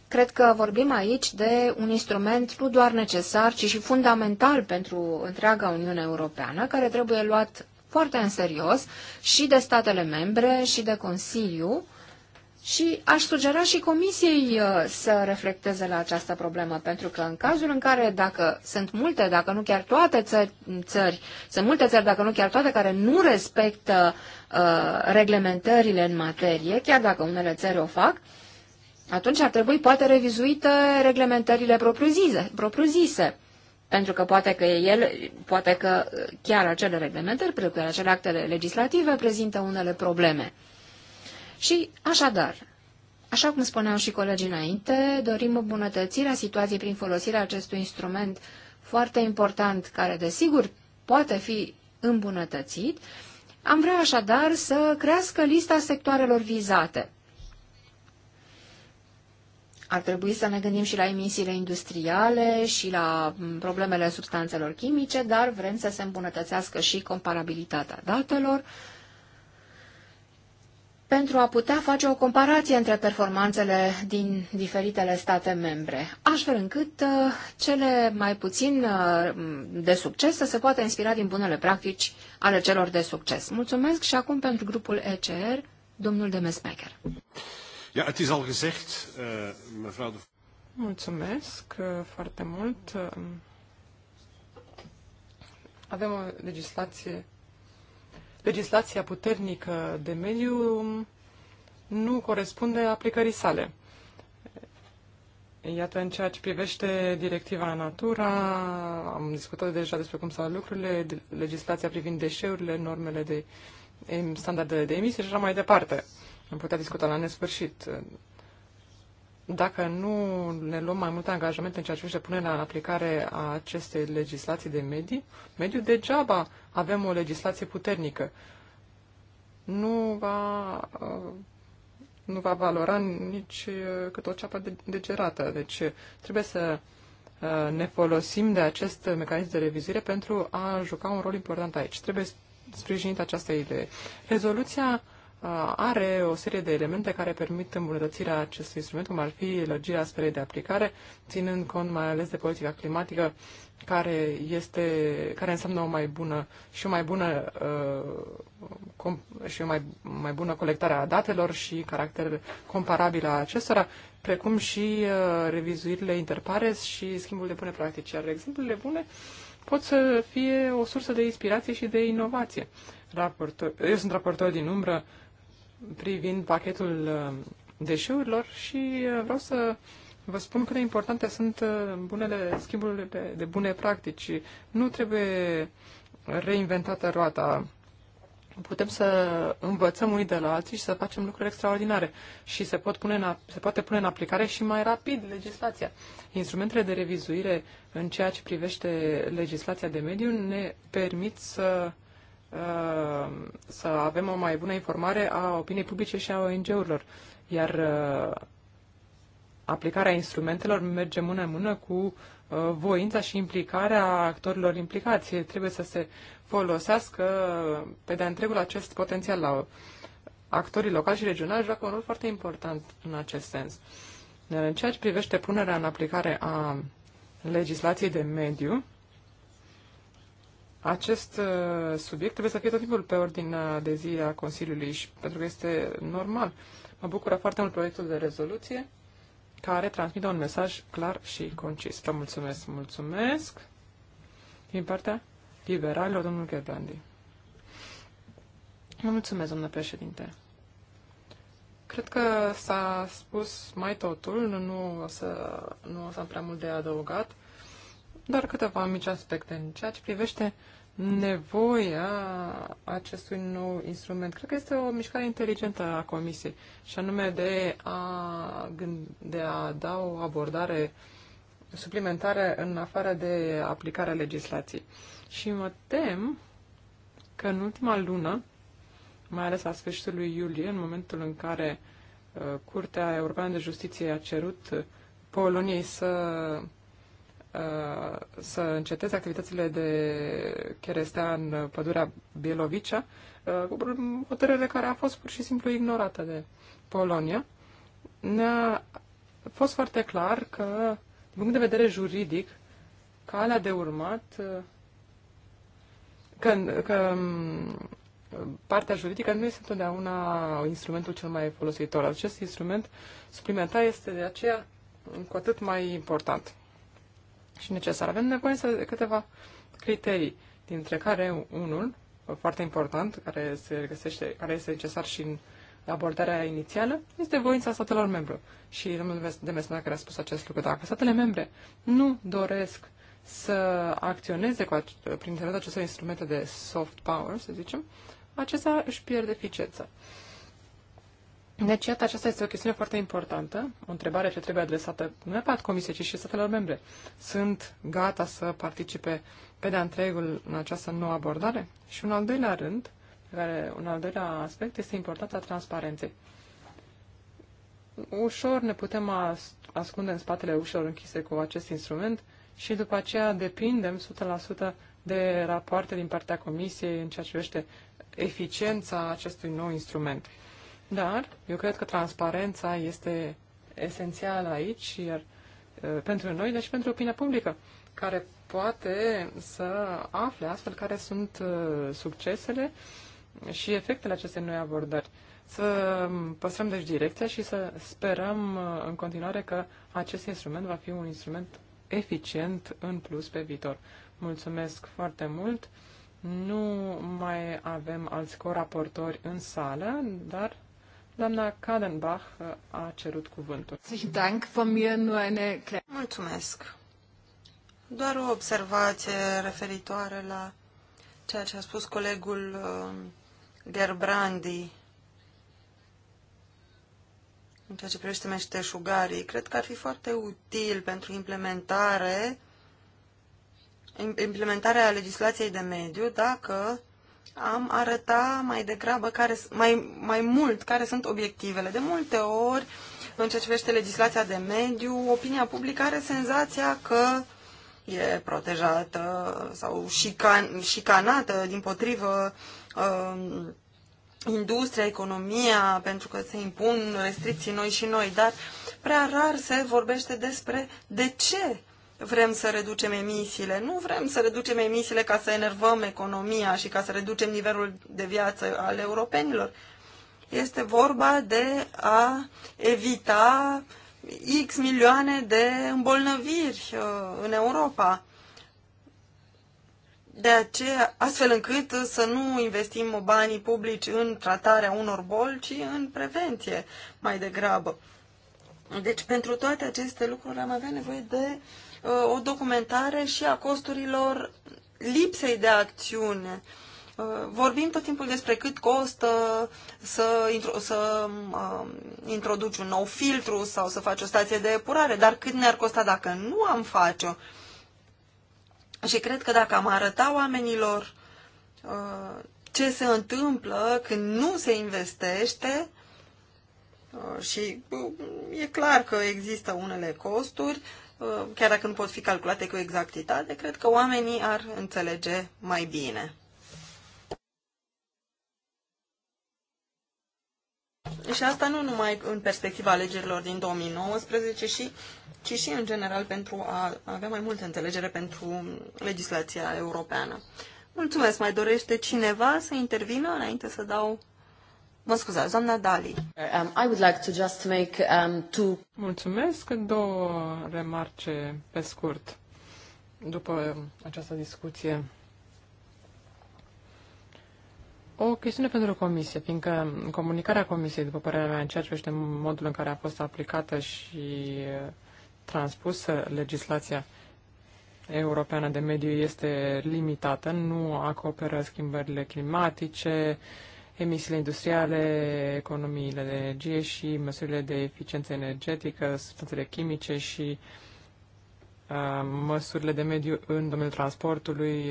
Cred că vorbim aici de un instrument nu doar necesar, ci și fundamental pentru întreaga Uniune Europeană, care trebuie luat foarte în serios și de statele membre și de Consiliu, și aș sugera și Comisiei uh, să reflecteze la această problemă, pentru că în cazul în care, dacă sunt multe, dacă nu chiar toate țări, țări sunt multe țări, dacă nu chiar toate, care nu respectă uh, reglementările în materie, chiar dacă unele țări o fac, uh, atunci ar trebui poate revizuite reglementările propriu-zise, propriu-zise. Pentru că poate că el, poate că chiar acele reglementări, pentru că acele acte legislative prezintă unele probleme. Și așadar, așa cum spuneau și colegii înainte, dorim îmbunătățirea situației prin folosirea acestui instrument foarte important, care desigur poate fi îmbunătățit. Am vrea așadar să crească lista sectoarelor vizate ar trebui să ne gândim și la emisiile industriale și la mm, problemele substanțelor chimice, dar vrem să se îmbunătățească și comparabilitatea datelor pentru a putea face o comparație între performanțele din diferitele state membre, astfel încât uh, cele mai puțin uh, mm, de succes să se poată inspira din bunele practici ale celor de succes. Mulțumesc și acum pentru grupul ECR, domnul Demesmecher. Ja, het is al gezegd, uh, mevrouw de... Mulțumesc eh, foarte mult. Ehm, avem o legislație, legislația puternică de mediu nu corespunde aplicării sale. Iată, în ceea ce privește directiva Natura, am discutat deja despre cum stau lucrurile, legislația privind deșeurile, normele de standardele de emisie și așa mai departe. Am putea discuta la nesfârșit. Dacă nu ne luăm mai multe angajamente în ceea ce privește pune la aplicare a acestei legislații de medii, mediu degeaba avem o legislație puternică. Nu va, nu va valora nici uh, cât o ceapă degerată. Deci uh, trebuie să uh, ne folosim de acest mecanism de revizuire pentru a juca un rol important aici. Trebuie sprijinită această idee. Rezoluția are o serie de elemente care permit îmbunătățirea acestui instrument, cum ar fi lărgirea sferei de aplicare, ținând cont mai ales de politica climatică, care, este, care înseamnă o mai bună și o mai bună, uh, și o mai, mai bună colectare a datelor și caracter comparabil a acestora, precum și uh, revizuirile interpares și schimbul de bune practici. Iar exemplele bune pot să fie o sursă de inspirație și de inovație. Raportor, eu sunt raportor din umbră privind pachetul uh, deșeurilor și uh, vreau să vă spun cât de importante sunt uh, bunele schimburile de, de bune practici. Nu trebuie reinventată roata. Putem să învățăm unii de la alții și să facem lucruri extraordinare și se, pot pune în, se poate pune în aplicare și mai rapid legislația. Instrumentele de revizuire în ceea ce privește legislația de mediu ne permit să uh, Uh, să avem o mai bună informare a opiniei publice și a ONG-urilor. Iar uh, aplicarea instrumentelor merge mână în mână cu uh, voința și implicarea actorilor implicați. Trebuie să se folosească pe de-a întregul acest potențial la actorii locali și regionali joacă un rol foarte important în acest sens. în ceea ce privește punerea în aplicare a legislației de mediu, acest uh, subiect trebuie să fie tot timpul pe ordinea de zi a Consiliului și pentru că este normal. Mă bucură foarte mult proiectul de rezoluție care transmite un mesaj clar și concis. Vă mulțumesc, mulțumesc din partea liberalilor, domnul Ghedandi. Vă mulțumesc, domnule președinte. Cred că s-a spus mai totul, nu o să, nu o să am prea mult de adăugat, doar câteva mici aspecte în ceea ce privește uh, nevoia acestui nou instrument. Cred că este o mișcare inteligentă a Comisiei, și anume de a, de a da o abordare suplimentară în afară de aplicarea legislației. Și mă tem că în ultima lună, mai ales la sfârșitul lui iulie, în momentul în care uh, Curtea Europeană de Justiție a cerut uh, Poloniei să să înceteze activitățile de cherestea în pădurea Bielovicea, cu o care a fost pur și simplu ignorată de Polonia, ne-a fost foarte clar că, din punct de vedere juridic, calea de urmat, că, că partea juridică nu este întotdeauna instrumentul cel mai folositor. Acest instrument suplimentar este de aceea cu atât mai important și necesar. Avem nevoie să de câteva criterii, dintre care unul foarte important, care se găsește care este necesar și în abordarea inițială, este voința statelor membre. Și domnul Demesna care a spus acest lucru. Dacă statele membre nu doresc să acționeze cu, prin intermediul acestor instrumente de soft power, să zicem, acesta își pierde eficiența. Deci, iată, aceasta este o chestiune foarte importantă, o întrebare ce trebuie adresată nu neapărat Comisiei, ci și statelor membre. Sunt gata să participe pe de-a întregul în această nouă abordare? Și un al doilea rând, care, un al doilea aspect este importanța transparenței. Ușor ne putem ascunde în spatele ușor închise cu acest instrument și după aceea depindem 100% de rapoarte din partea Comisiei în ceea ce privește eficiența acestui nou instrument. Dar eu cred că transparența este esențială aici, iar pentru noi, deci pentru opinia publică, care poate să afle astfel care sunt succesele și efectele acestei noi abordări. Să păstrăm deci direcția și să sperăm în continuare că acest instrument va fi un instrument eficient în plus pe viitor. Mulțumesc foarte mult! Nu mai avem alți coraportori în sală, dar Doamna Kadenbach a cerut cuvântul. Mulțumesc. Doar o observație referitoare la ceea ce a spus colegul uh, Gerbrandi în ceea ce privește meșteșugarii. Cred că ar fi foarte util pentru implementare implementarea legislației de mediu dacă am arăta mai degrabă, care, mai, mai mult, care sunt obiectivele. De multe ori, în ceea ce privește legislația de mediu, opinia publică are senzația că e protejată sau șican, șicanată, din potrivă, uh, industria, economia, pentru că se impun restricții noi și noi, dar prea rar se vorbește despre de ce vrem să reducem emisiile. Nu vrem să reducem emisiile ca să enervăm economia și ca să reducem nivelul de viață al europenilor. Este vorba de a evita X milioane de îmbolnăviri uh, în Europa. De aceea, astfel încât să nu investim banii publici în tratarea unor boli, ci în prevenție mai degrabă. Deci, pentru toate aceste lucruri am avea nevoie de uh, o documentare și a costurilor lipsei de acțiune. Uh, vorbim tot timpul despre cât costă să, intro, să uh, introduci un nou filtru sau să faci o stație de epurare, dar cât ne-ar costa dacă nu am face-o? Și cred că dacă am arăta oamenilor uh, ce se întâmplă când nu se investește, uh, și uh, e clar că există unele costuri, uh, Uh, chiar dacă nu pot fi calculate cu exactitate, cred că oamenii ar înțelege mai bine. Și asta nu numai în perspectiva alegerilor din 2019, și, ci și în general pentru a avea mai multă înțelegere pentru legislația europeană. Mulțumesc. Mai dorește cineva să intervină înainte să dau Mă scuzați, doamna Dali. Um, I would like to just make um, two... Mulțumesc. Două remarce pe scurt după această discuție. O chestiune pentru comisie, fiindcă comunicarea comisiei, după părerea mea, în ceea ce modul în care a fost aplicată și uh, transpusă legislația europeană de mediu este limitată, nu acoperă schimbările climatice, uh, emisiile industriale, economiile de energie și măsurile de eficiență energetică, substanțele chimice și uh, măsurile de mediu în domeniul transportului,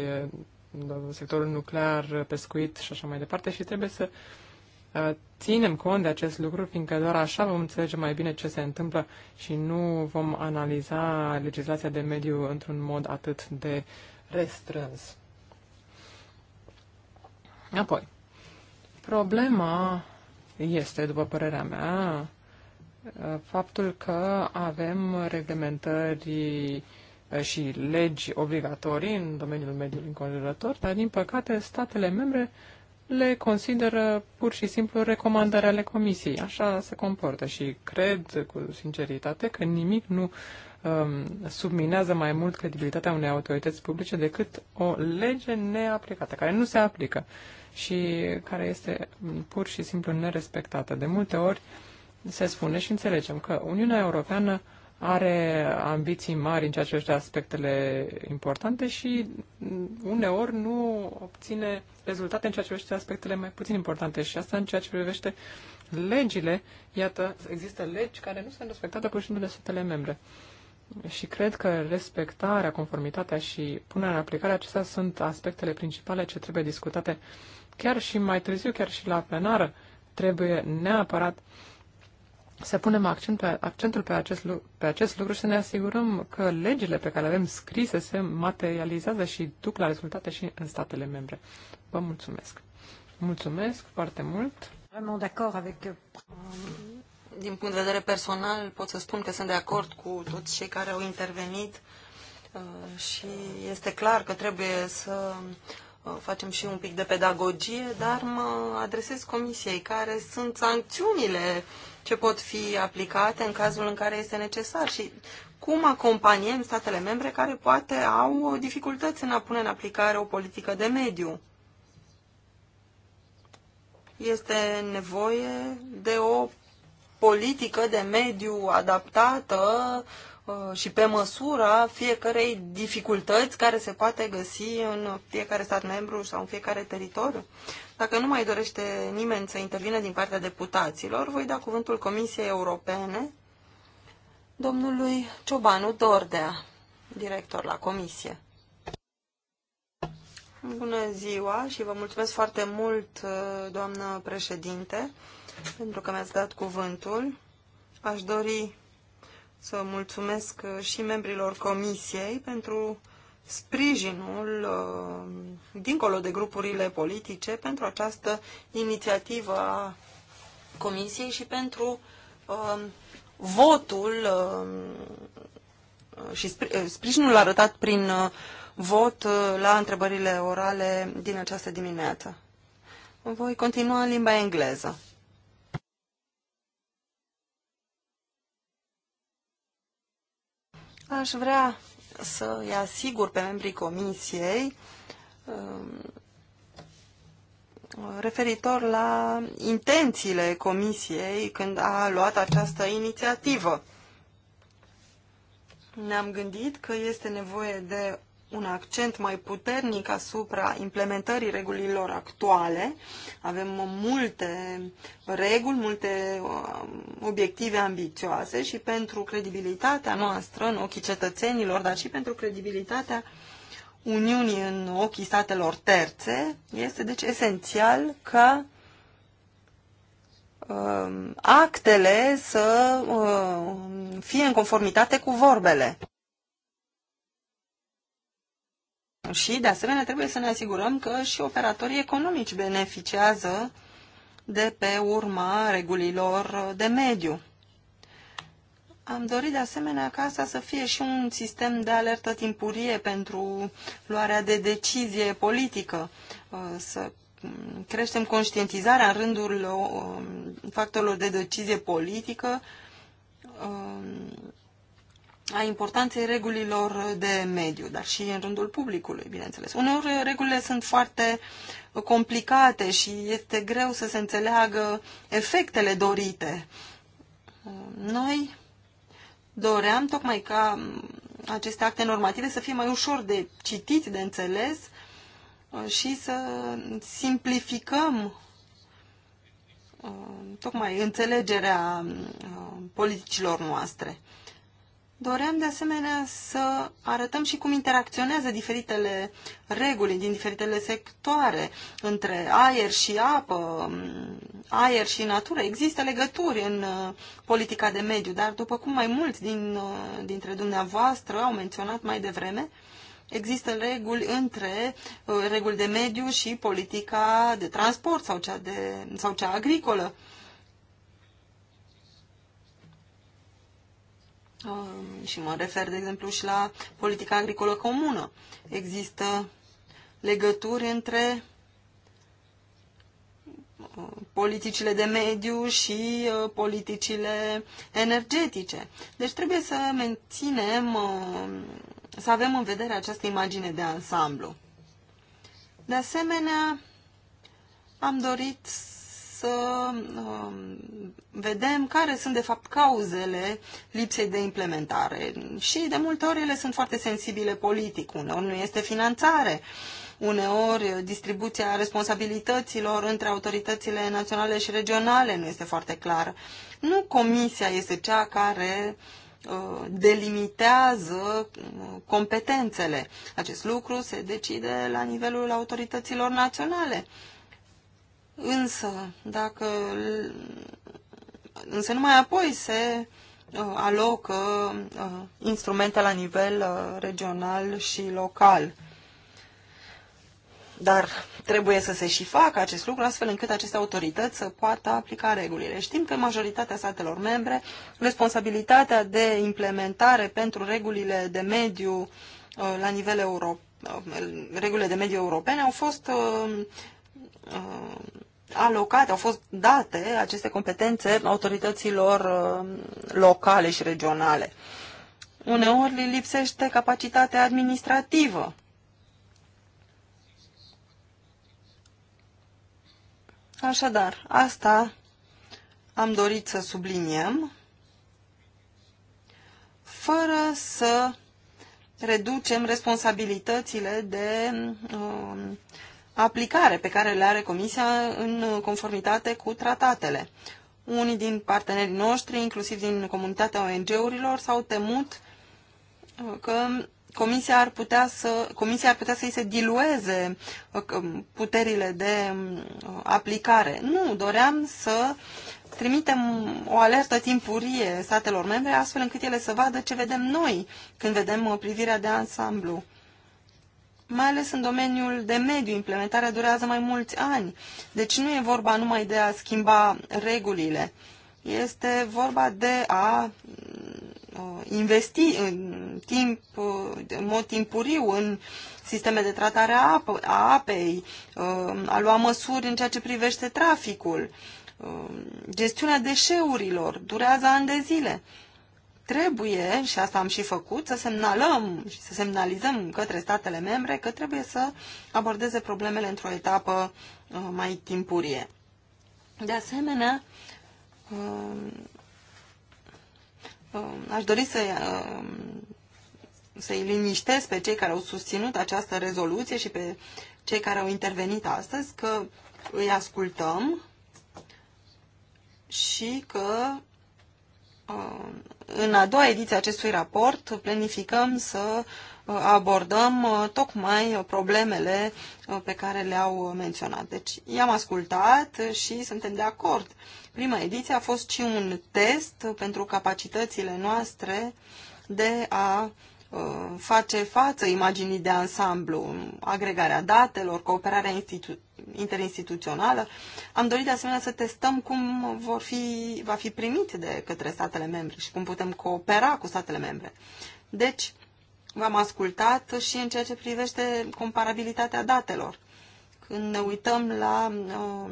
uh, sectorul nuclear, pescuit și așa mai departe și trebuie să uh, ținem cont de acest lucru, fiindcă doar așa vom înțelege mai bine ce se întâmplă și nu vom analiza legislația de mediu într-un mod atât de restrâns. Apoi, Problema este, după părerea mea, faptul că avem reglementări eh, și legi obligatorii în domeniul mediului înconjurător, dar din păcate statele membre le consideră pur și simplu recomandări ale comisiei. Așa se comportă și cred cu sinceritate că nimic nu um, subminează mai mult credibilitatea unei autorități publice decât o lege neaplicată, care nu se aplică și care este pur și simplu nerespectată. De multe ori se spune și înțelegem că Uniunea Europeană are ambiții mari în ceea ce este aspectele importante și uneori nu obține rezultate în ceea ce privește aspectele mai puțin importante. Și asta în ceea ce privește legile, iată, există legi care nu sunt respectate pur și simplu de statele membre. Și cred că respectarea, conformitatea și punerea în aplicare acestea sunt aspectele principale ce trebuie discutate uh, chiar și mai târziu, chiar și la plenară, trebuie neapărat să punem accent pe, accentul pe acest, pe acest lucru și să ne asigurăm că legile pe care le avem scrise se materializează și duc la rezultate și în statele membre. Vă mulțumesc! Mulțumesc foarte mult! Euh, Din punct de vedere personal pot să spun că sunt de acord cu toți cei care au intervenit uh, și este clar că trebuie să facem și un pic de pedagogie, dar mă adresez comisiei care sunt sancțiunile ce pot fi aplicate în cazul în care este necesar și cum acompaniem statele membre care poate au dificultăți în a pune în aplicare o politică de mediu. Este nevoie de o politică de mediu adaptată Uh, și pe măsura fiecarei dificultăți care se poate găsi în fiecare stat membru sau în fiecare teritoriu. Dacă nu mai dorește nimeni să intervină din partea deputaților, voi da cuvântul Comisiei Europene domnului Ciobanu Dordea, director la Comisie. Bună ziua și vă mulțumesc foarte mult, uh, doamnă președinte, pentru că mi-ați dat cuvântul. Aș dori să mulțumesc uh, și membrilor comisiei pentru sprijinul, uh, dincolo de grupurile politice, pentru această inițiativă a comisiei și pentru um, votul um, și uh, sprijinul arătat prin vot la întrebările orale din această dimineață. Voi continua în limba engleză. Aș vrea să i asigur pe membrii comisiei um, referitor la intențiile comisiei când a luat această inițiativă. Ne-am gândit că este nevoie de un accent mai puternic asupra implementării regulilor actuale. Avem multe reguli, multe uh, obiective ambițioase și pentru credibilitatea noastră în ochii cetățenilor, dar și pentru credibilitatea Uniunii în ochii statelor terțe, este deci esențial ca um, actele să uh, fie în conformitate cu vorbele. Și, de asemenea, trebuie să ne asigurăm că și operatorii economici beneficiază de pe urma regulilor de mediu. Am dorit de asemenea ca asta să fie și un sistem de alertă timpurie pentru luarea de decizie politică, uh, să creștem conștientizarea în rândul uh, factorilor de decizie politică uh, a importanței regulilor de mediu, dar și în rândul publicului, bineînțeles. Uneori eh, regulile sunt foarte eh, complicate și este greu să se înțeleagă efectele dorite. Noi doream tocmai ca mm, aceste acte normative să fie mai ușor de citit, de înțeles eh, și să simplificăm tocmai înțelegerea mm, politicilor noastre. Doream de asemenea să arătăm și cum interacționează diferitele reguli din diferitele sectoare între aer și apă, mm, aer și natură. Există legături în uh, politica de mediu, dar după cum mai mulți din, uh, dintre dumneavoastră au menționat mai devreme, există reguli între uh, reguli de mediu și politica de transport sau cea, de, sau cea agricolă Um, și mă refer, de exemplu, și la politica agricolă comună. Există legături între uh, politicile de mediu și uh, politicile energetice. Deci trebuie să menținem, uh, să avem în vedere această imagine de ansamblu. De asemenea, am dorit să um, vedem care sunt de fapt cauzele lipsei de implementare. Și de multe ori ele sunt foarte sensibile politic. Uneori nu este finanțare, uneori distribuția responsabilităților între autoritățile naționale și regionale nu este foarte clară. Nu comisia este cea care uh, delimitează uh, competențele. Acest lucru se decide la nivelul autorităților naționale. Însă, dacă însă numai apoi se uh, alocă uh, instrumente la nivel uh, regional și local. Dar trebuie să se și facă acest lucru astfel încât aceste autorități să poată aplica regulile. Știm că majoritatea statelor membre, responsabilitatea de implementare pentru regulile de mediu la nivel european, regulile de mediu europene au fost alocate, au fost date aceste competențe autorităților uh, locale și regionale. Uneori li lipsește capacitatea administrativă. Așadar, asta am dorit să subliniem, fără să reducem responsabilitățile de uh, aplicare pe care le are Comisia în conformitate cu tratatele. Unii din partenerii noștri, inclusiv din comunitatea ONG-urilor, s-au temut uh, că Comisia ar putea să, comisia ar putea să îi se dilueze uh, puterile de um, aplicare. Nu, doream să trimitem o alertă timpurie statelor membre, astfel încât ele să vadă ce vedem noi când vedem uh, privirea de ansamblu mai ales în domeniul de mediu, implementarea durează mai mulți ani. Deci nu e vorba numai de a schimba regulile, este vorba de a mm, uh, investi în timp, uh, în mod timpuriu în sisteme de tratare a, apei, uh, a lua măsuri în ceea ce privește traficul, gestiunea deșeurilor, durează ani de zile trebuie, și asta am și făcut, să semnalăm și să semnalizăm către statele membre că trebuie să abordeze problemele într-o etapă uh, mai timpurie. De asemenea, um, um, aș dori să um, să-i liniștesc pe cei care au susținut această rezoluție și pe cei care au intervenit astăzi că îi ascultăm și că Uh, în a doua ediție a acestui raport planificăm să uh, abordăm uh, tocmai problemele pe care le-au menționat. Deci i-am ascultat și suntem de acord. Prima ediție a fost și un test pentru capacitățile noastre de a face față imaginii de ansamblu, agregarea datelor, cooperarea institu- interinstituțională. Am dorit de asemenea să testăm cum vor fi, va fi primit de către statele membre și cum putem coopera cu statele membre. Deci, v-am ascultat și în ceea ce privește comparabilitatea datelor. Când ne uităm la uh,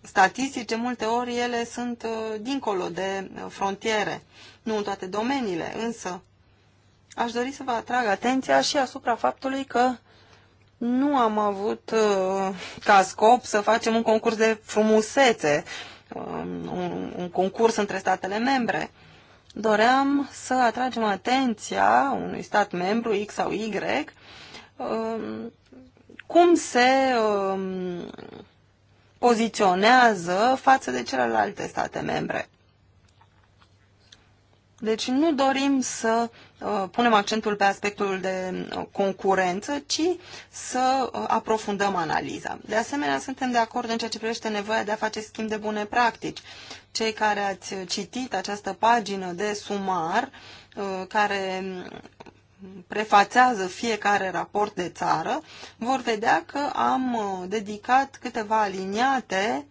statistice, multe ori ele sunt uh, dincolo de uh, frontiere, nu în toate domeniile, însă aș dori să vă atrag atenția și asupra faptului că uh, nu am avut uh, ca scop să facem un concurs de frumusețe, um, un, concurs între statele membre. Doream să atragem atenția unui stat membru X sau Y um, cum se um, poziționează față de celelalte state membre. Deci nu dorim să Uh, punem accentul pe aspectul de uh, concurență, ci să uh, aprofundăm analiza. De asemenea, suntem de acord în ceea ce privește nevoia de a face schimb de bune practici. Cei care ați citit această pagină de sumar, care mm, prefațează fiecare raport de țară, vor vedea că am dedicat câteva aliniate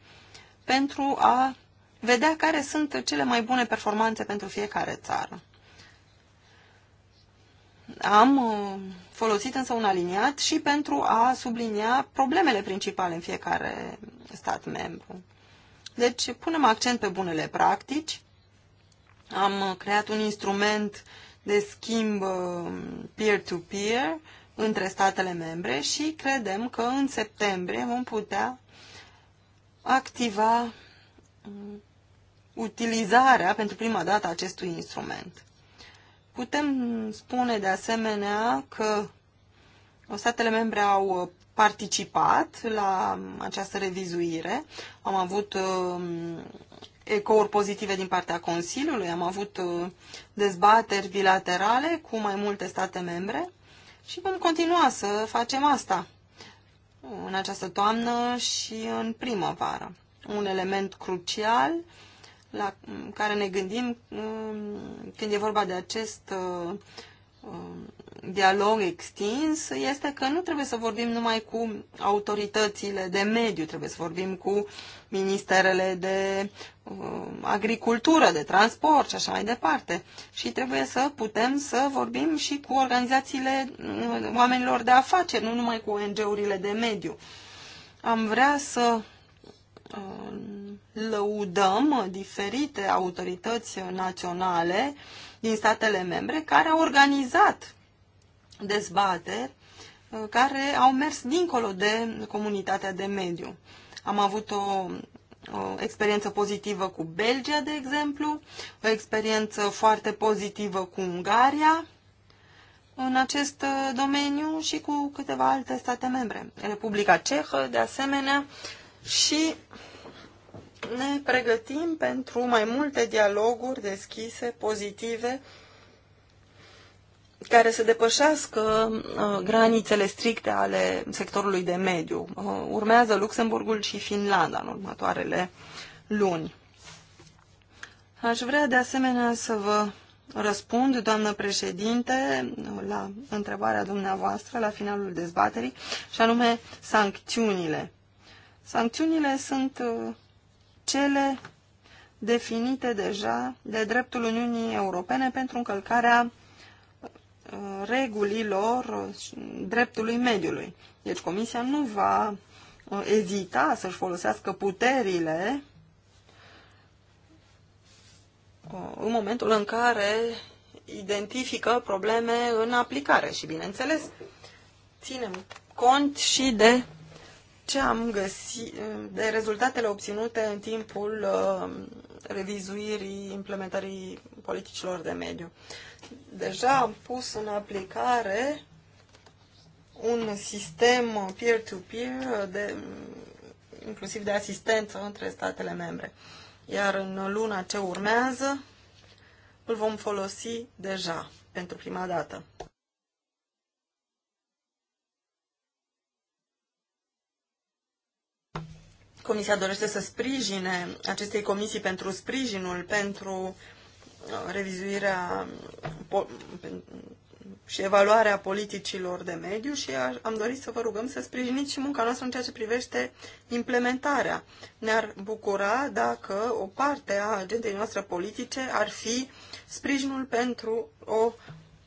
pentru a vedea care sunt cele mai bune performanțe pentru fiecare țară. Am uh, folosit însă un aliniat și pentru a sublinia problemele principale în fiecare stat membru. Deci punem accent pe bunele practici. Am creat un instrument de schimb uh, peer-to-peer -peer între statele membre și credem că în septembrie vom putea activa mm, utilizarea pentru prima dată acestui instrument. Putem spune de asemenea că statele membre au participat la această revizuire. Am avut um, ecouri pozitive din partea Consiliului, am avut uh, dezbateri bilaterale cu mai multe state membre și vom continua să facem asta în această toamnă și în primăvară. Un element crucial la care ne gândim uh, când e vorba de acest uh, uh, dialog extins este că nu trebuie să vorbim numai cu autoritățile de mediu, trebuie să vorbim cu ministerele de agricultură, de transport și așa mai departe. Și trebuie să putem să vorbim și cu organizațiile oamenilor de afaceri, nu numai cu ONG-urile de mediu. Am vrea să Uh, lăudăm diferite autorități naționale din statele membre care au organizat dezbateri uh, care au mers dincolo de comunitatea de mediu. Am avut o o experiență pozitivă cu Belgia, de exemplu, o experiență foarte pozitivă cu Ungaria în acest uh, domeniu și cu câteva alte state membre. Republica Cehă, de asemenea, și ne pregătim pentru mai multe dialoguri deschise, pozitive, care să depășească uh, granițele stricte ale sectorului de mediu. Uh, urmează Luxemburgul și Finlanda în următoarele luni. Aș vrea de asemenea să vă răspund, doamnă președinte, la întrebarea dumneavoastră la finalul dezbaterii, și anume sancțiunile. Sancțiunile sunt uh, cele definite deja de dreptul Uniunii Europene pentru încălcarea uh, regulilor uh, dreptului mediului. Deci Comisia nu va ezita să-și folosească puterile în momentul în care identifică probleme în aplicare și, bineînțeles, ținem cont și de ce am găsit, de rezultatele obținute în timpul uh, revizuirii implementării politicilor de mediu. Deja am pus în aplicare un sistem peer-to-peer, -peer de, inclusiv de asistență între statele membre. Iar în luna ce urmează îl vom folosi deja pentru prima dată. Comisia dorește să sprijine acestei comisii pentru sprijinul, pentru uh, revizuirea și evaluarea politicilor de mediu și am dorit să vă rugăm să sprijiniți și munca noastră în ceea ce privește implementarea. Ne-ar bucura dacă o parte a agentei noastre politice ar fi sprijinul pentru o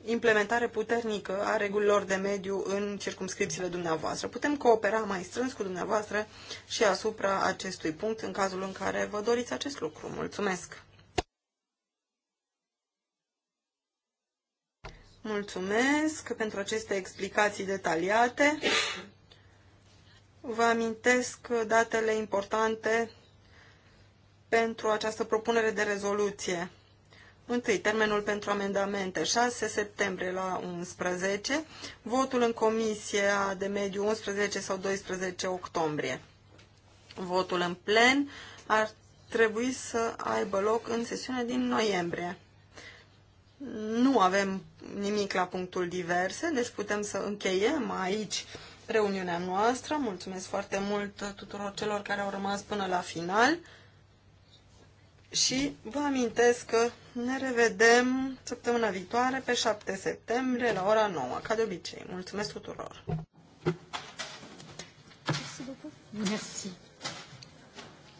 implementare puternică a regulilor de mediu în circumscripțiile dumneavoastră. Putem coopera mai strâns cu dumneavoastră și asupra acestui punct în cazul în care vă doriți acest lucru. Mulțumesc! Mulțumesc pentru aceste explicații detaliate. Vă amintesc datele importante pentru această propunere de rezoluție. Întâi, termenul pentru amendamente, 6 septembrie la 11, votul în Comisia de Mediu 11 sau 12 octombrie. Votul în plen ar trebui să aibă loc în sesiunea din noiembrie. Nu avem nimic la punctul diverse, deci putem să încheiem aici reuniunea noastră. Mulțumesc foarte mult tuturor celor care au rămas până la final și vă amintesc că ne revedem săptămâna viitoare, pe 7 septembrie, la ora 9, ca de obicei. Mulțumesc tuturor! Merci.